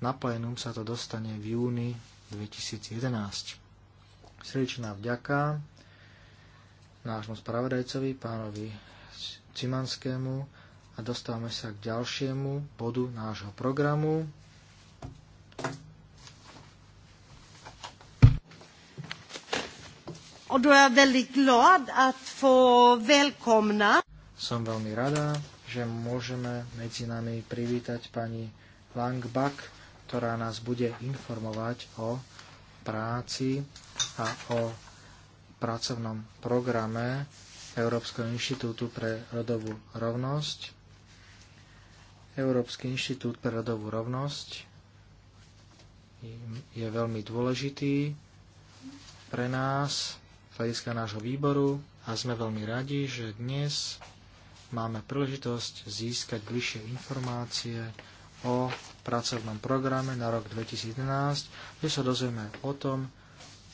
na plénum sa to dostane v júni 2011. Srdečná vďaka nášmu spravodajcovi, pánovi Cimanskému a dostávame sa k ďalšiemu bodu nášho programu. Som veľmi rada, že môžeme medzi nami privítať pani Langbach, ktorá nás bude informovať o práci a o pracovnom programe Európskeho inštitútu pre rodovú rovnosť. Európsky inštitút pre rodovú rovnosť je veľmi dôležitý pre nás, z hľadiska nášho výboru a sme veľmi radi, že dnes máme príležitosť získať bližšie informácie o pracovnom programe na rok 2011, kde sa dozvieme o tom,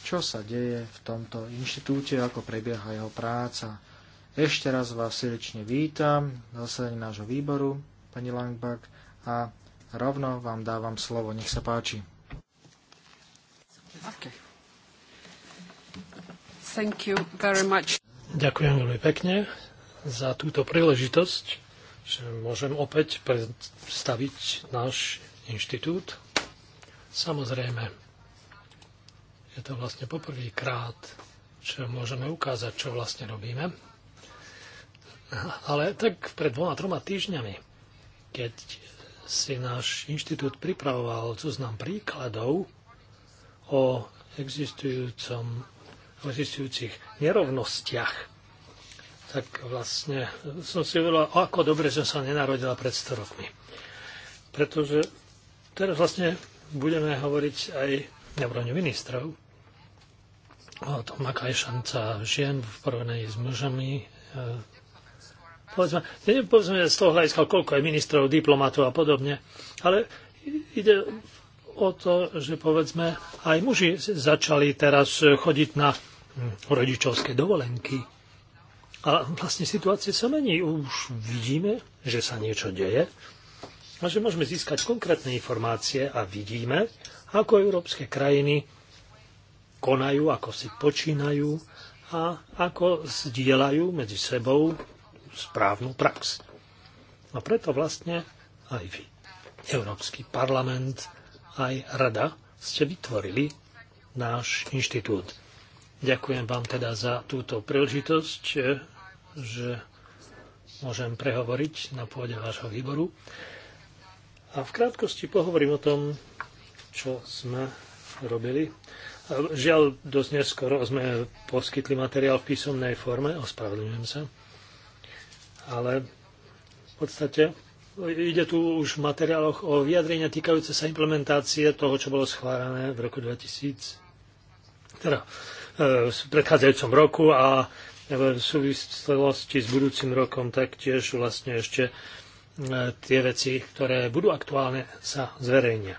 čo sa deje v tomto inštitúte, ako prebieha jeho práca. Ešte raz vás srdečne vítam na zasadení nášho výboru, pani Langbach, a rovno vám dávam slovo. Nech sa páči. Okay. Thank you very much. Ďakujem veľmi pekne za túto príležitosť že môžem opäť predstaviť náš inštitút. Samozrejme, je to vlastne poprvýkrát, že môžeme ukázať, čo vlastne robíme. Ale tak pred dvoma, troma týždňami, keď si náš inštitút pripravoval zoznam príkladov o existujúcom, o existujúcich nerovnostiach tak vlastne som si uvedomila, ako dobre, že sa nenarodila pred 100 rokmi. Pretože teraz vlastne budeme hovoriť aj na broni ministrov o tom, aká je šanca žien v porovnaní s mužami. E, povedzme, nie povedzme z toho hľadiska, koľko je ministrov, diplomatov a podobne, ale ide o to, že povedzme aj muži začali teraz chodiť na rodičovské dovolenky a vlastne situácia sa mení. Už vidíme, že sa niečo deje a že môžeme získať konkrétne informácie a vidíme, ako európske krajiny konajú, ako si počínajú a ako zdieľajú medzi sebou správnu prax. A preto vlastne aj vy, Európsky parlament, aj Rada ste vytvorili náš inštitút. Ďakujem vám teda za túto príležitosť že môžem prehovoriť na pôde vášho výboru. A v krátkosti pohovorím o tom, čo sme robili. Žiaľ, dosť neskoro sme poskytli materiál v písomnej forme, ospravedlňujem sa. Ale v podstate Ide tu už v materiáloch o vyjadrenia týkajúce sa implementácie toho, čo bolo schválené v roku 2000, teda e, v predchádzajúcom roku a v súvislosti s budúcim rokom taktiež vlastne ešte e, tie veci, ktoré budú aktuálne, sa zverejnia.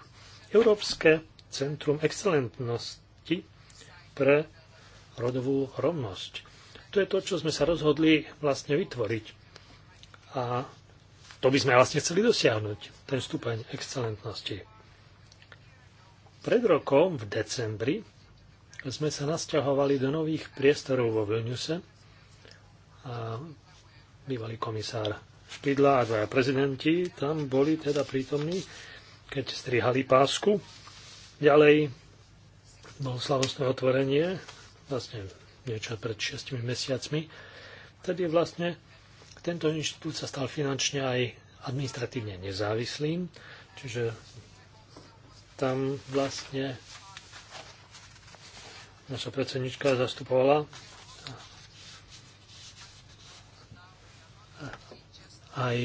Európske centrum excelentnosti pre rodovú rovnosť. To je to, čo sme sa rozhodli vlastne vytvoriť. A to by sme vlastne chceli dosiahnuť, ten stupeň excelentnosti. Pred rokom, v decembri, sme sa nasťahovali do nových priestorov vo Vilniuse, bývalý komisár Špidla a dvaja prezidenti tam boli teda prítomní, keď strihali pásku. Ďalej bolo slavnostné otvorenie, vlastne niečo pred 6 mesiacmi. tedy vlastne tento inštitút sa stal finančne aj administratívne nezávislým, čiže tam vlastne naša predsednička zastupovala aj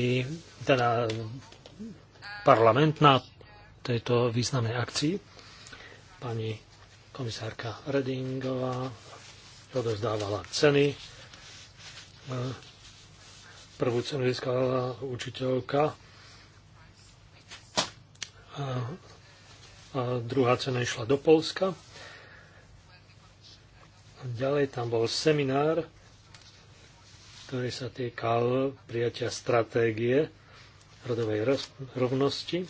teda parlament na tejto významnej akcii. Pani komisárka Redingová odozdávala ceny. E, prvú cenu získala učiteľka e, a druhá cena išla do Polska. Ďalej tam bol seminár ktorý sa týkal prijatia stratégie rodovej rovnosti.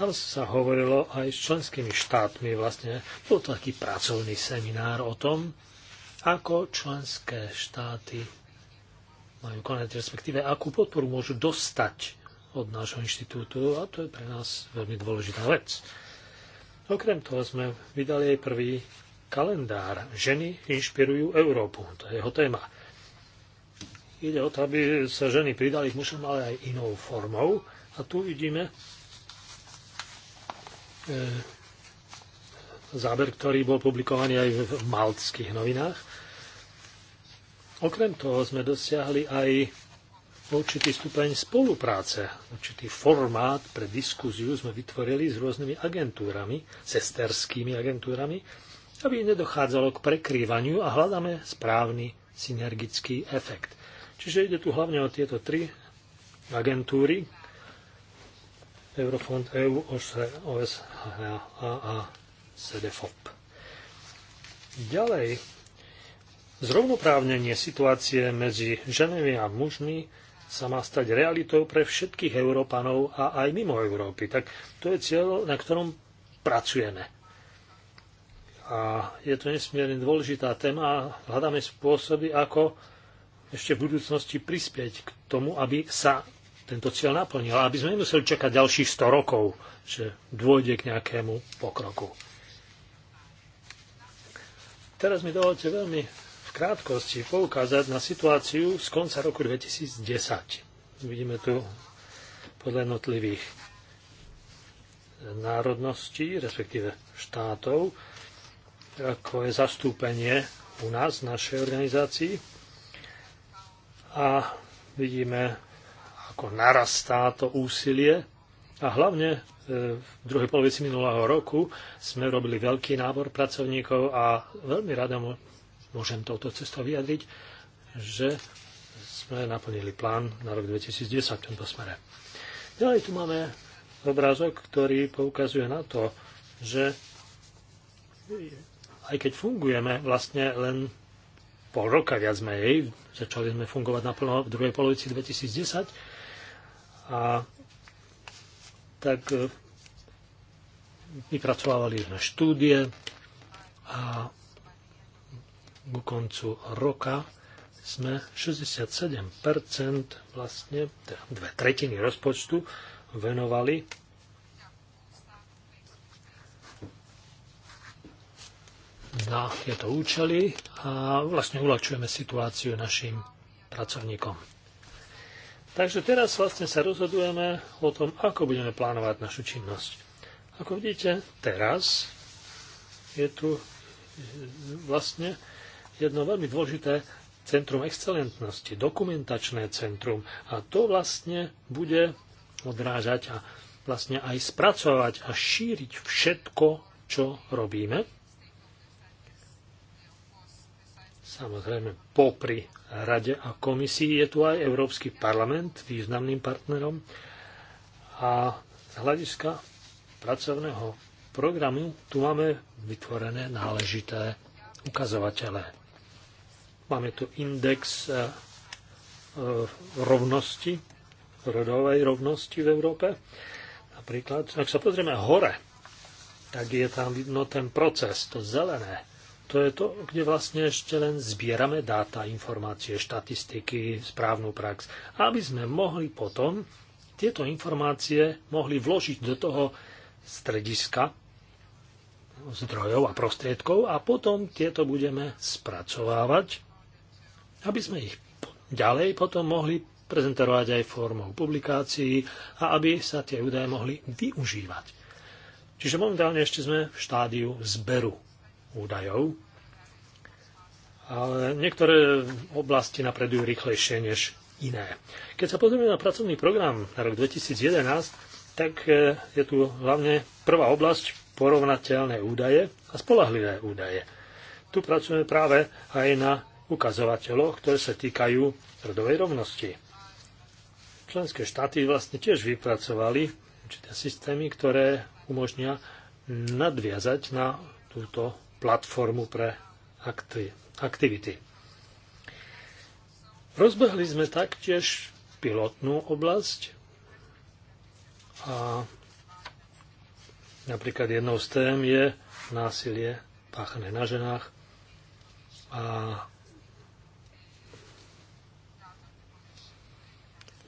Tam sa hovorilo aj s členskými štátmi vlastne. Bol to taký pracovný seminár o tom, ako členské štáty majú konať, respektíve akú podporu môžu dostať od nášho inštitútu a to je pre nás veľmi dôležitá vec. Okrem toho sme vydali aj prvý kalendár Ženy inšpirujú Európu. To je jeho téma. Ide o to, aby sa ženy pridali k mužom, ale aj inou formou. A tu vidíme e, záber, ktorý bol publikovaný aj v maltských novinách. Okrem toho sme dosiahli aj určitý stupeň spolupráce, určitý formát pre diskuziu sme vytvorili s rôznymi agentúrami, sesterskými agentúrami, aby nedochádzalo k prekrývaniu a hľadáme správny synergický efekt. Čiže ide tu hlavne o tieto tri agentúry, Eurofond EU, OSHA a CDFOP. Ďalej, zrovnoprávnenie situácie medzi ženami a mužmi sa má stať realitou pre všetkých Európanov a aj mimo Európy. Tak to je cieľ, na ktorom pracujeme. A je to nesmierne dôležitá téma a hľadáme spôsoby, ako ešte v budúcnosti prispieť k tomu, aby sa tento cieľ naplnil. Aby sme nemuseli čakať ďalších 100 rokov, že dôjde k nejakému pokroku. Teraz mi dovolte veľmi v krátkosti poukázať na situáciu z konca roku 2010. Vidíme tu podľa jednotlivých národností, respektíve štátov, ako je zastúpenie u nás, v našej organizácii a vidíme, ako narastá to úsilie a hlavne e, v druhej polovici minulého roku sme robili veľký nábor pracovníkov a veľmi rada môžem touto cestou vyjadriť, že sme naplnili plán na rok 2010 v tomto smere. Ďalej tu máme obrázok, ktorý poukazuje na to, že aj keď fungujeme vlastne len pol roka viac sme jej, začali sme fungovať naplno v druhej polovici 2010 a tak e, vypracovávali sme štúdie a ku koncu roka sme 67% vlastne, teda dve tretiny rozpočtu venovali na tieto účely a vlastne uľahčujeme situáciu našim pracovníkom. Takže teraz vlastne sa rozhodujeme o tom, ako budeme plánovať našu činnosť. Ako vidíte, teraz je tu e, vlastne jedno veľmi dôležité centrum excelentnosti, dokumentačné centrum. A to vlastne bude odrážať a vlastne aj spracovať a šíriť všetko, čo robíme. Samozrejme, popri Rade a komisii je tu aj Európsky parlament významným partnerom a z hľadiska pracovného programu tu máme vytvorené náležité ukazovatele. Máme tu index e, e, rovnosti, rodovej rovnosti v Európe. Napríklad, ak sa pozrieme hore, tak je tam vidno ten proces, to zelené to je to, kde vlastne ešte len zbierame dáta, informácie, štatistiky, správnu prax, aby sme mohli potom tieto informácie mohli vložiť do toho strediska zdrojov a prostriedkov a potom tieto budeme spracovávať, aby sme ich ďalej potom mohli prezentovať aj formou publikácií a aby sa tie údaje mohli využívať. Čiže momentálne ešte sme v štádiu zberu údajov, ale niektoré oblasti napredujú rýchlejšie než iné. Keď sa pozrieme na pracovný program na rok 2011, tak e, je tu hlavne prvá oblasť porovnateľné údaje a spolahlivé údaje. Tu pracujeme práve aj na ukazovateľoch, ktoré sa týkajú rodovej rovnosti. Členské štáty vlastne tiež vypracovali určité systémy, ktoré umožnia nadviazať na túto platformu pre aktivity. Rozbehli sme taktiež pilotnú oblasť a napríklad jednou z tém je násilie páchané na ženách a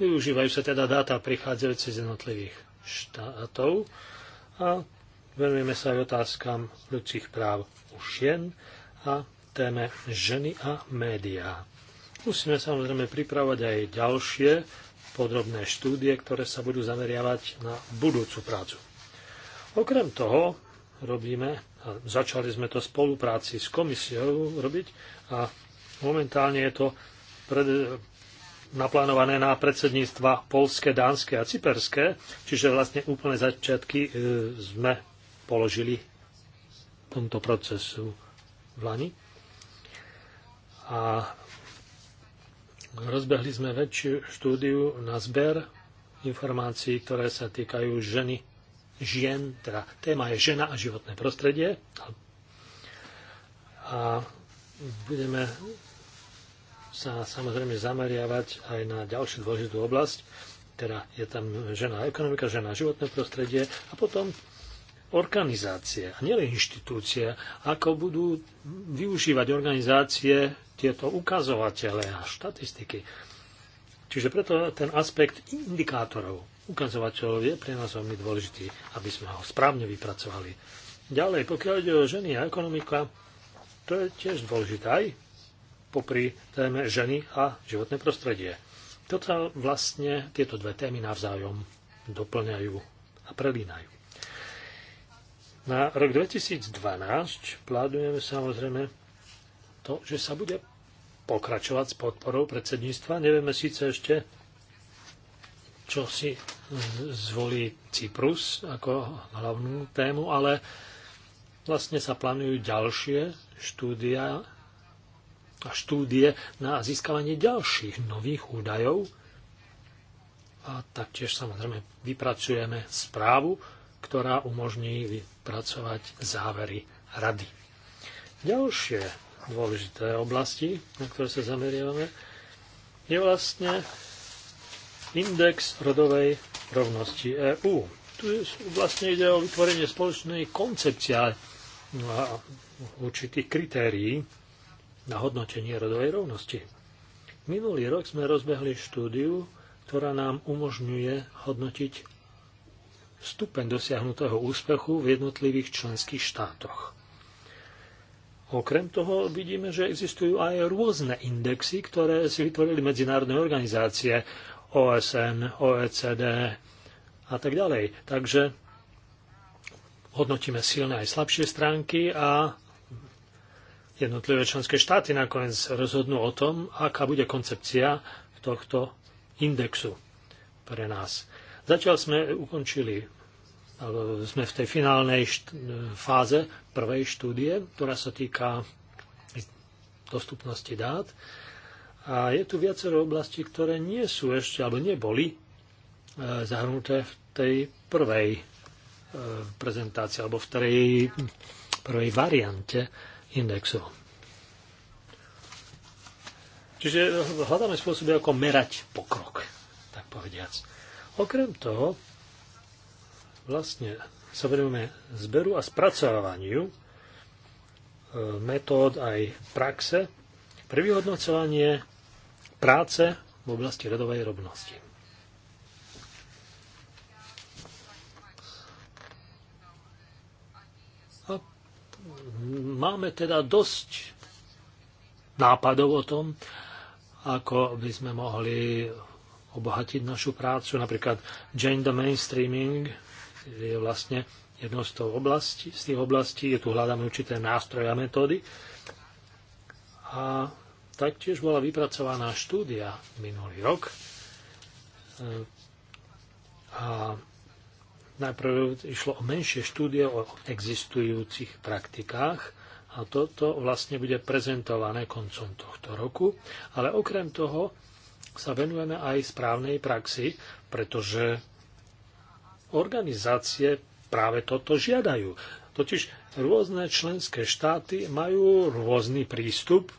využívajú sa teda dáta prichádzajúce z jednotlivých štátov a venujeme sa aj otázkam ľudských práv žien a téme ženy a médiá. Musíme samozrejme pripravať aj ďalšie podrobné štúdie, ktoré sa budú zameriavať na budúcu prácu. Okrem toho robíme, a začali sme to v spolupráci s komisiou robiť a momentálne je to pred, naplánované na predsedníctva polské, dánske a cyperské, čiže vlastne úplne začiatky e, sme položili tomto procesu v Lani. A rozbehli sme väčšiu štúdiu na zber informácií, ktoré sa týkajú ženy, žien, teda téma je žena a životné prostredie. A budeme sa samozrejme zameriavať aj na ďalšiu dôležitú oblasť, teda je tam žena ekonomika, žena životné prostredie a potom organizácie, a nielen inštitúcie, ako budú využívať organizácie tieto ukazovatele a štatistiky. Čiže preto ten aspekt indikátorov, ukazovateľov je pre nás veľmi dôležitý, aby sme ho správne vypracovali. Ďalej, pokiaľ ide o ženy a ekonomika, to je tiež dôležité aj popri téme ženy a životné prostredie. Toto vlastne tieto dve témy navzájom doplňajú a prelínajú. Na rok 2012 plánujeme samozrejme to, že sa bude pokračovať s podporou predsedníctva. Nevieme síce ešte, čo si zvolí Cyprus ako hlavnú tému, ale vlastne sa plánujú ďalšie štúdia a štúdie na získavanie ďalších nových údajov. A taktiež samozrejme vypracujeme správu ktorá umožní vypracovať závery rady. Ďalšie dôležité oblasti, na ktoré sa zameriavame, je vlastne index rodovej rovnosti EÚ. Tu vlastne ide o vytvorenie spoločnej koncepcia a určitých kritérií na hodnotenie rodovej rovnosti. Minulý rok sme rozbehli štúdiu, ktorá nám umožňuje hodnotiť stupeň dosiahnutého úspechu v jednotlivých členských štátoch. Okrem toho vidíme, že existujú aj rôzne indexy, ktoré si vytvorili medzinárodné organizácie OSN, OECD a tak ďalej. Takže hodnotíme silné aj slabšie stránky a jednotlivé členské štáty nakoniec rozhodnú o tom, aká bude koncepcia tohto indexu pre nás. Začal sme ukončili, sme v tej finálnej fáze prvej štúdie, ktorá sa týka dostupnosti dát. A je tu viacero oblastí, ktoré nie sú ešte, alebo neboli e, zahrnuté v tej prvej e, prezentácii, alebo v tej prvej variante indexu. Čiže hľadáme spôsoby, ako merať pokrok, tak povediac. Okrem toho, vlastne sa vedeme zberu a spracovávaniu e, metód aj praxe pre vyhodnocovanie práce v oblasti radovej rovnosti. A máme teda dosť nápadov o tom, ako by sme mohli obohatiť našu prácu. Napríklad gender mainstreaming je vlastne jednou z, toho oblasti, z tých oblastí, je tu hľadáme určité nástroje a metódy. A taktiež bola vypracovaná štúdia minulý rok. E, a najprv išlo o menšie štúdie o existujúcich praktikách, a toto vlastne bude prezentované koncom tohto roku. Ale okrem toho sa venujeme aj správnej praxi, pretože organizácie práve toto žiadajú. Totiž rôzne členské štáty majú rôzny prístup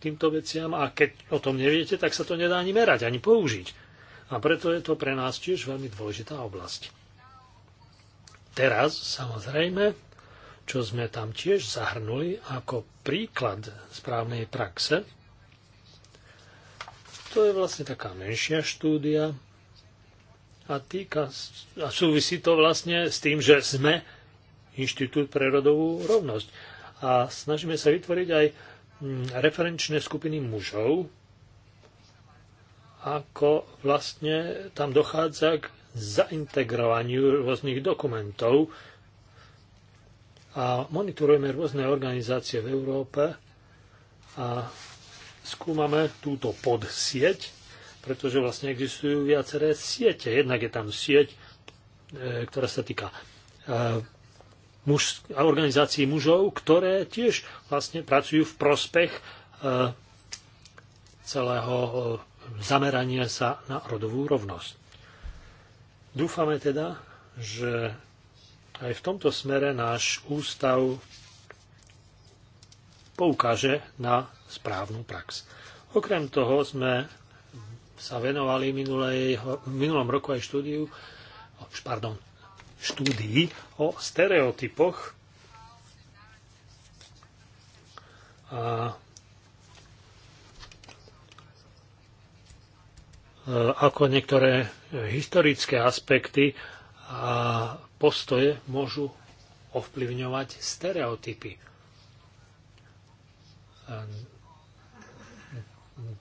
k týmto veciam a keď o tom neviete, tak sa to nedá ani merať, ani použiť. A preto je to pre nás tiež veľmi dôležitá oblasť. Teraz, samozrejme, čo sme tam tiež zahrnuli ako príklad správnej praxe, to je vlastne taká menšia štúdia a, týka, a súvisí to vlastne s tým, že sme Inštitút pre rodovú rovnosť. A snažíme sa vytvoriť aj mm, referenčné skupiny mužov, ako vlastne tam dochádza k zaintegrovaniu rôznych dokumentov a monitorujeme rôzne organizácie v Európe a skúmame túto podsieť, pretože vlastne existujú viaceré siete. Jednak je tam sieť, e, ktorá sa týka e, organizácií mužov, ktoré tiež vlastne pracujú v prospech e, celého zamerania sa na rodovú rovnosť. Dúfame teda, že aj v tomto smere náš ústav poukáže na správnu prax. Okrem toho sme sa venovali minulej, minulom roku aj štúdiu, pardon, štúdii o stereotypoch a e, ako niektoré historické aspekty a postoje môžu ovplyvňovať stereotypy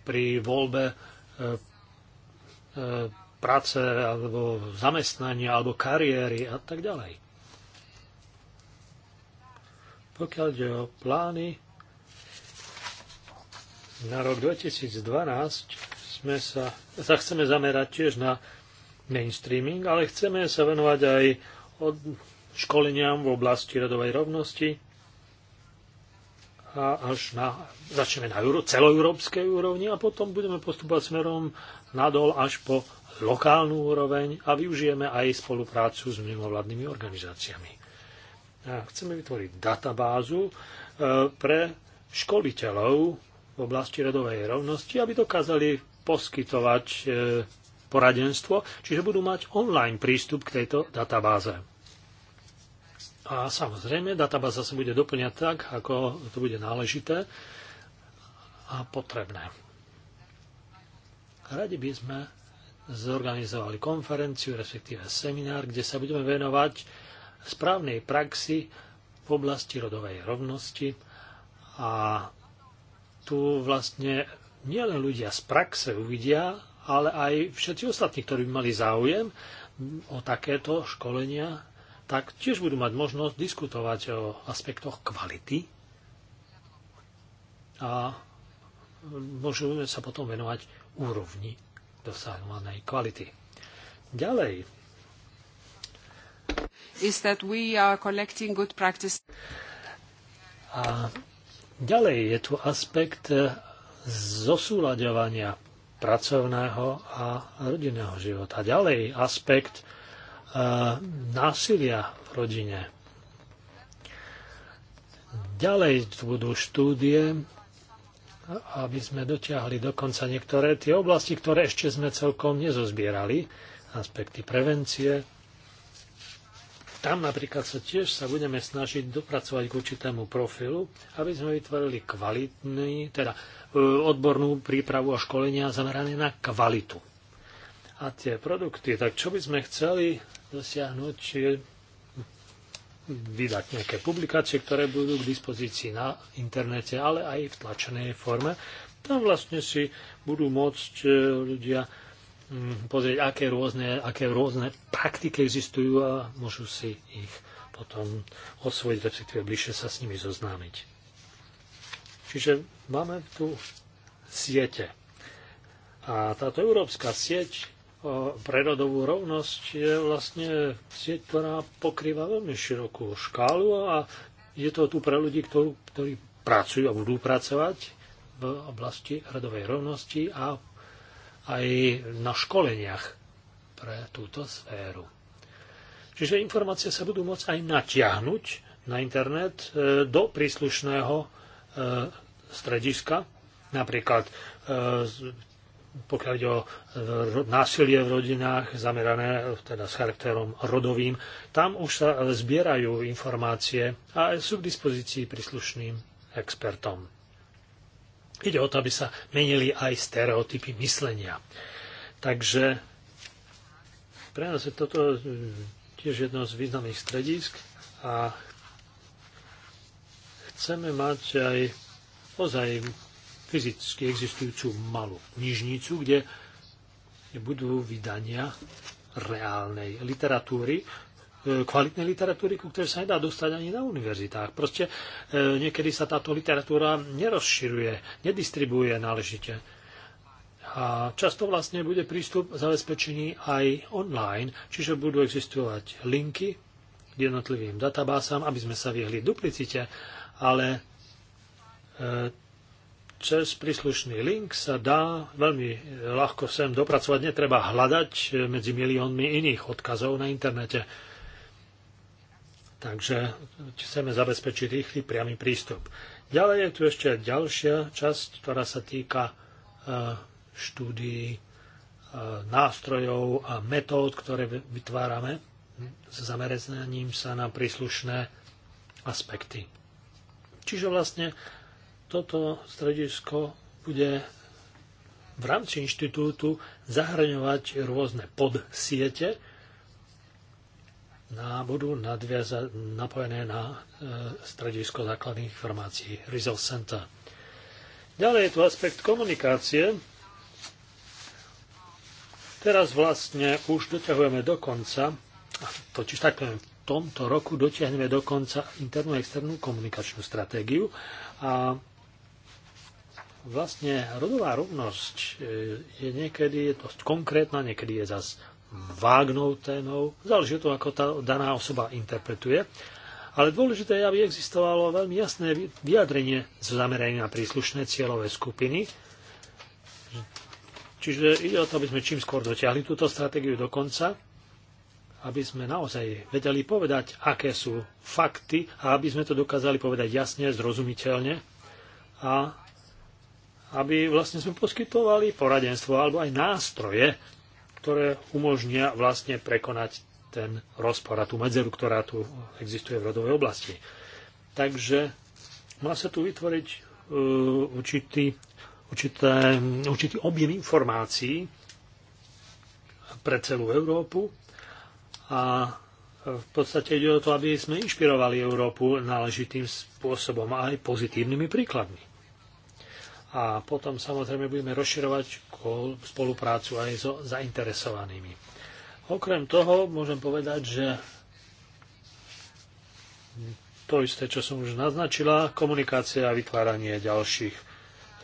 pri voľbe e, e, práce alebo zamestnania alebo kariéry a tak ďalej. Pokiaľ ide o plány na rok 2012, sme sa, sa chceme zamerať tiež na mainstreaming, ale chceme sa venovať aj od školeniam v oblasti radovej rovnosti, a až na, začneme na euro, celoeurópskej úrovni a potom budeme postupovať smerom nadol až po lokálnu úroveň a využijeme aj spoluprácu s mimovládnymi organizáciami. A chceme vytvoriť databázu e, pre školiteľov v oblasti radovej rovnosti, aby dokázali poskytovať e, poradenstvo, čiže budú mať online prístup k tejto databáze. A samozrejme, databáza sa bude doplňať tak, ako to bude náležité a potrebné. Radi by sme zorganizovali konferenciu, respektíve seminár, kde sa budeme venovať správnej praxi v oblasti rodovej rovnosti a tu vlastne nielen ľudia z praxe uvidia, ale aj všetci ostatní, ktorí by mali záujem o takéto školenia tak tiež budú mať možnosť diskutovať o aspektoch kvality a môžeme sa potom venovať úrovni dosahovanej kvality. Ďalej. Is that we are collecting good practice. A ďalej je tu aspekt e, zosúľaďovania pracovného a rodinného života. Ďalej aspekt E, násilia v rodine. Ďalej budú štúdie, aby sme dotiahli dokonca niektoré tie oblasti, ktoré ešte sme celkom nezozbierali, aspekty prevencie. Tam napríklad sa tiež sa budeme snažiť dopracovať k určitému profilu, aby sme vytvorili kvalitný, teda e, odbornú prípravu a školenia zamerané na kvalitu a tie produkty, tak čo by sme chceli dosiahnuť, či vydať nejaké publikácie, ktoré budú k dispozícii na internete, ale aj v tlačenej forme. Tam vlastne si budú môcť e, ľudia mm, pozrieť, aké rôzne, aké rôzne praktiky existujú a môžu si ich potom osvojiť, respektíve bližšie sa s nimi zoznámiť. Čiže máme tu siete. A táto európska sieť prerodovú rovnosť je vlastne sieť, ktorá pokrýva veľmi širokú škálu a je to tu pre ľudí, ktorú, ktorí pracujú a budú pracovať v oblasti rodovej rovnosti a aj na školeniach pre túto sféru. Čiže informácie sa budú môcť aj natiahnuť na internet e, do príslušného e, strediska, napríklad e, pokiaľ ide o e, násilie v rodinách, zamerané e, teda s charakterom rodovým, tam už sa e, zbierajú informácie a sú k dispozícii príslušným expertom. Ide o to, aby sa menili aj stereotypy myslenia. Takže pre nás je toto tiež jedno z významných stredisk a chceme mať aj ozaj fyzicky existujúcu malú knižnicu, kde budú vydania reálnej literatúry, e, kvalitnej literatúry, ku ktorej sa nedá dostať ani na univerzitách. Proste e, niekedy sa táto literatúra nerozširuje, nedistribuje náležite. A často vlastne bude prístup zabezpečený aj online, čiže budú existovať linky k jednotlivým databázam, aby sme sa vyhli duplicite, ale e, cez príslušný link sa dá veľmi ľahko sem dopracovať. Netreba hľadať medzi miliónmi iných odkazov na internete. Takže chceme zabezpečiť rýchly priamy prístup. Ďalej je tu ešte ďalšia časť, ktorá sa týka e, štúdií, e, nástrojov a metód, ktoré vytvárame s zameraním sa na príslušné aspekty. Čiže vlastne toto stredisko bude v rámci inštitútu zahraňovať rôzne podsiete a budú nadviaza- napojené na e, stredisko základných informácií Result Center. Ďalej je tu aspekt komunikácie. Teraz vlastne už doťahujeme do konca, totiž tak v tomto roku dotiahneme do konca internú a externú komunikačnú stratégiu a vlastne rodová rovnosť e, je niekedy je dosť konkrétna, niekedy je zase vágnou témou. Záleží to, ako tá daná osoba interpretuje. Ale dôležité je, aby existovalo veľmi jasné vyjadrenie s zameraním na príslušné cieľové skupiny. Čiže ide o to, aby sme čím skôr dotiahli túto stratégiu do konca, aby sme naozaj vedeli povedať, aké sú fakty a aby sme to dokázali povedať jasne, zrozumiteľne a aby vlastne sme poskytovali poradenstvo alebo aj nástroje, ktoré umožnia vlastne prekonať ten rozpor a tú medzeru, ktorá tu existuje v rodovej oblasti. Takže má sa tu vytvoriť e, určitý, určité, určitý objem informácií pre celú Európu a v podstate ide o to, aby sme inšpirovali Európu náležitým spôsobom a aj pozitívnymi príkladmi a potom samozrejme budeme rozširovať spoluprácu aj so zainteresovanými. Okrem toho môžem povedať, že to isté, čo som už naznačila, komunikácia a vytváranie ďalších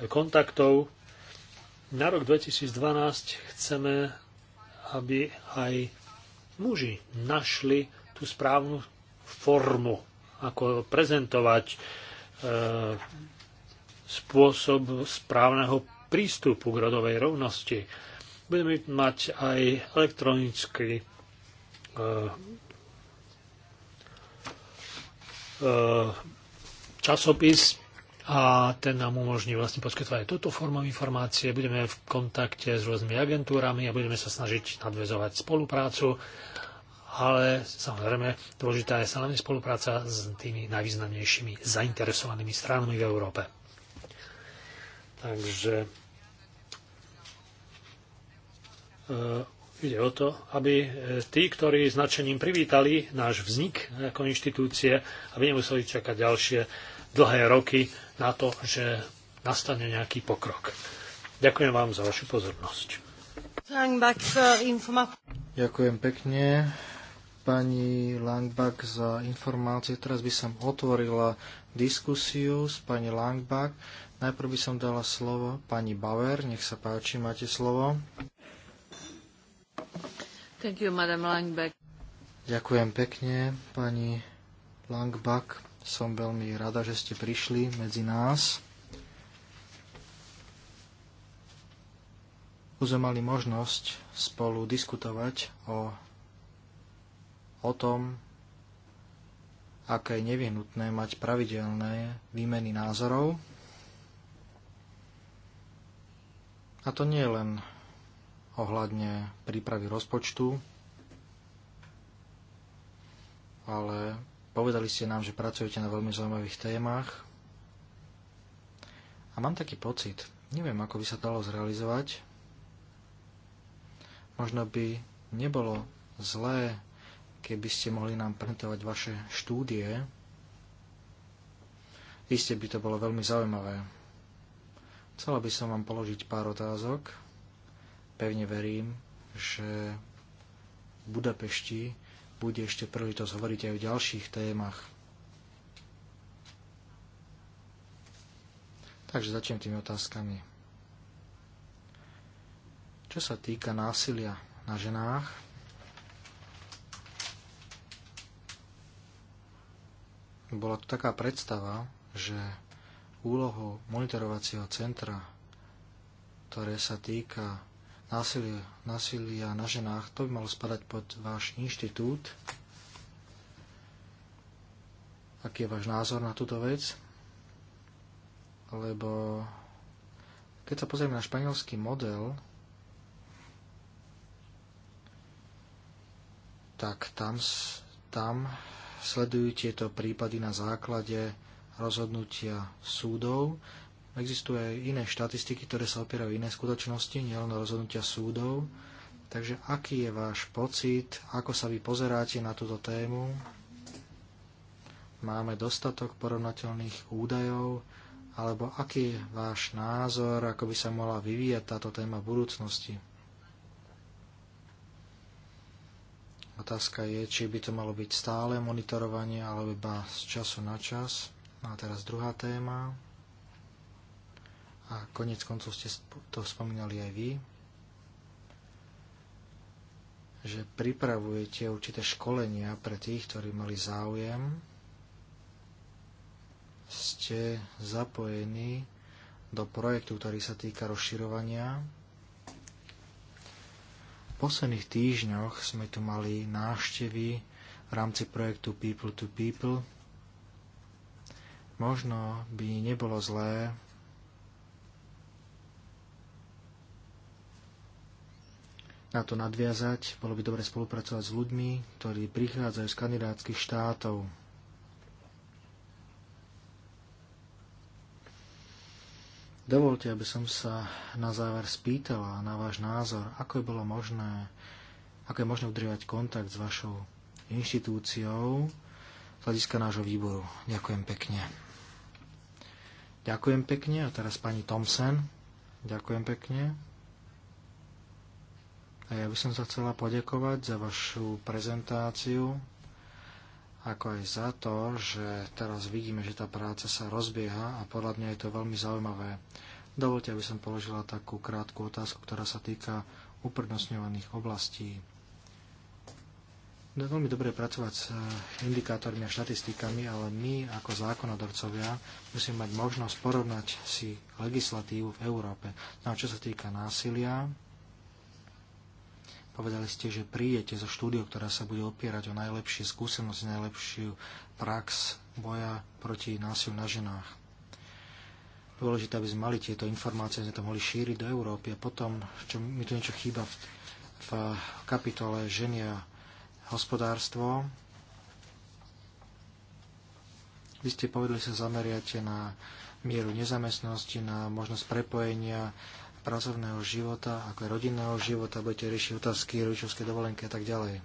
kontaktov. Na rok 2012 chceme, aby aj muži našli tú správnu formu, ako prezentovať e, spôsob správneho prístupu k rodovej rovnosti. Budeme mať aj elektronický e, e, časopis a ten nám umožní vlastne poskytovať aj túto formu informácie. Budeme v kontakte s rôznymi agentúrami a budeme sa snažiť nadvezovať spoluprácu, ale samozrejme dôležitá je sa spolupráca s tými najvýznamnejšími zainteresovanými stranami v Európe. Takže e, ide o to, aby e, tí, ktorí značením privítali náš vznik ako inštitúcie, aby nemuseli čakať ďalšie dlhé roky na to, že nastane nejaký pokrok. Ďakujem vám za vašu pozornosť. Ďakujem pekne pani Langbach za informácie. Teraz by som otvorila diskusiu s pani Langbach. Najprv by som dala slovo pani Bauer. Nech sa páči, máte slovo. Thank you, Madam Langbeck. Ďakujem pekne, pani Langbach. Som veľmi rada, že ste prišli medzi nás. Už sme mali možnosť spolu diskutovať o, o tom, aké je nevyhnutné mať pravidelné výmeny názorov A to nie je len ohľadne prípravy rozpočtu, ale povedali ste nám, že pracujete na veľmi zaujímavých témach. A mám taký pocit, neviem, ako by sa dalo zrealizovať. Možno by nebolo zlé, keby ste mohli nám printovať vaše štúdie. Isté by to bolo veľmi zaujímavé. Chcela by som vám položiť pár otázok. Pevne verím, že v Budapešti bude ešte príležitosť hovoriť aj o ďalších témach. Takže začnem tými otázkami. Čo sa týka násilia na ženách, bola tu taká predstava, že úlohou monitorovacieho centra, ktoré sa týka násilia, násilia na ženách, to by malo spadať pod váš inštitút. Aký je váš názor na túto vec? Lebo keď sa pozrieme na španielský model, tak tam, tam sledujú tieto prípady na základe rozhodnutia súdov. Existujú aj iné štatistiky, ktoré sa opierajú iné skutočnosti, nielen rozhodnutia súdov. Takže aký je váš pocit, ako sa vy pozeráte na túto tému? Máme dostatok porovnateľných údajov, alebo aký je váš názor, ako by sa mohla vyvíjať táto téma v budúcnosti? Otázka je, či by to malo byť stále monitorovanie, alebo iba z času na čas. No a teraz druhá téma. A konec koncov ste to spomínali aj vy, že pripravujete určité školenia pre tých, ktorí mali záujem. Ste zapojení do projektu, ktorý sa týka rozširovania. V posledných týždňoch sme tu mali návštevy v rámci projektu People to People Možno by nebolo zlé na to nadviazať, bolo by dobre spolupracovať s ľuďmi, ktorí prichádzajú z kandidátskych štátov. Dovolte, aby som sa na záver spýtala na váš názor, ako je bolo možné, ako je možné udržiavať kontakt s vašou inštitúciou, hľadiska nášho výboru. Ďakujem pekne. Ďakujem pekne a teraz pani Thompson. Ďakujem pekne. A ja by som sa chcela podekovať za vašu prezentáciu, ako aj za to, že teraz vidíme, že tá práca sa rozbieha a podľa mňa je to veľmi zaujímavé. Dovolte, aby som položila takú krátku otázku, ktorá sa týka uprednostňovaných oblastí je veľmi dobre pracovať s eh, indikátormi a štatistikami, ale my ako zákonodavcovia musíme mať možnosť porovnať si legislatívu v Európe. No a čo sa týka násilia, povedali ste, že prídete zo štúdiu, ktorá sa bude opierať o najlepšie skúsenosti, najlepšiu prax boja proti násiliu na ženách. Dôležité, aby sme mali tieto informácie, sme to mohli šíriť do Európy a potom, čo mi tu niečo chýba v, v kapitole ženia hospodárstvo. Vy ste povedali, že sa zameriate na mieru nezamestnosti, na možnosť prepojenia pracovného života, ako aj rodinného života, budete riešiť otázky rodičovské dovolenky a tak ďalej.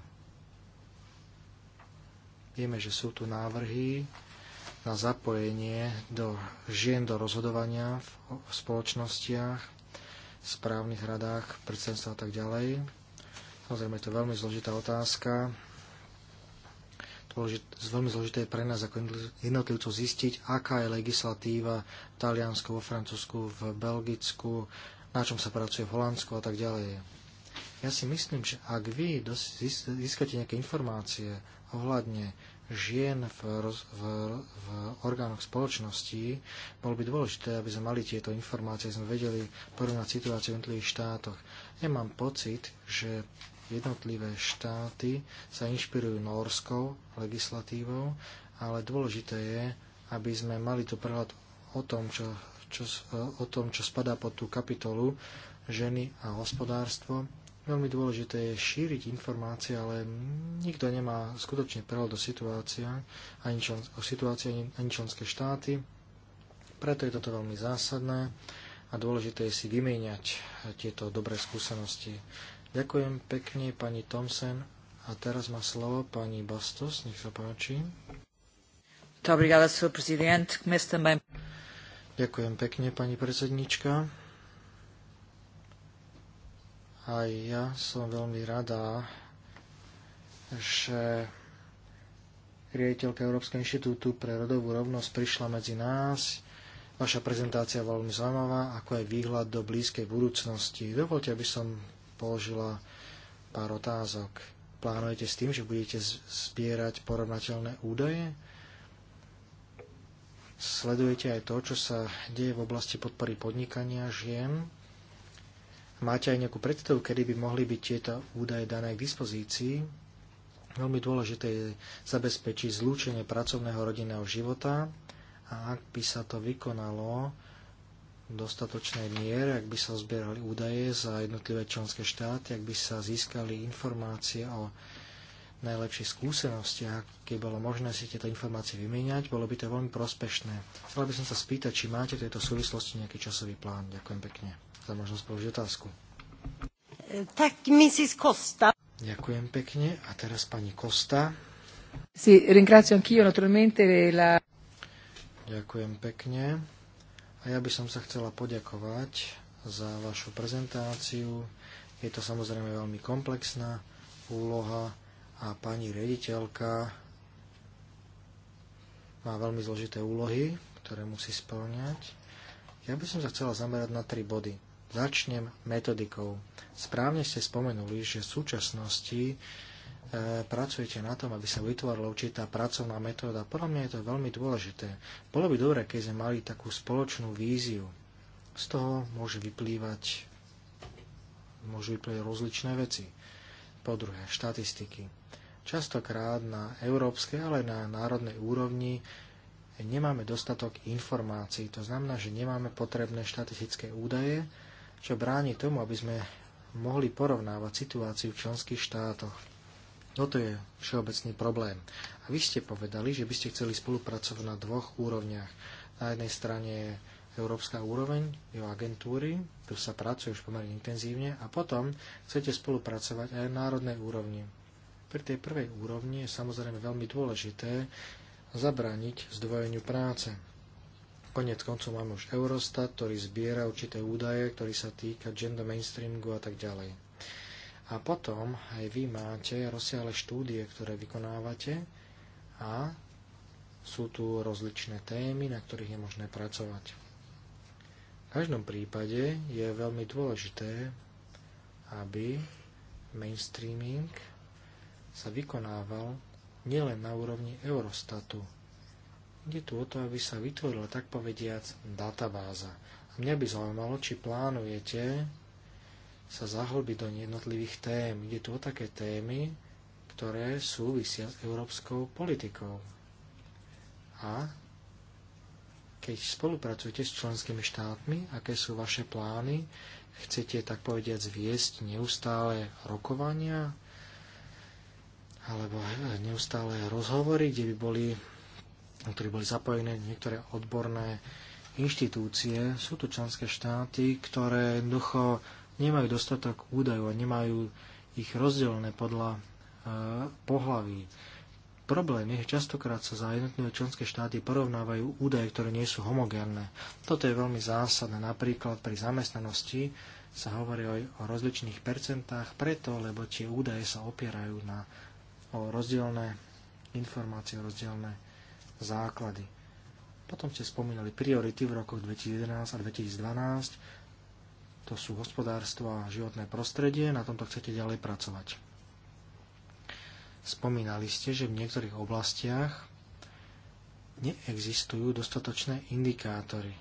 Vieme, že sú tu návrhy na zapojenie do žien do rozhodovania v spoločnostiach, správnych radách, predsedstva a tak ďalej. Samozrejme, je to veľmi zložitá otázka. Veľmi zložité je pre nás ako jednotlivcov zistiť, aká je legislatíva v Taliansku, vo Francúzsku, v Belgicku, na čom sa pracuje v Holandsku a tak ďalej. Ja si myslím, že ak vy získate nejaké informácie ohľadne žien v, roz, v, v orgánoch spoločnosti, bolo by dôležité, aby sme mali tieto informácie, aby sme vedeli porovnať situáciu v jednotlivých štátoch. Ja mám pocit, že Jednotlivé štáty sa inšpirujú norskou legislatívou, ale dôležité je, aby sme mali tu prehľad o tom, čo, čo, o tom, čo spadá pod tú kapitolu ženy a hospodárstvo. Veľmi dôležité je šíriť informácie, ale nikto nemá skutočne prehľad o situácii, ani, ani členské štáty. Preto je toto veľmi zásadné a dôležité je si vymieňať tieto dobré skúsenosti. Ďakujem pekne pani Thomsen. a teraz má slovo pani Bastos, nech sa páči. Ďakujem pekne pani predsednička. A ja som veľmi rada, že riaditeľka Európskeho inštitútu pre rodovú rovnosť prišla medzi nás. Vaša prezentácia veľmi zaujímavá, ako aj výhľad do blízkej budúcnosti. Dovolte, aby som položila pár otázok. Plánujete s tým, že budete zbierať porovnateľné údaje? Sledujete aj to, čo sa deje v oblasti podpory podnikania žien? Máte aj nejakú predstavu, kedy by mohli byť tieto údaje dané k dispozícii? Veľmi dôležité je zabezpečiť zlúčenie pracovného rodinného života a ak by sa to vykonalo, dostatočnej miere, ak by sa zbierali údaje za jednotlivé členské štáty, ak by sa získali informácie o najlepšie skúsenosti, keď bolo možné si tieto informácie vymieňať, bolo by to veľmi prospešné. Chcela by som sa spýtať, či máte v tejto súvislosti nejaký časový plán. Ďakujem pekne za možnosť položiť otázku. Tak, Mrs. Costa. Ďakujem pekne. A teraz pani Costa. Si, ringrazio anch'io naturalmente la... Ďakujem pekne. A ja by som sa chcela poďakovať za vašu prezentáciu. Je to samozrejme veľmi komplexná úloha a pani rediteľka má veľmi zložité úlohy, ktoré musí splňať. Ja by som sa chcela zamerať na tri body. Začnem metodikou. Správne ste spomenuli, že v súčasnosti E, pracujete na tom, aby sa vytvorila určitá pracovná metóda. Podľa mňa je to veľmi dôležité. Bolo by dobré, keď sme mali takú spoločnú víziu. Z toho môže vyplývať, môžu vyplývať rozličné veci. Po druhé, štatistiky. Častokrát na európskej, ale na národnej úrovni nemáme dostatok informácií. To znamená, že nemáme potrebné štatistické údaje, čo bráni tomu, aby sme mohli porovnávať situáciu v členských štátoch toto je všeobecný problém. A vy ste povedali, že by ste chceli spolupracovať na dvoch úrovniach. Na jednej strane je európska úroveň, jeho agentúry, tu sa pracuje už pomerne intenzívne, a potom chcete spolupracovať aj na národnej úrovni. Pri tej prvej úrovni je samozrejme veľmi dôležité zabrániť zdvojeniu práce. Konec koncov máme už Eurostat, ktorý zbiera určité údaje, ktorý sa týka gender mainstreamingu a tak ďalej. A potom aj vy máte rozsiahle štúdie, ktoré vykonávate a sú tu rozličné témy, na ktorých je možné pracovať. V každom prípade je veľmi dôležité, aby mainstreaming sa vykonával nielen na úrovni Eurostatu. Ide tu o to, aby sa vytvorila tak povediac databáza. A mňa by zaujímalo, či plánujete sa zahlbiť do jednotlivých tém. Ide tu o také témy, ktoré súvisia s európskou politikou. A keď spolupracujete s členskými štátmi, aké sú vaše plány, chcete tak povediať zviesť neustále rokovania alebo eh, neustále rozhovory, kde by boli, ktoré boli zapojené niektoré odborné inštitúcie. Sú tu členské štáty, ktoré jednoducho nemajú dostatok údajov a nemajú ich rozdelené podľa e, pohlaví. Problém je, že častokrát sa za jednotlivé členské štáty porovnávajú údaje, ktoré nie sú homogénne. Toto je veľmi zásadné. Napríklad pri zamestnanosti sa hovorí aj o rozličných percentách, preto, lebo tie údaje sa opierajú na o rozdielne informácie, o rozdielne základy. Potom ste spomínali priority v rokoch 2011 a 2012 to sú hospodárstvo a životné prostredie, na tomto chcete ďalej pracovať. Spomínali ste, že v niektorých oblastiach neexistujú dostatočné indikátory.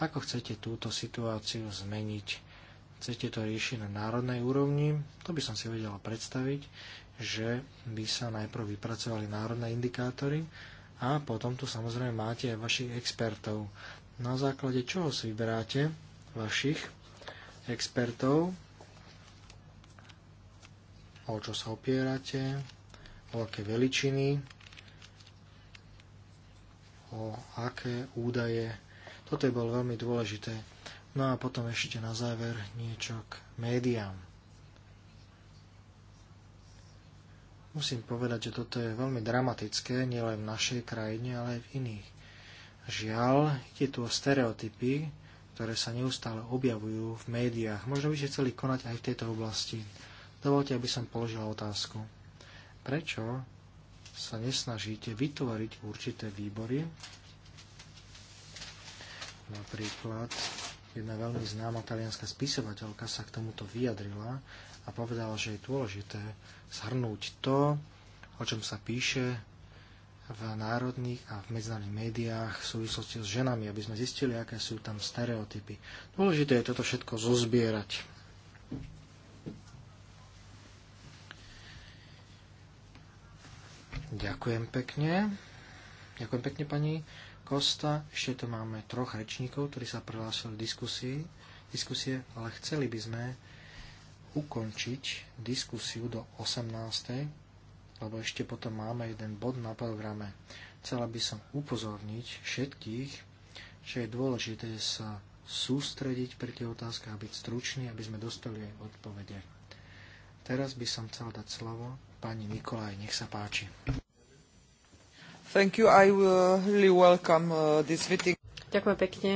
Ako chcete túto situáciu zmeniť? Chcete to riešiť na národnej úrovni? To by som si vedela predstaviť, že by sa najprv vypracovali národné indikátory a potom tu samozrejme máte aj vašich expertov. Na základe čoho si vyberáte vašich expertov, o čo sa opierate, o aké veličiny, o aké údaje. Toto je bolo veľmi dôležité. No a potom ešte na záver niečo k médiám. Musím povedať, že toto je veľmi dramatické, nielen v našej krajine, ale aj v iných. Žiaľ, Je tu o stereotypy, ktoré sa neustále objavujú v médiách. Možno by ste chceli konať aj v tejto oblasti. Dovolte, aby som položila otázku. Prečo sa nesnažíte vytvoriť určité výbory? Napríklad jedna veľmi známa talianská spisovateľka sa k tomuto vyjadrila a povedala, že je dôležité zhrnúť to, o čom sa píše v národných a v medzinárodných médiách v súvislosti s ženami, aby sme zistili, aké sú tam stereotypy. Dôležité je toto všetko zozbierať. Ďakujem pekne. Ďakujem pekne, pani Kosta. Ešte tu máme troch rečníkov, ktorí sa prihlásili v diskusii, diskusie, ale chceli by sme ukončiť diskusiu do 18 lebo ešte potom máme jeden bod na programe. Chcela by som upozorniť všetkých, že je dôležité sa sústrediť pri tých otázkach a byť stručný, aby sme dostali aj odpovede. Teraz by som chcel dať slovo pani Nikolaj, nech sa páči. Thank you. I really welcome uh, this meeting. Ďakujem pekne.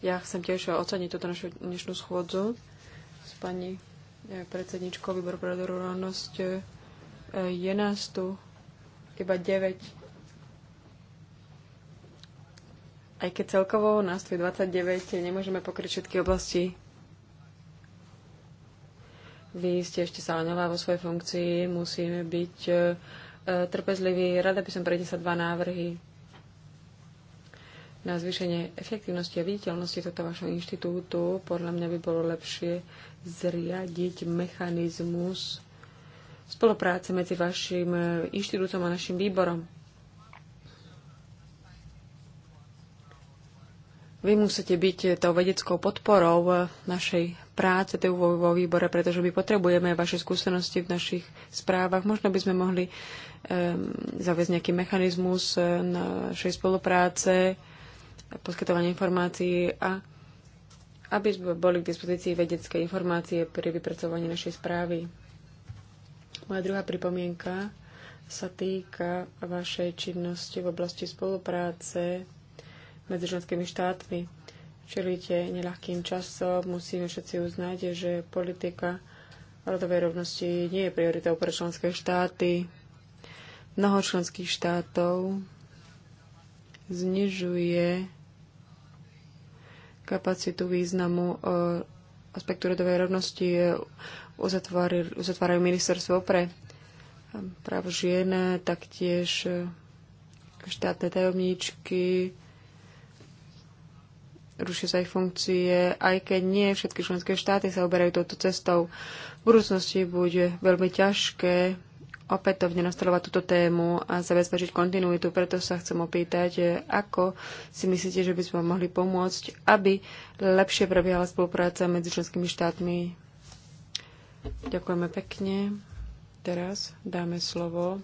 Ja chcem tiež oceniť túto našu dnešnú schôdzu s pani E, predsedničko výboru pre rovnosť. E, e, je nás tu iba 9. Aj keď celkovo nás tu je 29, nemôžeme pokryť všetky oblasti. Vy ste ešte sa nová vo svojej funkcii, musíme byť trpezliví. Rada by som prednesla dva návrhy na zvýšenie efektivnosti a viditeľnosti tohto vašho inštitútu, podľa mňa by bolo lepšie zriadiť mechanizmus spolupráce medzi vašim e, inštitútom a našim výborom. Vy musíte byť e, tou vedeckou podporou e, našej práce tu vo výbore, pretože my potrebujeme vaše skúsenosti v našich správach. Možno by sme mohli um, zaviesť nejaký mechanizmus našej spolupráce poskytovanie informácií a aby boli k dispozícii vedecké informácie pri vypracovaní našej správy. Moja druhá pripomienka sa týka vašej činnosti v oblasti spolupráce medzi členskými štátmi. Čelíte neľahkým časom, musíme všetci uznať, že politika rodovej rovnosti nie je prioritou pre členské štáty. Mnoho členských štátov znižuje kapacitu významu e, aspektu rodovej rovnosti e, uzatvárajú ministerstvo pre e, práv žien, taktiež štátne tajomníčky, rušia sa ich funkcie, aj keď nie všetky členské štáty sa oberajú touto cestou. V budúcnosti bude veľmi ťažké opätovne nastolovať túto tému a zabezpečiť kontinuitu. Preto sa chcem opýtať, ako si myslíte, že by sme mohli pomôcť, aby lepšie prebiehala spolupráca medzi členskými štátmi. Ďakujeme pekne. Teraz dáme slovo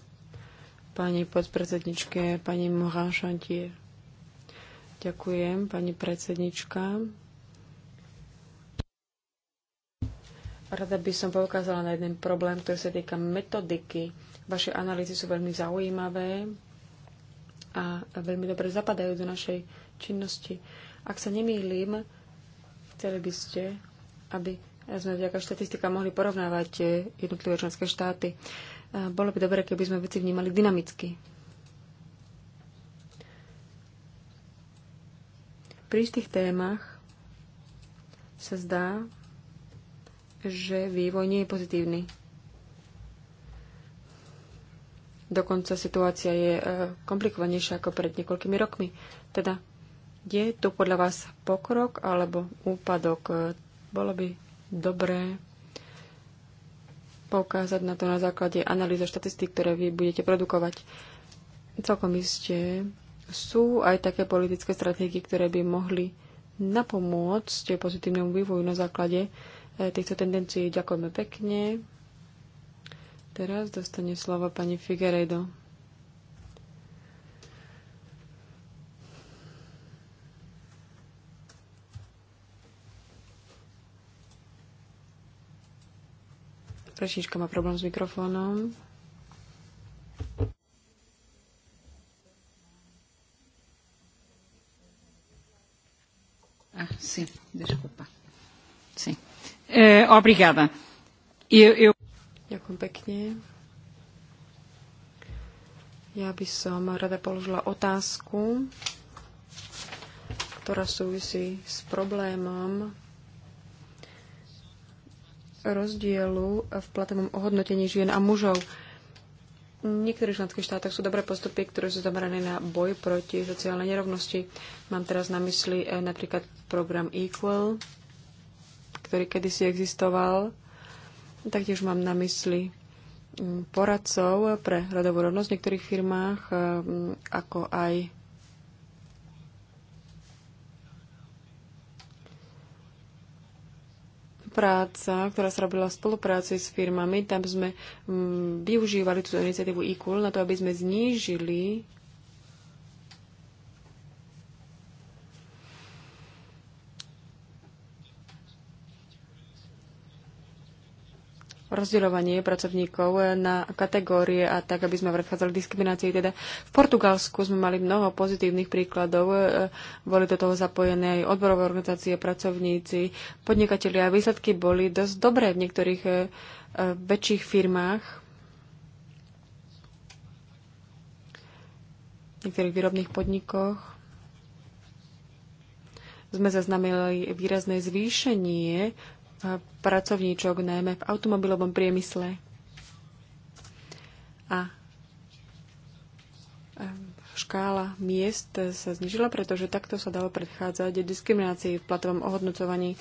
pani podpredsedničke, pani Morin Chantier. Ďakujem, pani predsednička. Rada by som poukázala na jeden problém, ktorý sa týka metodiky. Vaše analýzy sú veľmi zaujímavé a veľmi dobre zapadajú do našej činnosti. Ak sa nemýlim, chceli by ste, aby sme vďaka štatistika mohli porovnávať eh, jednotlivé členské štáty. Bolo by dobre, keby sme veci vnímali dynamicky. Pri tých témach sa zdá, že vývoj nie je pozitívny. Dokonca situácia je e, komplikovanejšia ako pred niekoľkými rokmi. Teda je tu podľa vás pokrok alebo úpadok? Bolo by dobré poukázať na to na základe analýzy štatistík, ktoré vy budete produkovať. Celkom isté sú aj také politické stratégie, ktoré by mohli napomôcť pozitívnemu vývoju na základe E, týchto tendencií. Ďakujeme pekne. Teraz dostane slovo pani Figueredo. Rečnička má problém s mikrofónom. Ah, sí, desculpa. Eh, ja by som rada položila otázku, ktorá súvisí s problémom rozdielu v platovom ohodnotení žien a mužov. V niektorých členských štátoch sú dobré postupy, ktoré sú zamerané na boj proti sociálnej nerovnosti. Mám teraz na mysli eh, napríklad program Equal, ktorý kedysi existoval. Taktiež mám na mysli mm, poradcov pre rodovú rovnosť v niektorých firmách, eh, mm, ako aj práca, ktorá sa robila v spolupráci s firmami. Tam sme mm, využívali túto iniciatívu e na to, aby sme znížili rozdeľovanie pracovníkov na kategórie a tak, aby sme predchádzali diskriminácii. Teda v Portugalsku sme mali mnoho pozitívnych príkladov. E, boli do toho zapojené aj odborové organizácie, pracovníci, podnikatelia. Výsledky boli dosť dobré v niektorých e, e, väčších firmách. V niektorých výrobných podnikoch sme zaznamenali výrazné zvýšenie pracovníčok, najmä v automobilovom priemysle. A škála miest sa znižila, pretože takto sa dalo predchádzať diskriminácii v platovom ohodnocovaní.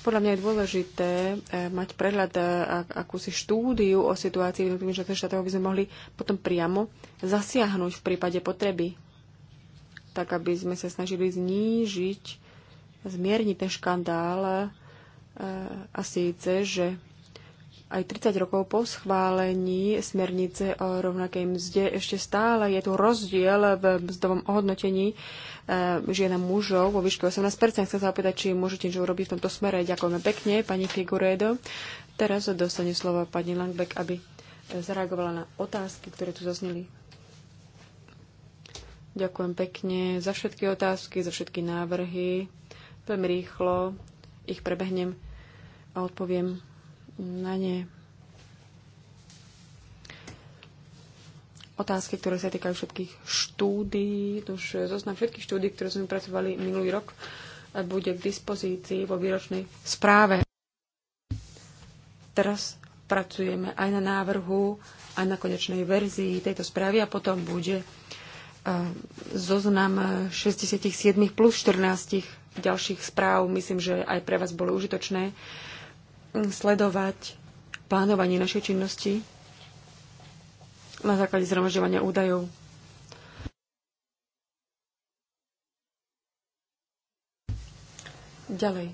Podľa mňa je dôležité eh, mať prehľad eh, a akúsi štúdiu o situácii v jednotlivých členských štátoch, aby sme mohli potom priamo zasiahnuť v prípade potreby. Tak, aby sme sa snažili znížiť, zmierniť ten škandál, Eh, a síce, že aj 30 rokov po schválení smernice o rovnakej mzde ešte stále je tu rozdiel v mzdovom ohodnotení eh, žien a mužov vo výške 18%. Chcem sa opýtať, či môžete niečo urobiť v tomto smere. Ďakujeme pekne, pani Figuredo. Teraz dostane slovo pani Langbeck, aby zareagovala na otázky, ktoré tu zazneli. Ďakujem pekne za všetky otázky, za všetky návrhy. Veľmi rýchlo ich prebehnem a odpoviem na ne. Otázky, ktoré sa týkajú všetkých štúdí, už zoznam všetkých štúdí, ktoré sme pracovali minulý rok, bude k dispozícii vo výročnej správe. Teraz pracujeme aj na návrhu, aj na konečnej verzii tejto správy a potom bude e, zoznam 67 plus 14 ďalších správ. Myslím, že aj pre vás bolo užitočné sledovať plánovanie našej činnosti na základe zhromažďovania údajov. Ďalej.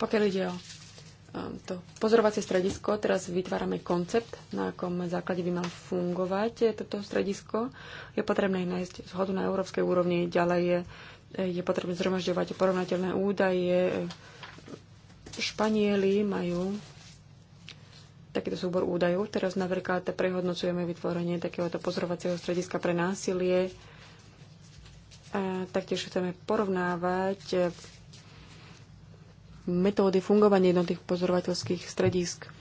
Pokiaľ ide o um, to pozorovacie stredisko, teraz vytvárame koncept, na akom základe by mal fungovať toto stredisko. Je potrebné nájsť zhodu na európskej úrovni, ďalej je, je potrebné zhromažďovať porovnateľné údaje, Španieli majú takýto súbor údajov. Teraz napríklad prehodnocujeme vytvorenie takéhoto pozorovacieho strediska pre násilie. A taktiež chceme porovnávať eh, metódy fungovania jednotých pozorovateľských stredisk. Eh,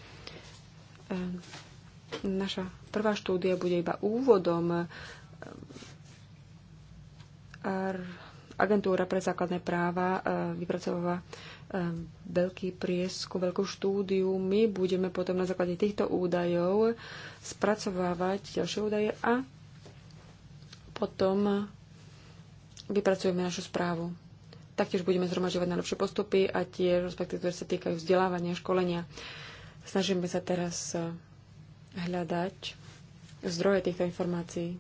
naša prvá štúdia bude iba úvodom. Eh, agentúra pre základné práva vypracováva veľký priesku, veľkú štúdiu. My budeme potom na základe týchto údajov spracovávať ďalšie údaje a potom vypracujeme našu správu. Taktiež budeme zhromažďovať najlepšie postupy a tie respektíve, ktoré sa týkajú vzdelávania, školenia. Snažíme sa teraz e, hľadať zdroje týchto informácií.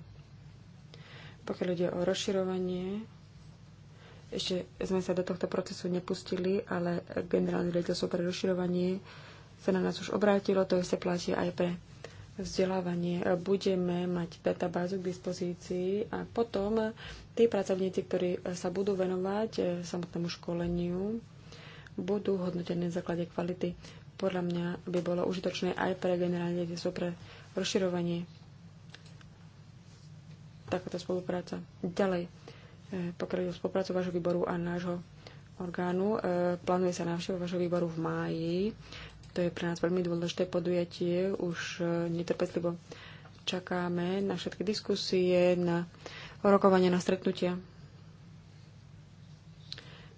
Pokiaľ ide o rozširovanie ešte sme sa do tohto procesu nepustili, ale generálne riaditeľstvo pre rozširovanie sa na nás už obrátilo, to sa platí aj pre vzdelávanie. Budeme mať databázu k dispozícii a potom tí pracovníci, ktorí sa budú venovať eh, samotnému školeniu, budú hodnotené na základe kvality. Podľa mňa by bolo užitočné aj pre generálne riaditeľstvo pre rozširovanie takáto spolupráca. Ďalej Eh, pokiaľ o spoluprácu vášho výboru a nášho orgánu. Eh, plánuje sa návšteva vášho výboru v máji. To je pre nás veľmi dôležité podujatie. Už eh, netrpetlivo čakáme na všetky diskusie, na rokovanie na stretnutia.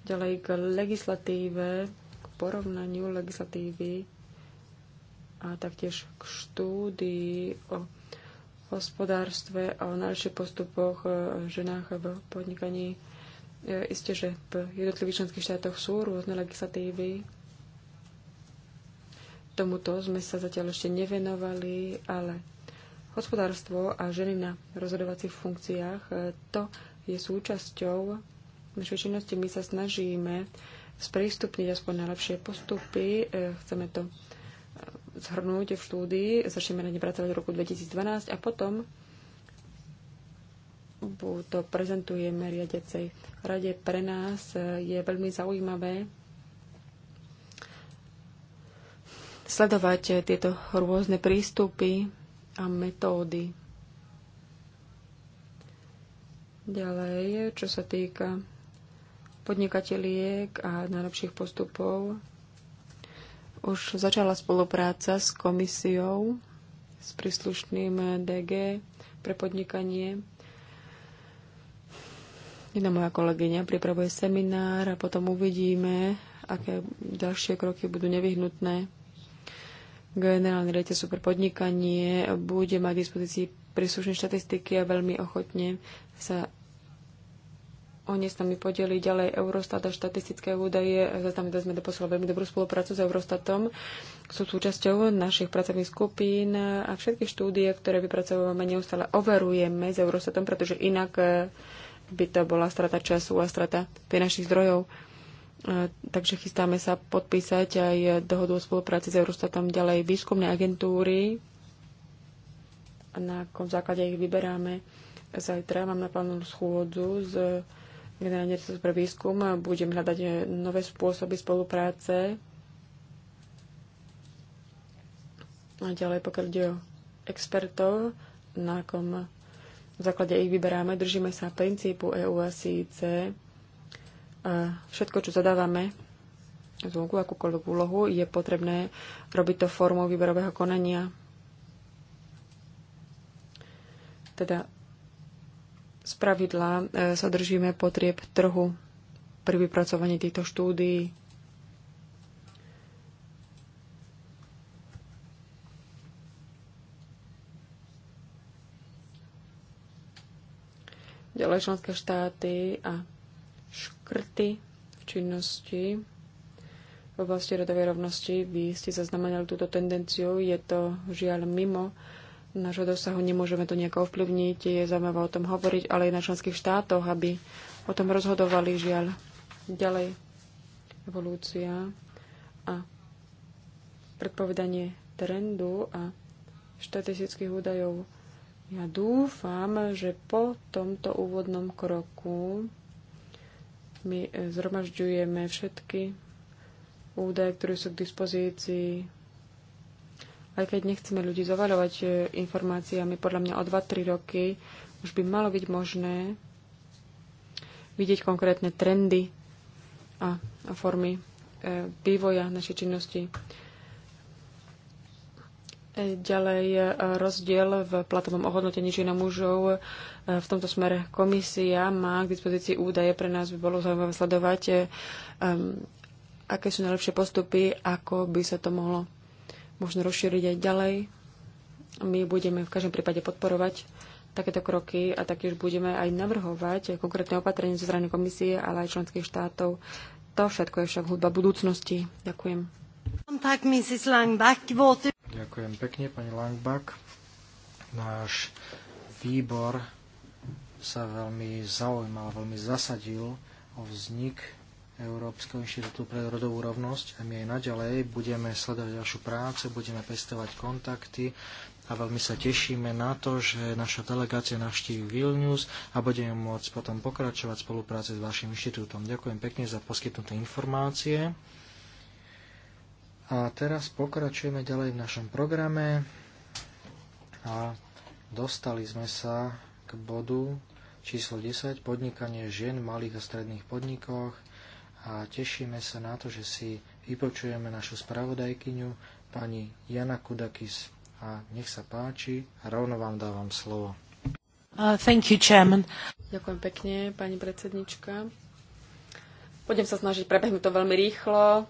Ďalej k legislatíve, k porovnaniu legislatívy a taktiež k štúdii o hospodárstve, o najlepších postupoch e, v ženách a v podnikaní. E, Isté, že v jednotlivých členských štátoch sú rôzne legislatívy. Tomuto sme sa zatiaľ ešte nevenovali, ale hospodárstvo a ženy na rozhodovacích funkciách, e, to je súčasťou našej činnosti. My sa snažíme sprístupniť aspoň najlepšie postupy. Chceme to zhrnúť v štúdii. Začneme na ne pracovať v roku 2012 a potom to prezentujeme riadiacej rade. Pre nás e, je veľmi zaujímavé sledovať e, tieto rôzne prístupy a metódy. Ďalej, čo sa týka podnikateliek a najlepších postupov, už začala spolupráca s komisiou, s príslušným DG pre podnikanie. Jedna moja kolegyňa pripravuje seminár a potom uvidíme, aké ďalšie kroky budú nevyhnutné. Generálny rejte super podnikanie bude mať k dispozícii príslušné štatistiky a veľmi ochotne sa oni s nami podeli ďalej Eurostat a štatistické údaje. Zaznamenali sme doposiaľ veľmi dobrú spoluprácu s Eurostatom. Sú súčasťou našich pracovných skupín a všetky štúdie, ktoré vypracovávame, neustále overujeme s Eurostatom, pretože inak e, by to bola strata času a strata finančných zdrojov. E, takže chystáme sa podpísať aj dohodu o spolupráci s Eurostatom ďalej výskumné agentúry. A na základe ich vyberáme. Zajtra mám naplánovanú schôdzu s generálne pre výskum budem hľadať nové spôsoby spolupráce. A ďalej, pokiaľ ide o expertov, na akom v základe ich vyberáme, držíme sa princípu EU a CIC. všetko, čo zadávame zvonku, akúkoľvek úlohu, je potrebné robiť to formou výberového konania. Teda z pravidla e, sa držíme potrieb trhu pri vypracovaní týchto štúdií. Ďalej členské štáty a škrty v činnosti v oblasti rodovej rovnosti. Vy ste zaznamenali túto tendenciu, je to žiaľ mimo nášho dosahu, nemôžeme to nejako ovplyvniť, je zaujímavé o tom hovoriť, ale aj na členských štátoch, aby o tom rozhodovali, žiaľ. Ďalej evolúcia a predpovedanie trendu a štatistických údajov. Ja dúfam, že po tomto úvodnom kroku my zhromažďujeme všetky údaje, ktoré sú k dispozícii aj keď nechceme ľudí zovalovať e, informáciami, podľa mňa o 2-3 roky už by malo byť možné vidieť konkrétne trendy a, a formy e, vývoja našej činnosti. E, ďalej rozdiel v platovom ohodnotení žien a mužov. V tomto smere komisia má k dispozícii údaje. Pre nás by bolo zaujímavé sledovať, aké sú najlepšie postupy, ako by sa to mohlo možno rozšíriť aj ďalej. My budeme v každom prípade podporovať takéto kroky a taktiež budeme aj navrhovať konkrétne opatrenie zo strany komisie, ale aj členských štátov. To všetko je však hudba budúcnosti. Ďakujem. Ďakujem pekne, pani Langbach. Náš výbor sa veľmi zaujímal, veľmi zasadil o vznik Európskeho inštitútu pre rodovú rovnosť a my aj naďalej budeme sledovať vašu prácu, budeme pestovať kontakty a veľmi sa tešíme na to, že naša delegácia navštíví Vilnius a budeme môcť potom pokračovať spolupráci s vašim inštitútom. Ďakujem pekne za poskytnuté informácie. A teraz pokračujeme ďalej v našom programe a dostali sme sa k bodu číslo 10, podnikanie žien v malých a stredných podnikoch, a tešíme sa na to, že si vypočujeme našu spravodajkyňu pani Jana Kudakis. A nech sa páči, rovno vám dávam slovo. Uh, thank you, chairman. Ďakujem pekne, pani predsednička. Budem sa snažiť prebehnúť to veľmi rýchlo.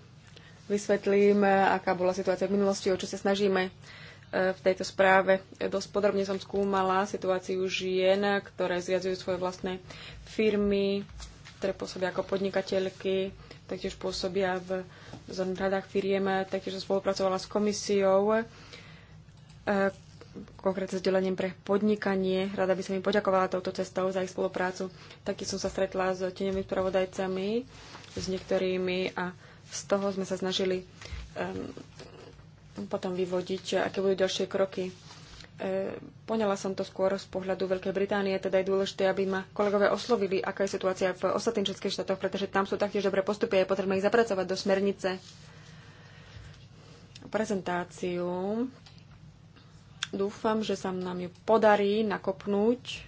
Vysvetlím, uh, aká bola situácia v minulosti, o čo sa snažíme uh, v tejto správe. Dosť podrobne som skúmala situáciu žien, ktoré zviazujú svoje vlastné firmy, ktoré pôsobia ako podnikateľky, taktiež pôsobia v radách firiem, taktiež spolupracovala s komisiou, e, konkrétne s delením pre podnikanie. Rada by som im poďakovala touto cestou za ich spoluprácu. Taký som sa stretla s tenými spravodajcami, s niektorými a z toho sme sa snažili um, potom vyvodiť, aké budú ďalšie kroky. E, poňala som to skôr z pohľadu Veľkej Británie, teda je dôležité, aby ma kolegovia oslovili, aká je situácia v ostatných českých štátoch, pretože tam sú taktiež dobré postupy a je potrebné ich zapracovať do smernice. Prezentáciu. Dúfam, že sa nám ju podarí nakopnúť.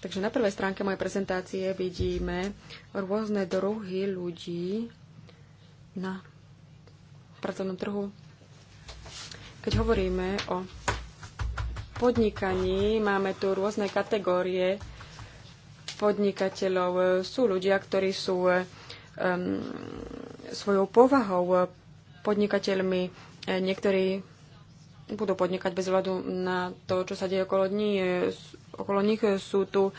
Takže na prvej stránke mojej prezentácie vidíme rôzne druhy ľudí na pracovnom trhu keď hovoríme o podnikaní, máme tu rôzne kategórie podnikateľov. Sú ľudia, ktorí sú um, svojou povahou podnikateľmi. Niektorí budú podnikať bez hľadu na to, čo sa deje okolo, dní. okolo nich. Sú tu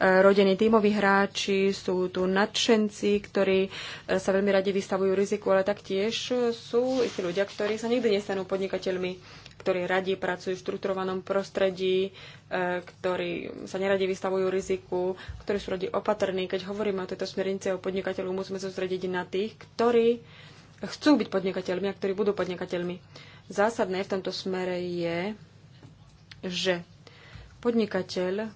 rodení tímoví hráči, sú tu nadšenci, ktorí e, sa veľmi radi vystavujú riziku, ale taktiež sú istí ľudia, ktorí sa nikdy nestanú podnikateľmi, ktorí radi pracujú v štrukturovanom prostredí, e, ktorí sa neradi vystavujú riziku, ktorí sú radi opatrní. Keď hovoríme o tejto smernice o podnikateľov, musíme sa sústrediť na tých, ktorí chcú byť podnikateľmi a ktorí budú podnikateľmi. Zásadné v tomto smere je, že podnikateľ,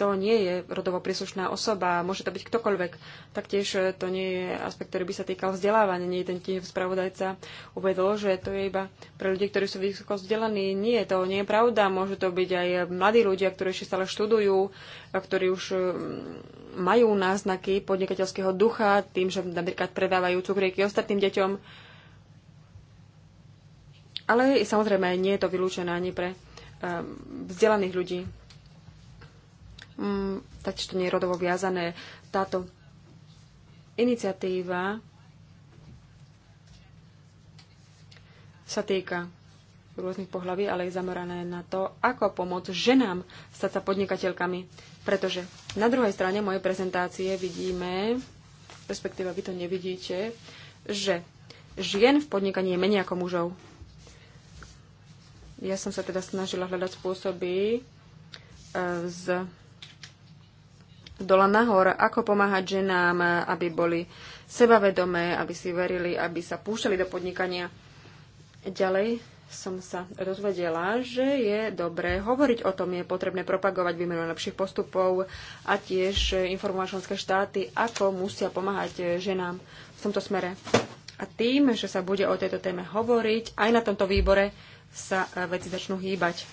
to nie je rodovo príslušná osoba, môže to byť ktokoľvek. Taktiež e, to nie je aspekt, ktorý by sa týkal vzdelávania. Nie ten tiež spravodajca uvedol, že to je iba pre ľudí, ktorí sú vysoko vzdelaní. Nie, to nie je pravda. Môžu to byť aj e, mladí ľudia, ktorí ešte stále študujú, ktorí už e, majú náznaky podnikateľského ducha tým, že napríklad predávajú cukriky ostatným deťom. Ale samozrejme, nie je to vylúčené ani pre vzdelaných ľudí. Mm, takže to nie je rodovo viazané. Táto iniciatíva sa týka rôznych pohlaví, ale je zamerané na to, ako pomôcť ženám stať sa podnikateľkami. Pretože na druhej strane mojej prezentácie vidíme, respektíve vy to nevidíte, že žien v podnikaní je menej ako mužov. Ja som sa teda snažila hľadať spôsoby e, z dola nahor, ako pomáhať ženám, aby boli sebavedomé, aby si verili, aby sa púšťali do podnikania. Ďalej som sa dozvedela, že je dobré hovoriť o tom, je potrebné propagovať výmenu lepších postupov a tiež informovať členské štáty, ako musia pomáhať ženám v tomto smere. A tým, že sa bude o tejto téme hovoriť, aj na tomto výbore sa veci začnú hýbať.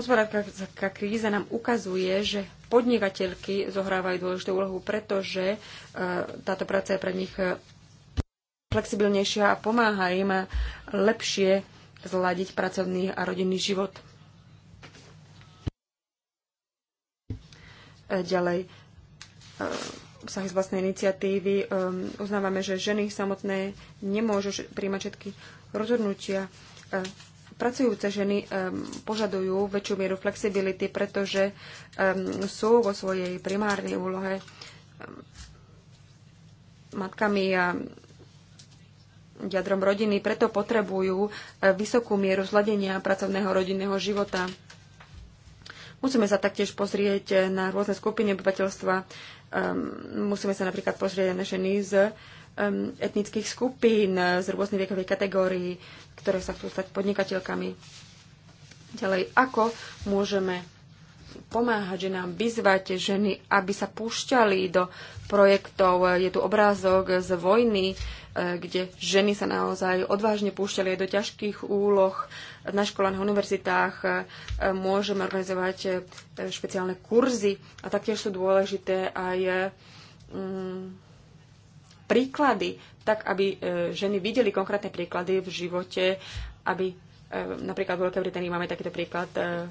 Hospodárska kríza nám ukazuje, že podnikateľky zohrávajú dôležitú úlohu, pretože e, táto práca je pre nich e, flexibilnejšia a pomáha im lepšie zladiť pracovný a rodinný život. E, ďalej, obsahy z vlastnej iniciatívy. Uznávame, že ženy samotné nemôžu príjmať všetky rozhodnutia Pracujúce ženy požadujú väčšiu mieru flexibility, pretože sú vo svojej primárnej úlohe matkami a jadrom rodiny, preto potrebujú e, vysokú mieru zladenia pracovného rodinného života. Musíme sa taktiež pozrieť na rôzne skupiny obyvateľstva. Um, musíme sa napríklad pozrieť na ženy z etnických skupín, z rôznych vekových kategórií ktoré sa chcú stať podnikateľkami. Ďalej, ako môžeme pomáhať ženám, vyzvať ženy, aby sa púšťali do projektov. Je tu obrázok z vojny, e, kde ženy sa naozaj odvážne púšťali aj do ťažkých úloh na školách, na univerzitách. E, môžeme organizovať e, špeciálne kurzy a taktiež sú dôležité aj mm, príklady tak aby e, ženy videli konkrétne príklady v živote, aby e, napríklad v Veľkej Británii máme takýto príklad, e,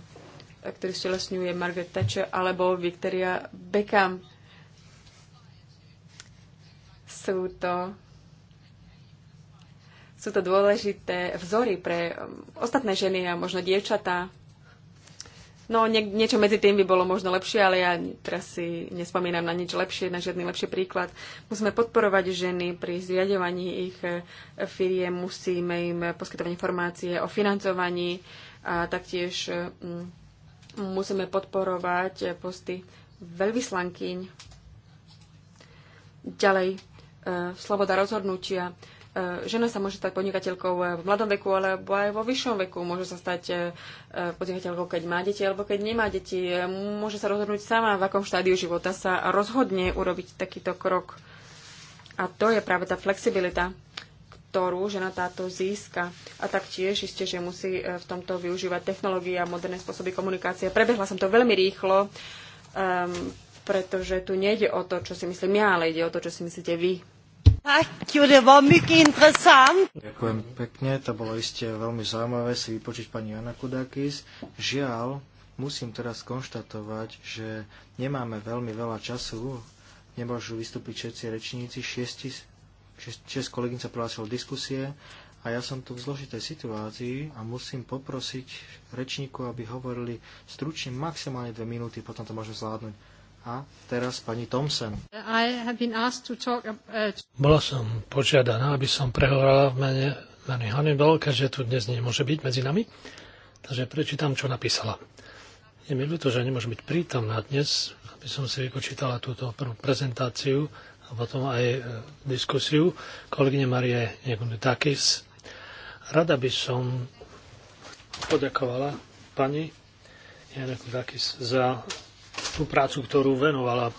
ktorý stelesňuje Margaret Thatcher alebo Victoria Beckham. Sú to, sú to dôležité vzory pre ostatné ženy a možno dievčatá, No, nie, niečo medzi tým by bolo možno lepšie, ale ja teraz si nespomínam na nič lepšie, na žiadny lepší príklad. Musíme podporovať ženy pri zriadovaní ich eh, firie, musíme im poskytovať informácie o financovaní a taktiež eh, musíme podporovať posty veľvyslankyň. Ďalej, eh, sloboda rozhodnutia E, žena sa môže stať podnikateľkou v mladom veku, alebo aj vo vyššom veku. Môže sa stať e, e, podnikateľkou, keď má deti, alebo keď nemá deti. Môže sa rozhodnúť sama, v akom štádiu života sa rozhodne urobiť takýto krok. A to je práve tá flexibilita, ktorú žena táto získa. A taktiež isté, že musí v tomto využívať technológie a moderné spôsoby komunikácie. Prebehla som to veľmi rýchlo, um, pretože tu nejde o to, čo si myslím ja, ale ide o to, čo si myslíte vy. Ďakujem pekne, to bolo iste veľmi zaujímavé si vypočiť pani Jana Kudakis. Žiaľ, musím teraz konštatovať, že nemáme veľmi veľa času. Nemôžu vystúpiť všetci rečníci, šiesti, šest, šest kolegyň sa prihlásilo diskusie a ja som tu v zložitej situácii a musím poprosiť rečníku, aby hovorili stručne maximálne dve minúty, potom to môžem zvládnuť. A teraz pani Thompson. Uh, Bola som požiadaná, aby som prehovorila v mene Mary Hannibal, keďže tu dnes nemôže byť medzi nami. Takže prečítam, čo napísala. Je mi ľúto, že nemôžem byť prítomná dnes, aby som si vypočítala túto prvú prezentáciu a potom aj e, diskusiu kolegyne Marie Negundutakis. Rada by som poďakovala pani Janeku Dakis za tú prácu, ktorú venovala e,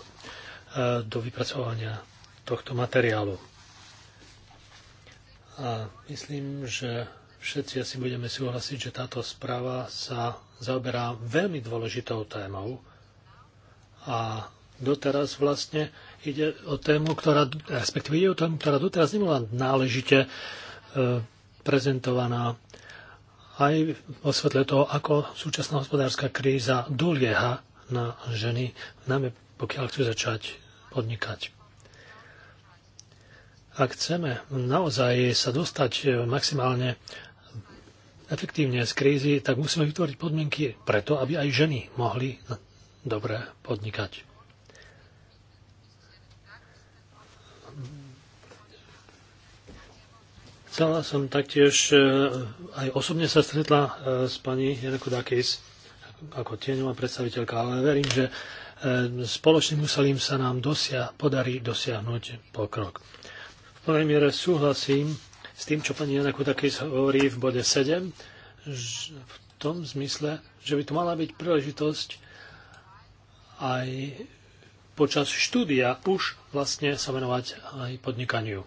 do vypracovania tohto materiálu. A myslím, že všetci asi budeme súhlasiť, že táto správa sa zaoberá veľmi dôležitou témou a doteraz vlastne ide o tému, ktorá, respektíve ide o tému, ktorá doteraz nebola náležite e, prezentovaná aj vo svetle toho, ako súčasná hospodárska kríza dolieha na ženy, najmä pokiaľ chcú začať podnikať. Ak chceme naozaj sa dostať eh, maximálne efektívne z krízy, tak musíme vytvoriť podmienky preto, aby aj ženy mohli dobre podnikať. Chcela som taktiež eh, aj osobne sa stretla eh, s pani Dakis ako tieňová predstaviteľka, ale verím, že e, spoločným úsilím sa nám dosia, podarí dosiahnuť pokrok. V plnej miere súhlasím s tým, čo pani Janaku taký hovorí v bode 7, v tom zmysle, že by tu mala byť príležitosť aj počas štúdia už vlastne sa venovať aj podnikaniu.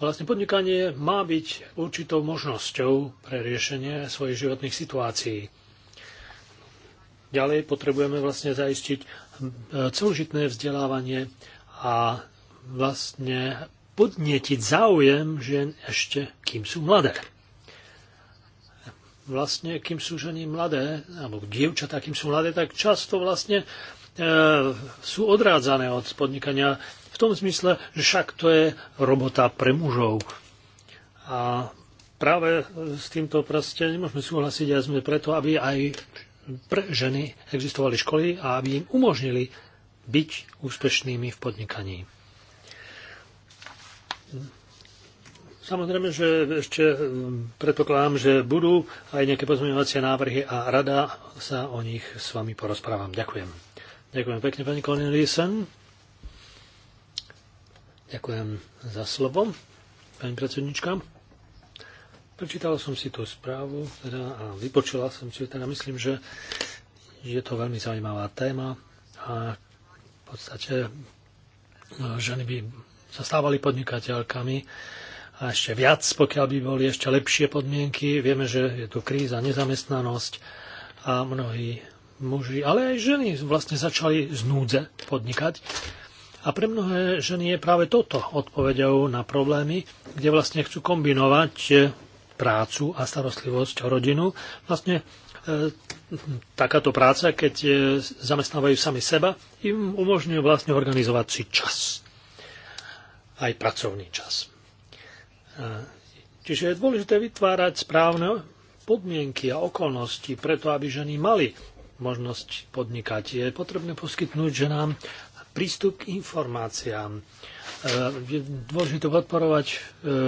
Vlastne podnikanie má byť určitou možnosťou pre riešenie svojich životných situácií. Ďalej potrebujeme vlastne zaistiť hm, e, celožitné vzdelávanie a vlastne podnetiť záujem žien ešte, kým sú mladé. Vlastne, kým sú ženy mladé, alebo dievčatá, kým sú mladé, tak často vlastne e, sú odrádzané od podnikania v tom zmysle, že však to je robota pre mužov. A práve s týmto proste nemôžeme súhlasiť a sme preto, aby aj pre ženy existovali školy a aby im umožnili byť úspešnými v podnikaní. Samozrejme, že ešte predpokladám, že budú aj nejaké pozmeňovacie návrhy a rada sa o nich s vami porozprávam. Ďakujem. Ďakujem pekne, pani Cornelissen. Ďakujem za slovo, pani predsednička prečítal som si tú správu teda, a vypočula som si teda myslím, že je to veľmi zaujímavá téma a v podstate e, ženy by sa stávali podnikateľkami a ešte viac, pokiaľ by boli ešte lepšie podmienky. Vieme, že je tu kríza, nezamestnanosť a mnohí muži, ale aj ženy vlastne začali z núdze podnikať. A pre mnohé ženy je práve toto odpovedou na problémy, kde vlastne chcú kombinovať prácu a starostlivosť o rodinu. Vlastne e, takáto práca, keď e, zamestnávajú sami seba, im umožňuje vlastne organizovať si čas. Aj pracovný čas. E, čiže je dôležité vytvárať správne podmienky a okolnosti preto, aby ženy mali možnosť podnikať. Je potrebné poskytnúť ženám prístup k informáciám E, je dôležité podporovať e,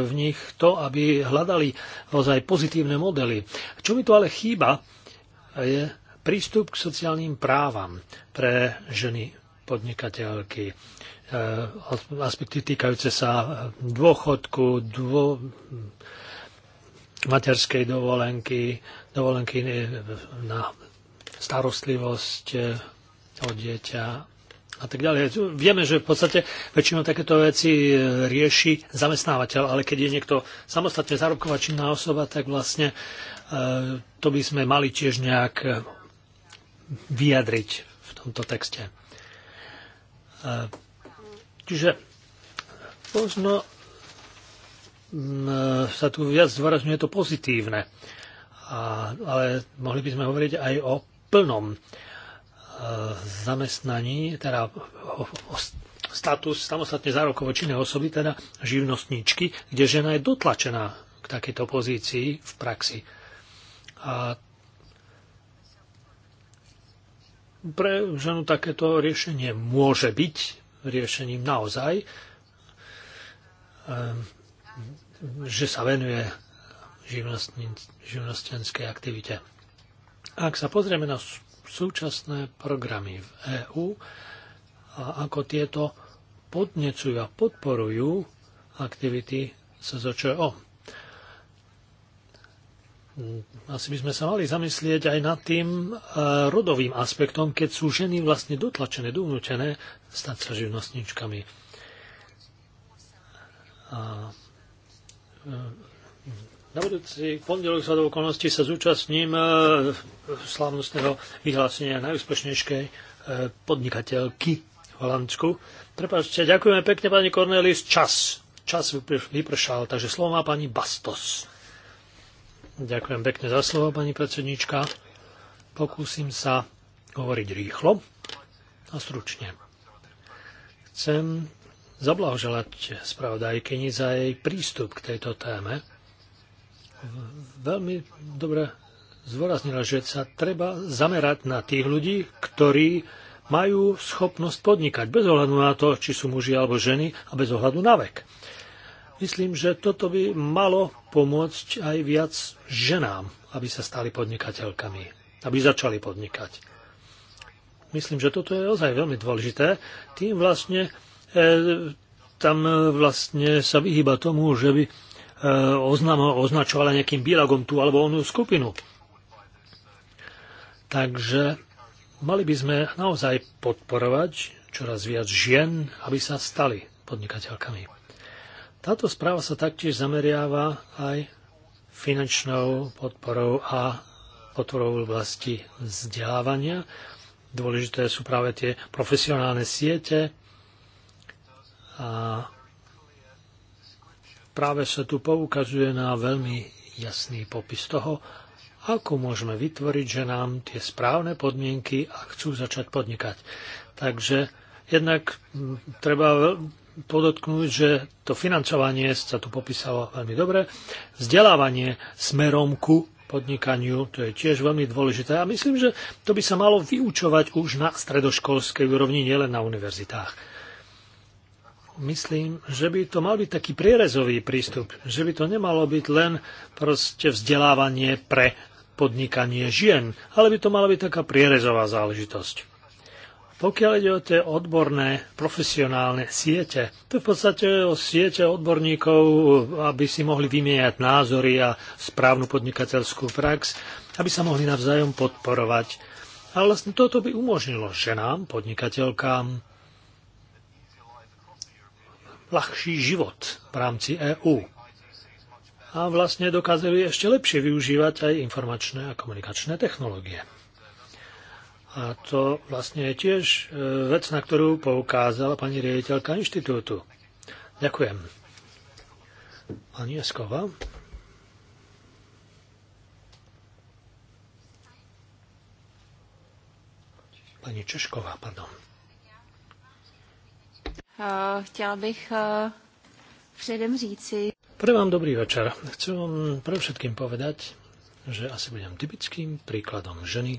v nich to, aby hľadali ozaj pozitívne modely. Čo mi tu ale chýba, je prístup k sociálnym právam pre ženy podnikateľky. E, aspekty týkajúce sa dôchodku, dvo... materskej dovolenky, dovolenky na starostlivosť o dieťa a tak ďalej. Vieme, že v podstate väčšinou takéto veci e, rieši zamestnávateľ, ale keď je niekto samostatne zárobková činná osoba, tak vlastne e, to by sme mali tiež nejak e, vyjadriť v tomto texte. Čiže možno mm, sa tu viac zvorazňuje to pozitívne, a, ale mohli by sme hovoriť aj o plnom zamestnaní, teda o, o status samostatne zárokovo činnej osoby, teda živnostníčky, kde žena je dotlačená k takejto pozícii v praxi. A pre ženu takéto riešenie môže byť riešením naozaj, ehm, že sa venuje živnostenskej aktivite. Ak sa pozrieme na súčasné programy v EÚ a ako tieto podnecujú a podporujú aktivity SZČO. Asi by sme sa mali zamyslieť aj nad tým e, rodovým aspektom, keď sú ženy vlastne dotlačené, dovnútené stať sa živnostníčkami. A e, na budúci pondelok sa do okolností sa zúčastním e, slávnostného vyhlásenia najúspešnejšej e, podnikateľky v Holandsku. Prepačte, ďakujeme pekne pani Cornelis. Čas. Čas vypršal, takže slovo má pani Bastos. Ďakujem pekne za slovo, pani predsednička. Pokúsim sa hovoriť rýchlo a stručne. Chcem zablahoželať spravodajkyni za jej prístup k tejto téme veľmi dobre zvoraznila, že sa treba zamerať na tých ľudí, ktorí majú schopnosť podnikať, bez ohľadu na to, či sú muži alebo ženy a bez ohľadu na vek. Myslím, že toto by malo pomôcť aj viac ženám, aby sa stali podnikateľkami, aby začali podnikať. Myslím, že toto je ozaj veľmi dôležité. Tým vlastne e, tam vlastne sa vyhýba tomu, že by Eh, oznamo, označovala nejakým bielagom tú alebo onú skupinu. Takže mali by sme naozaj podporovať čoraz viac žien, aby sa stali podnikateľkami. Táto správa sa taktiež zameriava aj finančnou podporou a podporou v oblasti vzdelávania. Dôležité sú práve tie profesionálne siete a práve sa tu poukazuje na veľmi jasný popis toho, ako môžeme vytvoriť, že nám tie správne podmienky a chcú začať podnikať. Takže jednak treba podotknúť, že to financovanie sa tu popísalo veľmi dobre, vzdelávanie smerom ku podnikaniu, to je tiež veľmi dôležité a myslím, že to by sa malo vyučovať už na stredoškolskej úrovni, nielen na univerzitách myslím, že by to mal byť taký prierezový prístup, že by to nemalo byť len proste vzdelávanie pre podnikanie žien, ale by to mala byť taká prierezová záležitosť. Pokiaľ ide o tie odborné, profesionálne siete, to je v podstate o siete odborníkov, aby si mohli vymieňať názory a správnu podnikateľskú prax, aby sa mohli navzájom podporovať. A vlastne toto by umožnilo ženám, podnikateľkám, ľahší život v rámci EÚ. A vlastne dokázali ešte lepšie využívať aj informačné a komunikačné technológie. A to vlastne je tiež e, vec, na ktorú poukázala pani riaditeľka inštitútu. Ďakujem. Pani Eskova. Pani Češková, pardon. Eh, chtěla bych eh, předem říci... Pre vám dobrý večer. Chcem vám pre všetkým povedať, že asi budem typickým príkladom ženy,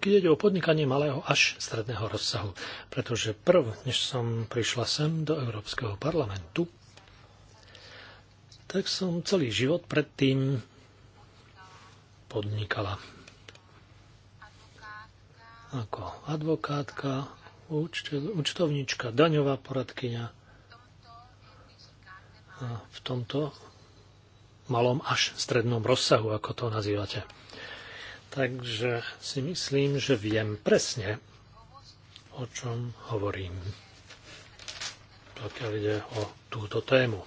keď ide o podnikanie malého až stredného rozsahu. Pretože prv, než som prišla sem do Európskeho parlamentu, tak som celý život predtým podnikala ako advokátka, účtovnička, účtovníčka, daňová poradkyňa. A v tomto malom až strednom rozsahu, ako to nazývate. Takže si myslím, že viem presne, o čom hovorím, pokiaľ ide o túto tému.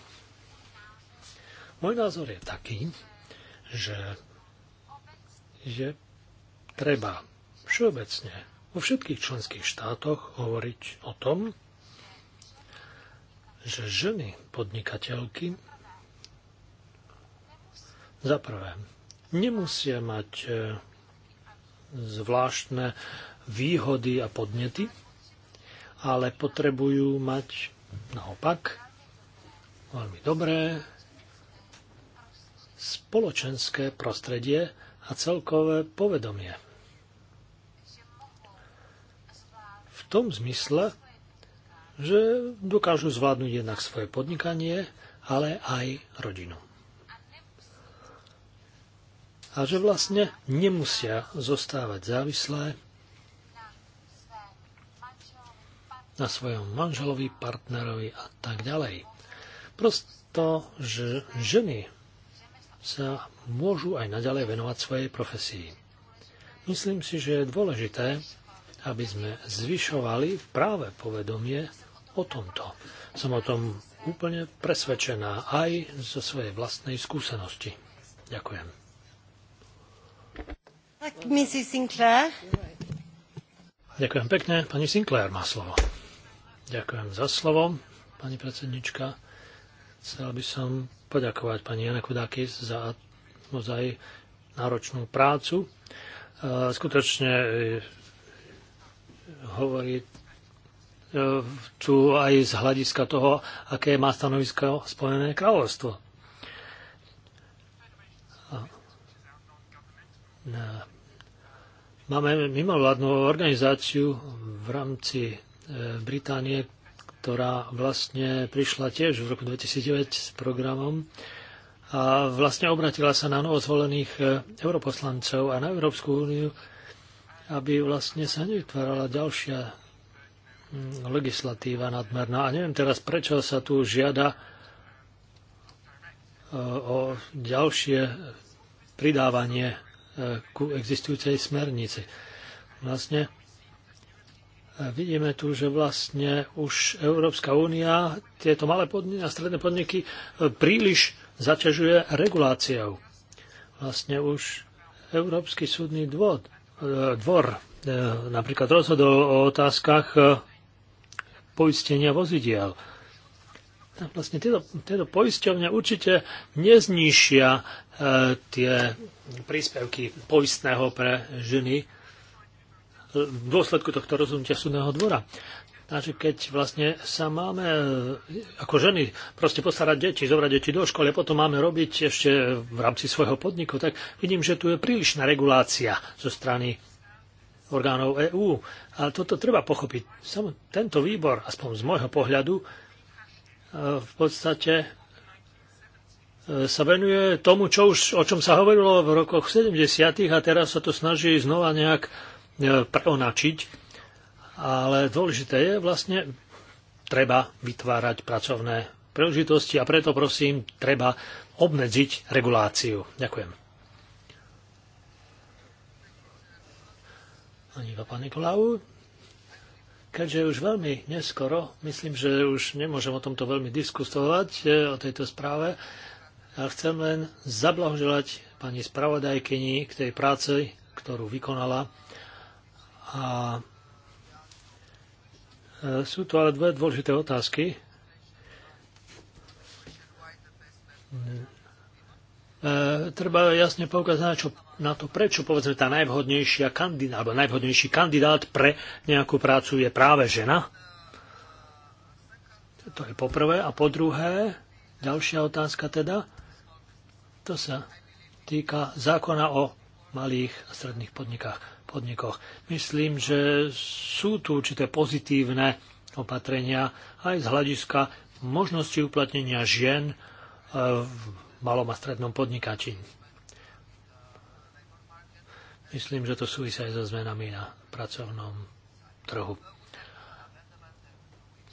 Môj názor je taký, že je treba všeobecne vo všetkých členských štátoch hovoriť o tom, že ženy podnikateľky za prvé nemusia mať e, zvláštne výhody a podnety, ale potrebujú mať naopak veľmi dobré spoločenské prostredie a celkové povedomie tom zmysle, že dokážu zvládnuť jednak svoje podnikanie, ale aj rodinu. A že vlastne nemusia zostávať závislé na svojom manželovi, partnerovi a tak ďalej. Prosto, že ženy sa môžu aj naďalej venovať svojej profesii. Myslím si, že je dôležité, aby sme zvyšovali práve povedomie o tomto. Som o tom úplne presvedčená aj zo svojej vlastnej skúsenosti. Ďakujem. Tak, Mrs. Sinclair. Ďakujem pekne. Pani Sinclair má slovo. Ďakujem za slovo, pani predsednička. Chcel by som poďakovať pani Jana Kudakis za naozaj náročnú prácu. E, skutočne e, hovorí e, tu aj z hľadiska toho, aké má stanovisko Spojené kráľovstvo. E, máme mimovládnu organizáciu v rámci e, Británie, ktorá vlastne prišla tiež v roku 2009 s programom a vlastne obratila sa na novozvolených europoslancov a na Európsku úniu aby vlastne sa nevytvárala ďalšia mm, legislatíva nadmerná. A neviem teraz, prečo sa tu žiada e, o ďalšie pridávanie e, ku existujúcej smernici. Vlastne e, vidíme tu, že vlastne už Európska únia tieto malé podniky a stredné podniky príliš zaťažuje reguláciou. Vlastne už Európsky súdny dvod E, dvor e, napríklad rozhodol o otázkach e, poistenia vozidiel. Vlastne tieto, tieto poisťovne určite neznišia tie príspevky poistného pre ženy v dôsledku tohto rozhodnutia súdneho dvora. Takže keď vlastne sa máme e, ako ženy proste postarať deti, zobrať deti do školy a potom máme robiť ešte v rámci svojho podniku, tak vidím, že tu je prílišná regulácia zo strany orgánov EÚ. A toto treba pochopiť. Sam tento výbor, aspoň z môjho pohľadu, e, v podstate e, sa venuje tomu, čo už, o čom sa hovorilo v rokoch 70. a teraz sa to snaží znova nejak preonačiť ale dôležité je vlastne treba vytvárať pracovné príležitosti a preto prosím, treba obmedziť reguláciu. Ďakujem. Ani pán Nikolau. Keďže už veľmi neskoro, myslím, že už nemôžem o tomto veľmi diskutovať, e, o tejto správe, ja chcem len zablahoželať pani spravodajkyni k tej práci, ktorú vykonala a E, sú tu ale dve dôležité otázky. E, treba jasne poukázať na, čo, na to, prečo povedzme tá najvhodnejšia kandidát, alebo najvhodnejší kandidát pre nejakú prácu je práve žena. To je poprvé. A po druhé, ďalšia otázka teda, to sa týka zákona o malých a stredných podnikách, podnikoch. Myslím, že sú tu určité pozitívne opatrenia aj z hľadiska možnosti uplatnenia žien e, v malom a strednom podnikači. Myslím, že to súvisí aj so zmenami na pracovnom trhu.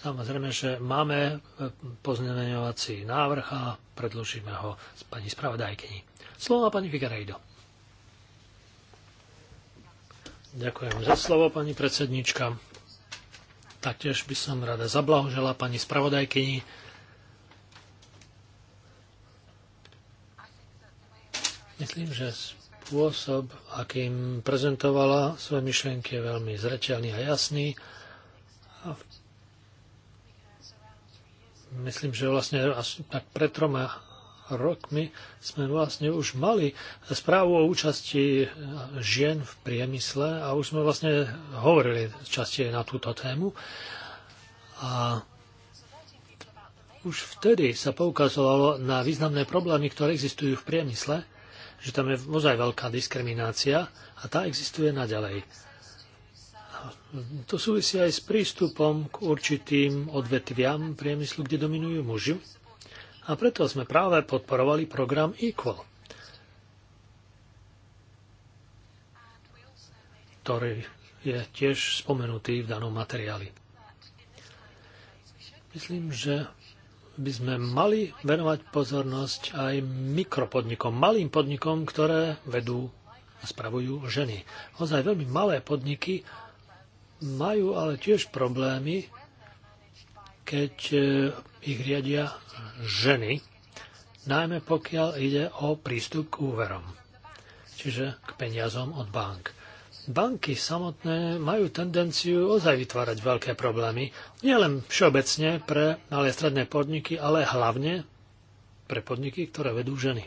Samozrejme, že máme e, pozmeňovací návrh a predložíme ho s pani spravodajkyni. Slova pani Figarejdo. Ďakujem za slovo, pani predsednička. Taktiež by som rada zablahožela pani spravodajkyni. Myslím, že spôsob, akým prezentovala svoje myšlienky, je veľmi zreteľný a jasný. A myslím, že vlastne tak pred troma rokmi sme vlastne už mali správu o účasti žien v priemysle a už sme vlastne hovorili častie na túto tému. A už vtedy sa poukazovalo na významné problémy, ktoré existujú v priemysle, že tam je naozaj veľká diskriminácia a tá existuje naďalej. To súvisí aj s prístupom k určitým odvetviam priemyslu, kde dominujú muži a preto sme práve podporovali program Equal, ktorý je tiež spomenutý v danom materiáli. Myslím, že by sme mali venovať pozornosť aj mikropodnikom, malým podnikom, ktoré vedú a spravujú ženy. Ozaj veľmi malé podniky majú ale tiež problémy keď e, ich riadia ženy, najmä pokiaľ ide o prístup k úverom, čiže k peniazom od bank. Banky samotné majú tendenciu ozaj vytvárať veľké problémy, nielen všeobecne pre malé stredné podniky, ale hlavne pre podniky, ktoré vedú ženy.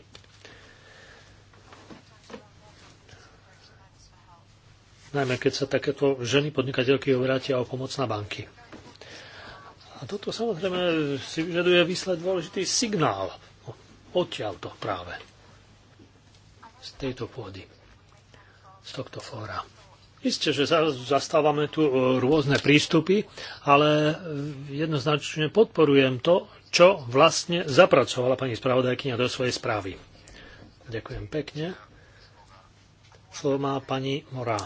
Najmä keď sa takéto ženy podnikateľky obrátia o pomoc na banky. A toto samozrejme si vyžaduje vyslať dôležitý signál no, to práve z tejto pôdy, z tohto fóra. Isté, že zastávame tu e, rôzne prístupy, ale e, jednoznačne podporujem to, čo vlastne zapracovala pani spravodajkynia do svojej správy. Ďakujem pekne. Slovo má pani Morá.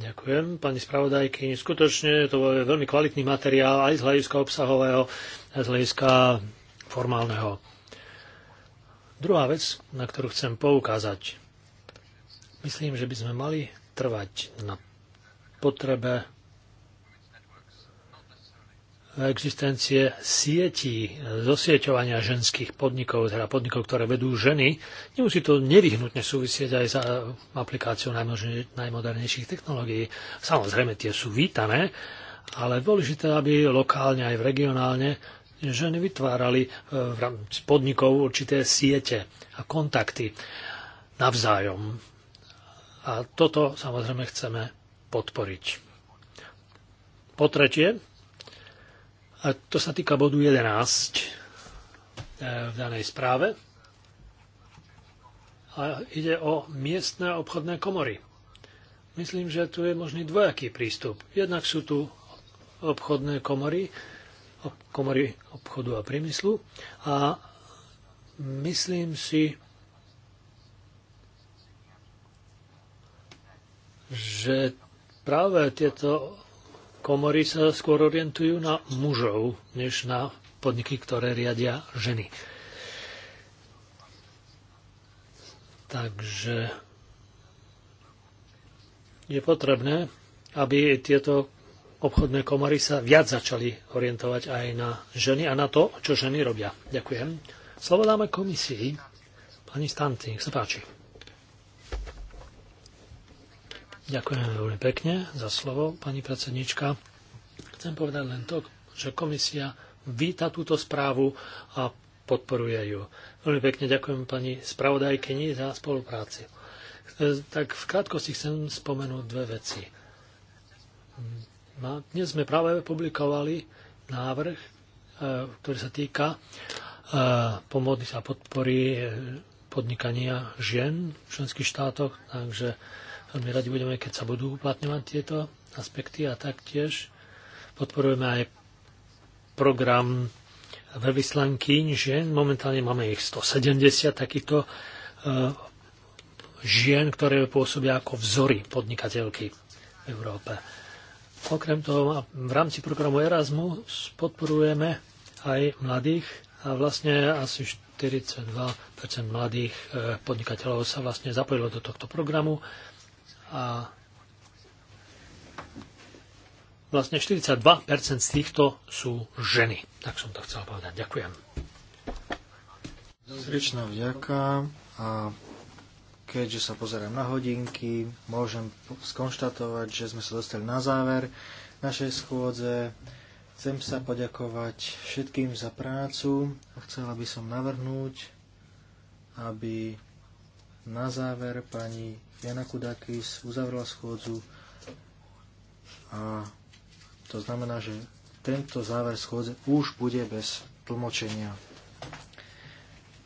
Ďakujem, pani spravodajky. Skutočne to je veľmi kvalitný materiál aj z hľadiska obsahového, aj z hľadiska formálneho. Druhá vec, na ktorú chcem poukázať. Myslím, že by sme mali trvať na potrebe existencie sietí, zosieťovania ženských podnikov, teda podnikov, ktoré vedú ženy, nemusí to nevyhnutne súvisieť aj s eh, aplikáciou najmodernejších technológií. Samozrejme, tie sú vítané, ale dôležité, aby lokálne aj v regionálne ženy vytvárali eh, v rámci podnikov určité siete a kontakty navzájom. A toto samozrejme chceme podporiť. Po tretie, a to sa týka bodu 11 e, v danej správe. A ide o miestne obchodné komory. Myslím, že tu je možný dvojaký prístup. Jednak sú tu obchodné komory, komory obchodu a priemyslu a myslím si, že práve tieto komory sa skôr orientujú na mužov, než na podniky, ktoré riadia ženy. Takže je potrebné, aby tieto obchodné komory sa viac začali orientovať aj na ženy a na to, čo ženy robia. Ďakujem. Slovo dáme komisii. Pani Stanci, nech sa páči. Ďakujem veľmi pekne za slovo, pani predsednička. Chcem povedať len to, že komisia víta túto správu a podporuje ju. Veľmi pekne ďakujem pani spravodajkyni za spolupráci. E, tak v krátkosti chcem spomenúť dve veci. Dnes sme práve publikovali návrh, e, ktorý sa týka e, pomoci a podpory podnikania žien v členských štátoch, takže Veľmi radi budeme, keď sa budú uplatňovať tieto aspekty a taktiež podporujeme aj program veľvyslankyň žien. Momentálne máme ich 170 takýchto e, žien, ktoré pôsobia ako vzory podnikateľky v Európe. Okrem toho, v rámci programu Erasmus podporujeme aj mladých a vlastne asi 42 mladých e, podnikateľov sa vlastne zapojilo do tohto programu a vlastne 42% z týchto sú ženy. Tak som to chcel povedať. Ďakujem. Srdečná vďaka a keďže sa pozerám na hodinky, môžem skonštatovať, že sme sa dostali na záver našej schôdze. Chcem sa poďakovať všetkým za prácu a chcela by som navrhnúť, aby na záver pani Jana Kudakis uzavrela schôdzu a to znamená, že tento záver schôdze už bude bez tlmočenia.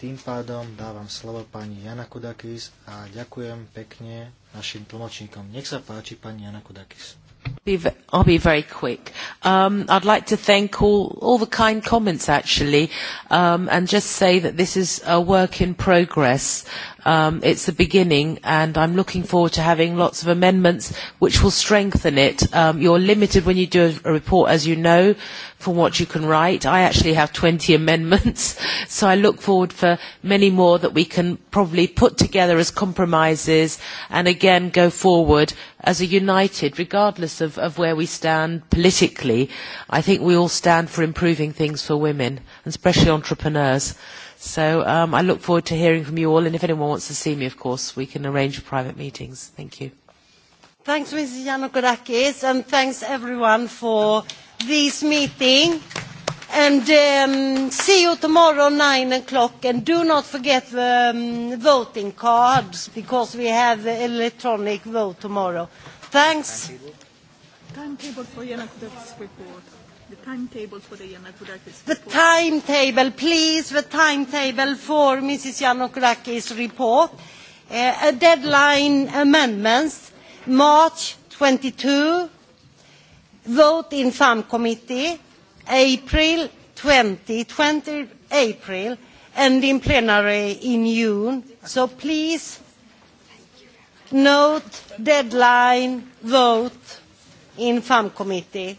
Tým pádom dávam slovo pani Jana Kudakis a ďakujem pekne našim tlmočníkom. Nech sa páči, pani Jana Kudakis. Be I'll be very quick. Um, I'd like to thank all, all the kind comments, actually, um, and just say that this is a work in progress. Um, it's the beginning, and I'm looking forward to having lots of amendments which will strengthen it. Um, you're limited when you do a, a report, as you know, from what you can write. I actually have 20 amendments, so I look forward for many more that we can probably put together as compromises and again go forward as a united, regardless of, of where we stand politically, I think we all stand for improving things for women, and especially entrepreneurs. So um, I look forward to hearing from you all, and if anyone wants to see me, of course, we can arrange private meetings. Thank you. Thanks, Mrs. Yanokorakis, and thanks everyone for this meeting. And um, see you tomorrow, 9 o'clock. And do not forget the um, voting cards, because we have the electronic vote tomorrow. Thanks. Timetable for Yanakudakis report. The timetable for the Yanakudakis report. The timetable, please, the timetable for Mrs. Yanakudakis report. Uh, a deadline amendments, March 22, vote in farm committee, April 20, 20 April, and in plenary in June. So please note, deadline, vote in FAM committee.